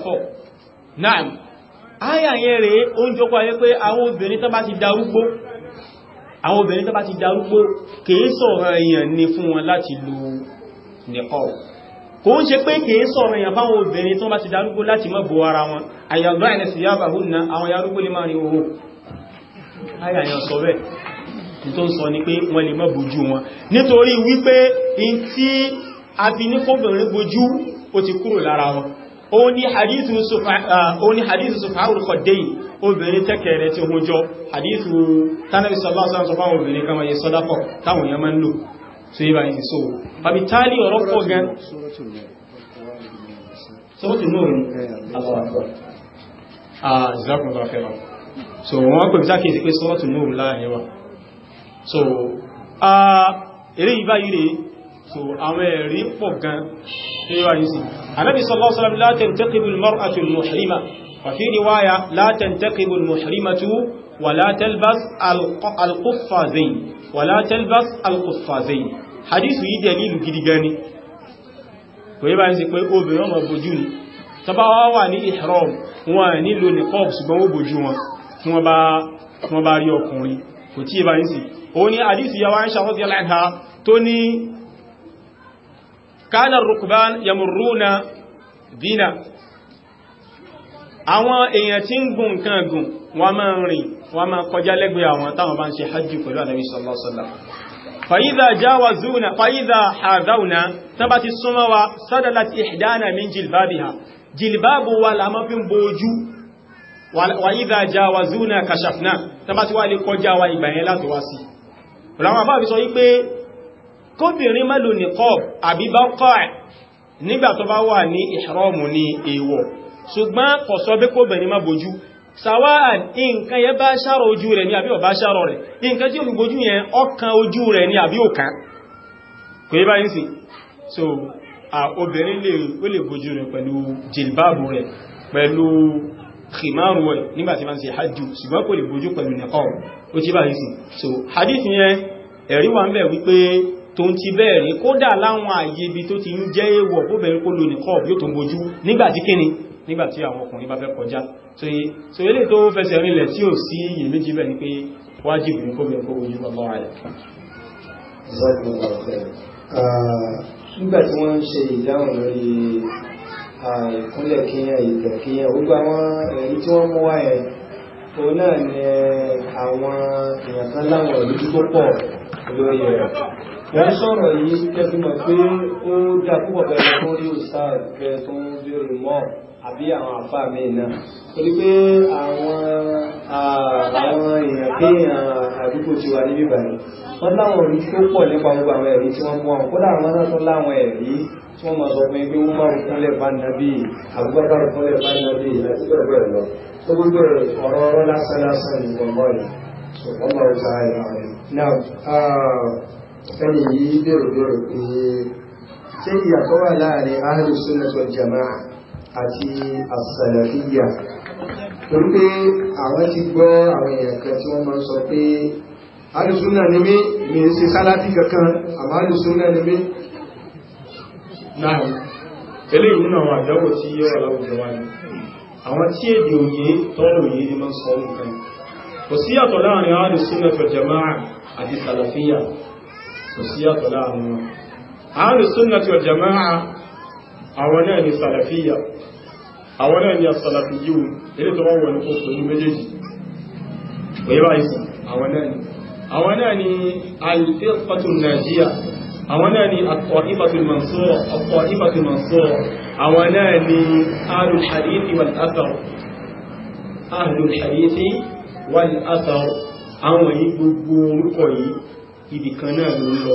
نعم aya yẹn rèé oúnjẹ ọkọ̀ ayé pé àwọn obìnrin tó bá ti darúgbó àwọn obìnrin tó bá ti darúgbó kìí sọ̀rọ̀ èèyàn ní fún wọn láti lo nìkọ́ kò ń ṣe pé kìí sọ̀rọ̀ èèyàn fáwọn obìnrin tó bá ti darúgbó láti mọ́ bo ara wọn àyàgbá ẹ̀nà sí yàbà hù náà àwọn yarúgbó lè máa rí owó ayàyàn sọ bẹ́ẹ̀ tó ń sọ ní pé wọ́n lè mọ́ bojú wọn nítorí wípé in tí a fi ní kóbìnrin bojú ó ti kúrò lára wọn ó ní hadithu sufahul kọ̀dẹ́yìn obìnrin tẹ́kẹ̀ẹ́rẹ́ tí ó hún jọ hadithu tánàbí sọ́lá so yíba yìí so àbí tálí ọ̀rọ̀ pọ̀ gan sọ́wọ́tí nóòrùn aláwọ̀ àzìlákùn bá fẹ́ràn so wọ́n pẹ̀lú sákèsí pé sọ́wọ́tí nóòrùn láàyẹwà so ah, eré yìí báyìí so àwọn ẹ̀rí pọ̀ gan yíba yìí sí anábi sallallahu alaihi wasallam la tantaqibu al-mar'atu al-muhrima wa la tantaqibu al ولا تلبس القفازين ولا تلبس القفازين حديث yìí dalilu gidi gani kò yí bá ń ṣe pé obìnrin ọmọ bojú ni tó bá wá wà ní ihram wọn nílò ní niqab ṣùgbọ́n ó bojú wọn tí wọ́n bá rí ọkùnrin kò tí yí bá ń sì ó ní hadith yà ń ṣàkóso yàlá tó ní kana rukban yamurruna bina àwọn èèyàn tí ń gùn nǹkan gùn wọ́n máa rìn wọ́n máa kọjá lẹ́gbẹ̀ẹ́ àwọn táwọn bá ń ṣe hajj pẹ̀lú ànábì sallallahu alaihi wasallam fàyíza jáwàzúnà fàyíza àdáwùnà tó bá ti súnmọ́ wa sadalat ihdana min jilbabiha jilbabu wa la wa ìgbà yẹn ṣùgbọ́n kò sọ bí kó bẹ̀rẹ̀ má bojú sàwáà nǹkan yẹn bá ṣàrọ̀ ojú rẹ̀ ní àbí ọ̀bá ṣàrọ̀ rẹ̀ nǹkan tí òun bojú yẹn ọkàn ojú rẹ̀ ní àbí òkàn kò yẹ báyìí sí so a obìnrin lè ó lè bojú rẹ̀ pẹ̀lú jìlbáàbù rẹ̀ pẹ̀lú kìmáàrù rẹ̀ nígbàtí máa ń ṣe hajjú ṣùgbọ́n kò lè bojú pẹ̀lú nìkan ti báyìí sí so hadith yẹn ẹ̀rí wà ń bẹ̀ wípé tó ń ti bẹ́ẹ̀ rí kódà láwọn àyè ibi tó ti ń jẹ́ èèwọ̀ bóbẹ̀rẹ̀ kó lò nìkan yóò tó ń bojú nígbàtí kíni nígbàtí àwọn ọkùnrin bá fẹ́ kọjá so ilé tó fẹsẹ̀ rinlẹ̀ tí ò sí iye méjì bẹ́ẹ̀ ni pé wájìbù ní kóbẹ̀ kó oyin lọ́lọ́ rẹ̀ nígbàtí wọ́n ń ṣe ìdáhùn mọ̀ pé ó dá púpọ̀ pẹ̀lú orí òsáà kẹ tó ń bèèrè mọ́ àbí àwọn àfáà mi náà torí pé àwọn àwọn èèyàn pé àdúgbò ti wà níbí báyìí wọ́n láwọn ẹ̀rí tó pọ̀ nípa gbogbo àwọn ẹ̀rí tí wọ́n mú àwọn kódà àwọn náà tó láwọn ẹ̀rí tí wọ́n máa sọ fún ẹgbẹ́ wọ́n bá rúkúnlẹ̀ bá nàbí àbúgbàbá rúkúnlẹ̀ bá nàbí àti bẹ́ẹ̀ bẹ́ẹ̀ lọ tó gbogbo ọ̀rọ̀ ọ̀rọ̀ lásán lásán ní ìyàtọ̀ wà láàrin ahlus sunnah wal jamaah àti àsàlàfíyà torí pé àwọn ti gbọ́ àwọn èèyàn kan tí wọ́n máa ń sọ pé alùsùnà ni mí mi ṣe kankan àmọ́ alùsùnà ni mí náà eléyìí nínú àwọn àdáwò tí yọ́ aláwùjọ wá ní àwọn tí èdè òye tọ́rọ òye ni máa ń sọ nǹkan kò sí láàrin alùsùnà jama'a àti sàlàfíyà kò sí yàtọ̀ láàrin wọn alùsùnà àwọn náà ni sàlàfíyà àwọn náà ni asàlàfí yíò ilé tó wọ́n wọ̀ ní kòkò ní méjèèjì wèé bá ìsìn àwọn náà ni àwọn náà ni al-firqatul najiya àwọn náà ni at-ta'ifatul mansura at yìí gbogbo orúkọ yìí ibìkan náà ló ń lọ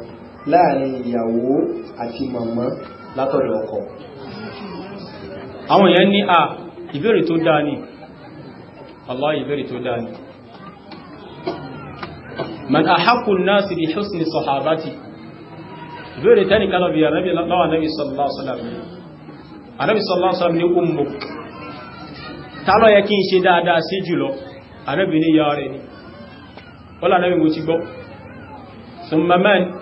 láàrin ìyàwó àti màmá látọ̀dọ̀ ọkọ àwọn èèyàn ní à ìbéèrè tó dáa ni Allah ìbéèrè tó dáa ni man ahaqqu an-nasi bi husni sahabati ìbéèrè tẹ́ni kan lọ́bí lọ́wọ́ anábì sallallahu alaihi wasallam anábì sallallahu alaihi wasallam ní ummuk ta ló yẹ kí n ṣe dáadáa sí jùlọ anábì ní yàrá ni wọ́n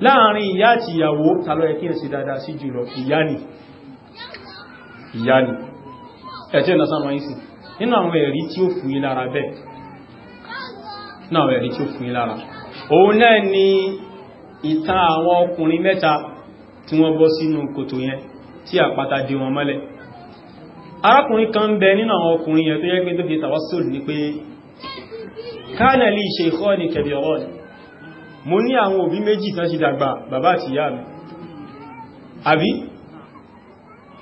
láàrin ìyá àti ìyàwó tàlọ ẹ̀kí ẹ̀sì dáadáa sí jùlọ ìyá ni ìyá ni ẹ̀tí ẹ̀nà sáwọn ìsì nínú àwọn ẹ̀rí tí ó fún yín lára bẹ́ẹ̀ nínú àwọn ẹ̀rí tí ó fún yín òun náà ni ìtàn àwọn ọkùnrin mẹ́ta tí wọ́n bọ́ sínú kòtò yẹn tí àpáta dè wọn mọ́lẹ̀ arákùnrin kan bẹ nínú àwọn ọkùnrin yẹn tó yẹ pé tó fi tàwọ́sọ̀rọ̀ ni pé kánàlì ṣe ìkọ́ ni kẹ̀bí ọ̀rọ̀ ni mo ní àwọn òbí méjì tán sì dàgbà bàbá àti ìyá mi àbí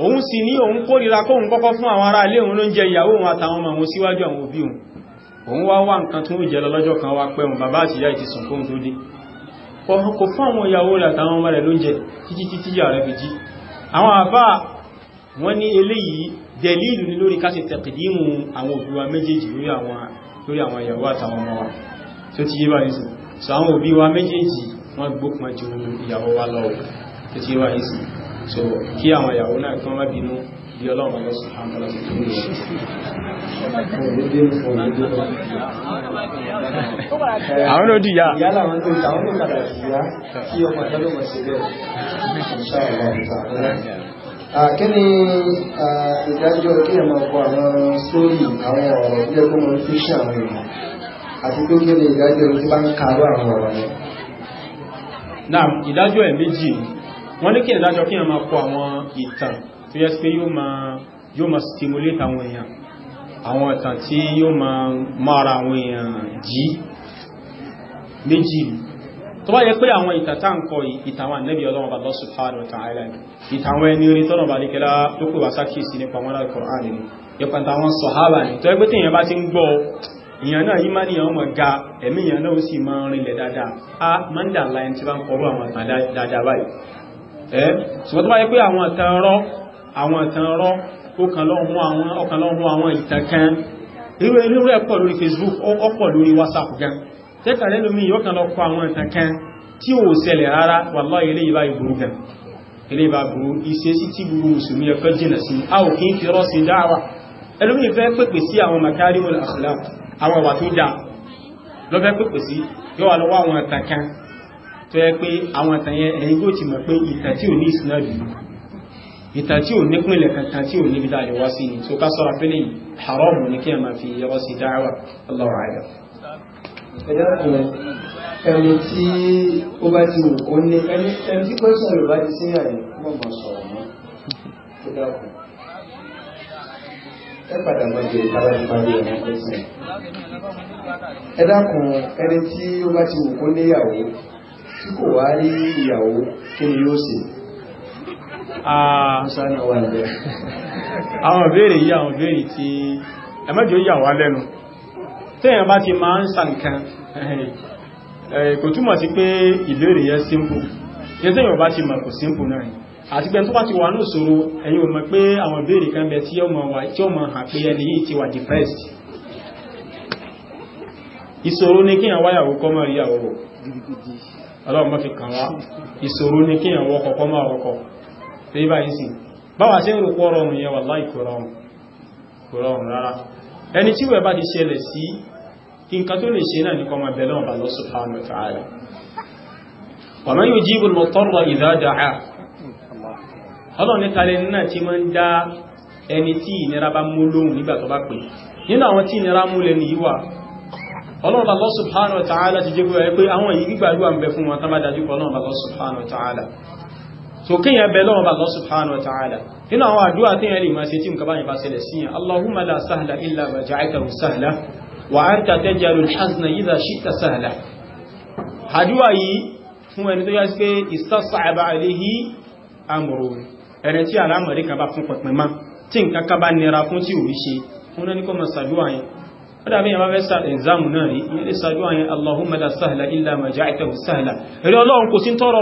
òun sì ní òun kórìíra kóhun kọ́kọ́ fún àwọn ará ilé òun ló ń jẹ ìyàwó òun àtàwọn ọmọ òun síwájú àwọn òbí òun òun wá wá nǹkan tó ń jẹ lọ lọ́jọ́ kan wá pẹ́ òun bàbá àti ìyá ìti sùn kóhun tó dé kò fún àwọn ìyàwó rẹ̀ àtàwọn ọmọ rẹ̀ ló ń jẹ títí títí yà rẹ̀ fi jí àwọn àbá wọ́n ní eléyìí dẹ̀líìlù ní lórí káṣẹ tẹ̀kìdímù àwọn òbí wa méjèèjì lórí àwọn ìyàwó àtàwọn ọmọ wa tó ti yé báyìí sùn so àwọn òbí wa méjèèjì wọ́n gbópọn ju ìyàwó wa lọ tó ti wá ìsìn so kí àwọn ìyàwó náà kí wọ́n má bínú bí ọlọ́run lọ sí àwọn ọlọ́sẹ̀ tó ní àwọn ló dìyà kí ni ìdájọ́ kí ẹ̀mọ̀ ọ̀pọ̀ àwọn sórí àwọn ọ̀rọ̀ bí ẹgbẹ́ mọ̀ fíṣẹ́ àwọn èèyàn àti tó tó lè ìdájọ́ tó bá ń kàrọ àwọn ọ̀rọ̀ yẹn. náà ìdájọ́ ẹ̀ méjì wọ́n ní kí ìdájọ́ kí wọ́n máa kọ àwọn ìtàn tó yẹ pé yóò máa stimulate àwọn èèyàn àwọn ìtàn tí yóò máa mara àwọn èèyàn jí méjì tó bá yẹ pé àwọn ìtàn tá ń kọ ìtàn àwọn Ọlọ́run bá Allah subhanahu wa ta'ala ìtàn ẹni rí tọ́nà bá lékelá tó pè wá sákìsì nípa wọn láti Kùránì nípa àwọn sàhábà ní tó ẹgbẹ́ tí èèyàn bá ti ń gbọ́ ìyàn náà ìmánì yàn ọmọ ga ẹ̀mí yàn náà ó sì máa ń rinlẹ̀ dáadáa a máa ń dà láyé tí wọ́n kọrọ àwọn àtàn dáadáa báyìí ẹ́ ṣùgbọ́n tó bá yẹ pé àwọn àtàn rọ́ àwọn àtàn rọ́ ọkàn lọ́hún àwọn ìtàn kan irú ẹni rẹ̀ pọ̀ lórí Facebook ó pọ̀ lórí WhatsApp gan tẹ́kà lẹ́nu mi yóò kan lọ kọ àwọn ìtàn kan tí ò ṣẹlẹ̀ rárá wallahi ilé ìbá ìbúrú gan ilé ìbá burú ìṣesí tí gbogbo mùsùlùmí ẹ̀fẹ́ jìnà sí a ò kí ń fi rọ́ ìfẹ́ pèpè sí àwọn makarimul akhlaq àwọn ìwà tó dáa lọ́fẹ́ pèpè sí yóò wà lọ́wọ́ àwọn ìtàn kan tó yẹ pé àwọn ìtàn yẹn ẹ̀yìn yóò ti mọ̀ pé ìtàn tí ò ní ìsinà jù ìtàn tí ò nípìnlẹ̀ kankan tí ò níbi dáa lè wá sí ni tó ká sọ́ra pé lè haram ní kí ẹ máa fi yọwọ́ sí dáwà lọ́wọ́ àyà. ẹ̀dá kan ẹ padà mọ ìbéèrè tábà ní parí ẹ̀ ẹ dákun ẹni tí ó bá ti wù kó níyàwó tí kò wá rí ìyàwó kí ni yóò ṣe àwọn ìbéèrè yìí àwọn ìbéèrè tí ẹmẹ́jọ yà wá lẹ́nu tẹ́yàn bá ti máa ń sànkan kò túmọ̀ sí pé ìbéèrè yẹ simple yẹ tẹ́yàn bá ti mọ̀ kò simple náà àti pé tó bá ti wà ní òṣòro ẹ̀yin ò mọ̀ pé àwọn ìbéèrè kan bẹ tí ó mọ̀ hàn pé ẹni yìí ti wà depressed ìṣòro ní kíyàn wáyàwó kọ́ mọ̀ rí àwọ̀wò ọlọ́run mọ́ fi kàn wá ìṣòro ní kíyàn wọ́kọ̀ kọ́ mọ̀ ọkọ̀ tó yí báyìí sí báwa ṣe ń rò pọ́ rọrùn yẹn wàláhì kò rọrùn rárá ẹni tí wẹ̀ bá ti ṣẹlẹ̀ sí nǹkan tó lè ṣe náà ní kọmọ bẹ̀lọ́n bá lọ subhanahu wa ta'ala wa man yujibu al-mutarra idha da'ahu ọlọ́run ní kalẹ̀ nínú tí máa ń dá ẹni tí ìnira bá mú lóhùn nígbà tó bá pè nínú àwọn tí ìnira mú lẹ́nu yìí wà ọlọ́run Allah subhanahu wa ta'ala ti jẹ́ pé àwọn yìí gbígbàdúrà ń bẹ fún wọn tán bá dájú pọ̀ ọlọ́run Allah subhanahu wa ta'ala so kí yẹn bẹ lọ́wọ́ bá Allah subhanahu wa ta'ala nínú àwọn àdúrà tí yẹn lè yìí fún ẹni tó yá sí pé istas'aba alayhi amrun ẹni tí àlámọ̀rí kan bá fún pẹ̀pẹ̀ má tí nǹkan ká bá nira fún tí òun ṣe fún náà ní kọ́ mọ̀ sàdúrà yẹn ó dàbí yẹn bá fẹ́ sa ẹ̀zámù náà rí ìyẹn lè sàdúrà yẹn Allahumma la sahla illa ma ja'altahu sahla èrè ọlọ́run kò sí ń tọrọ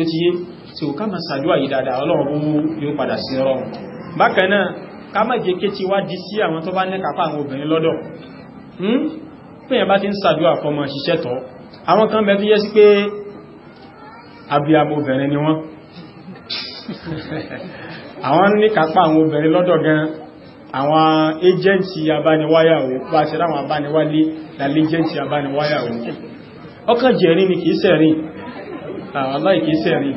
rọ̀ tí ó ká máa ṣàdúrà yìí dáadáa ọlọ́run bó yóò padà sí rọrùn bákan náà ká má jẹ́ kéti wá di sí àwọn tó bá ní kápá àwọn obìnrin lọ́dọ̀ pèyàn hmm? bá ti ń ṣàdúrà fọmọ ṣiṣẹ́ tọ́ àwọn kan bẹ tó yẹ sí pé abiyamọ obìnrin ni wọ́n àwọn ní kápá àwọn obìnrin lọ́dọ̀ gan àwọn ejẹ́ǹtì abániwáyàwó bá ṣe láwọn abániwálé lálé ejẹ́ǹtì abániwáyàwó ọkàn jẹ̀rin ni kìí sẹ̀rin àwọn aláìkìí ah, sẹ̀rin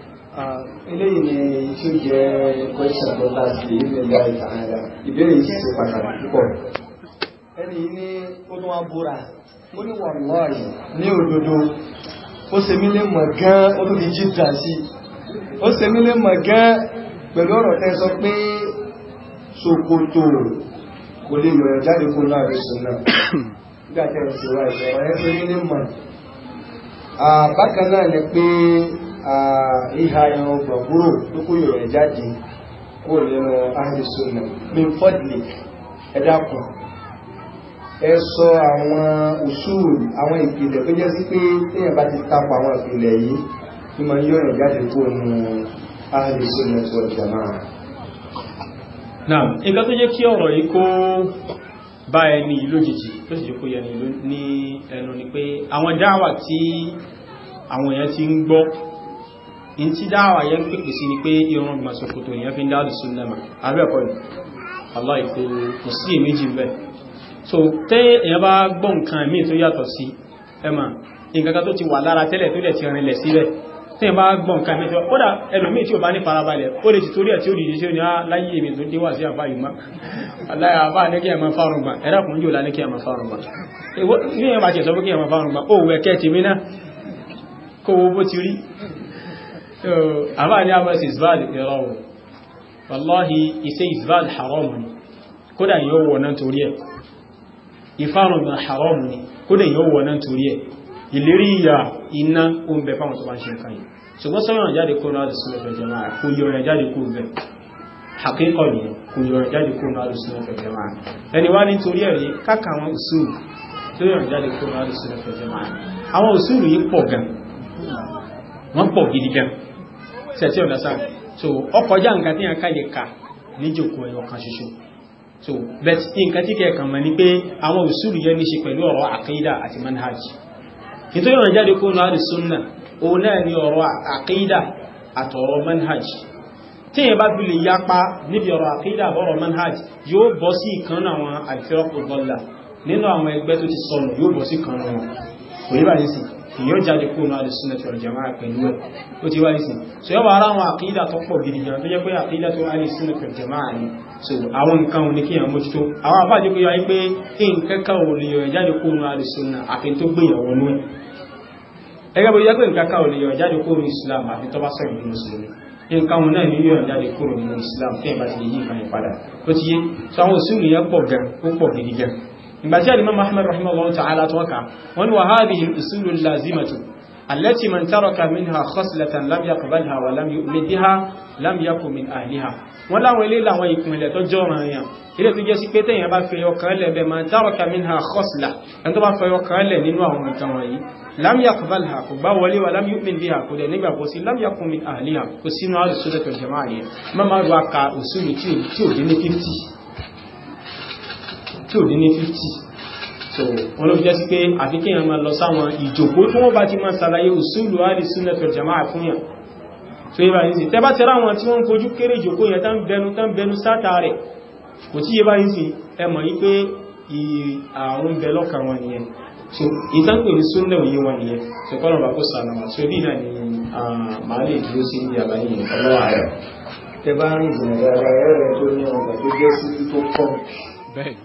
eléyìí ni tí ó jẹ́ question tó bá sí ilẹ̀ ìtànàdà ìbéèrè yìí ṣe pàtàkì púpọ̀ ẹni ní ó tún wá búra mo ní wọ̀n lọ́ọ̀yì ní òdodo ó ṣe mí lé mọ̀ gan ó tún fi jí dà sí ó ṣe mí lé mọ̀ gan pẹ̀lú ọ̀rọ̀ tẹ́ sọ pé ṣòkòtò kò lè yọ̀rọ̀ jáde kó náà rí sùn náà nígbà tẹ́ ọ̀sẹ̀ wá ìṣẹ̀wá ẹ̀ mọ̀ bákan ni pé ìhà ẹran gbàgbúrò tó kó yọ̀rẹ̀ jáde kó lẹ́nu ahlu sunnah min fadlik ẹ dákun ẹ sọ àwọn usul àwọn ìpìlẹ̀ tó jẹ́ sí pé téèyàn bá ti tapọ̀ àwọn ìpìlẹ̀ yìí tó máa yọ̀rẹ̀ jáde kó nu ahlu sunnah wal jamaa. náà nǹkan tó jẹ́ kí ọ̀rọ̀ yìí kó bá ẹni lójijì tó sì kó yẹni ní ẹnu ni pé àwọn dáwà tí àwọn èèyàn ti ń gbọ́ in ti dáwà yẹn pèpè sí ni pé irun gbàsòkòtò èèyàn fi ń dáàdù sí lẹ́mà abẹ́ẹ̀kọ́ ni allah ìpè kò sí èméjì bẹ́ẹ̀ so tẹ́ èèyàn bá gbọ́ nǹkan míì tó yàtọ̀ sí ẹ̀mà nǹkan kan tó ti wà lára tẹ́lẹ̀ tó lẹ̀ ti rinlẹ̀ síbẹ̀ tẹ́yìn bá gbọ́n ká mẹ́tọ́ kódà ẹlòmíì tí ó bá ní farabalẹ̀ ó lè ti torí ẹ̀ tí ó dìde tí ó ní ah, láyé èmì tó déwà sí àfá ìmá aláyàfá ní kí ẹmọ fárùngbà ẹ̀dàkùn jò lá ní kí ẹmọ fárùngbà ní ẹmọ àti ẹ̀sọ́ pé kí ẹmọ so àbá ní àmọ́ sí isbad ìrọ̀rùn wallahi iṣẹ́ isbad haram ni kódà yóò wọ̀ náà torí ẹ̀ ìfarun na haram ni kódà yóò wọ̀ náà torí ẹ̀ ìlérí ìyà iná ó ń bẹ fáwọn tó bá ń ṣe nǹkan yìí ṣùgbọ́n sọ́yàn jáde kó náà lùsùn ẹ̀fẹ̀ jẹ máa kó yọrọ jáde kó bẹ̀ àkíkọ̀ ni kó yọrọ jáde kó náà lùsùn ẹ̀fẹ̀ jẹ máa yìí wọ́n pọ̀ gidi gan tẹ̀tí ọ̀nà sáà so ọkọjá nǹkan tí a ká lè kà ní kan ṣoṣo so bet nǹkan tí kẹ́ẹ̀kan mọ̀ ní pé àwọn òṣùrù yẹn ní ṣe pẹ̀lú ọ̀rọ̀ àkídà àti manhaj nítorí ọ̀nà jáde kó náà sunna òun náà ni ọ̀rọ̀ àkídà àtọ̀rọ̀ manhaj tí yẹn bá fi lè yapa níbi ọ̀rọ̀ àkídà àbọ̀rọ̀ manhaj yóò bọ́ sí ìkan àwọn al-firaq al-dalla nínú àwọn ẹgbẹ́ tó ti sọnù yóò bọ́ sí kan wọn kò yí bá yìí sí èyàn jáde kó náà lè súnà tọrọ jama'a pẹ̀lú ẹ̀ ó ti wá ìsìn so yọ́ wà ara àwọn àkídà tó pọ̀ gidi gan tó jẹ́ pé àkídà tó wá lè súnà tọrọ jama'a ni so àwọn nǹkan òní kí èyàn mójútó àwọn àbájẹ́ pé yọ́ pé nǹkan kan ò lè yọ̀ jáde kó náà lè súnà àfi tó gbé ní ìgbàjẹ́ Imam Ahmad rahimahullah ta'ala tó wákà wọ́n wà hadhihi al-usul al-lazimatu allati man taraka minha khaslatan lam yaqbalha wa lam yu'min biha lam yakun min ahliha wọ́n láwọn ilé láwọn ìpínlẹ̀ tó jọ́ràn yàn ilé tó jẹ́ sí pé tẹ́yàn bá fẹ́ ọkàn lẹ̀ bẹ̀ man taraka minha khasla ẹni tó bá fẹ́ ọkàn lẹ̀ nínú àwọn nǹkan wọ̀nyí lam yaqbalha kò gbá wọlé wa lam yu'min biha kò dẹ̀ nígbà kò sí lam yakun min ahliha kò sínú al-sunnah wal jama'ah yẹn má má wà ka òsùn tí ò dín ní 50 tí ò ní ní 50 so wọ́n ló fi jẹ́ sí pé àfi kí èèyàn máa lọ sáwọn ìjòkó tí wọ́n bá ti máa ṣàlàyé usulu ahli sunnah wal jamaa'ah fún yàn tó yẹ báyìí sí tẹ́bá tẹ́rà àwọn tí wọ́n ń fojú kéré ìjòkó yẹn tán bẹnu tán bẹnu sáta rẹ̀ kò tí yẹ báyìí sí ẹ mọ̀ yí pé àwọn bẹ lọ́kàn wọn nìyẹn so ìtànkù ní sunnah òye wọn nìyẹn so kọ́nà bá kó sànà wà so bí náà ni màá lè dúró sí ibi àbáyé yẹn ọlọ́wà rẹ̀ tẹ́bá rìn ìjìnlẹ̀ dára ẹ̀rọ tó ní ọgbà tó jẹ́ sí tó pọ̀ bẹ́ẹ̀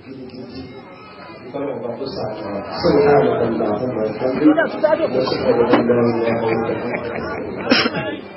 Thank you.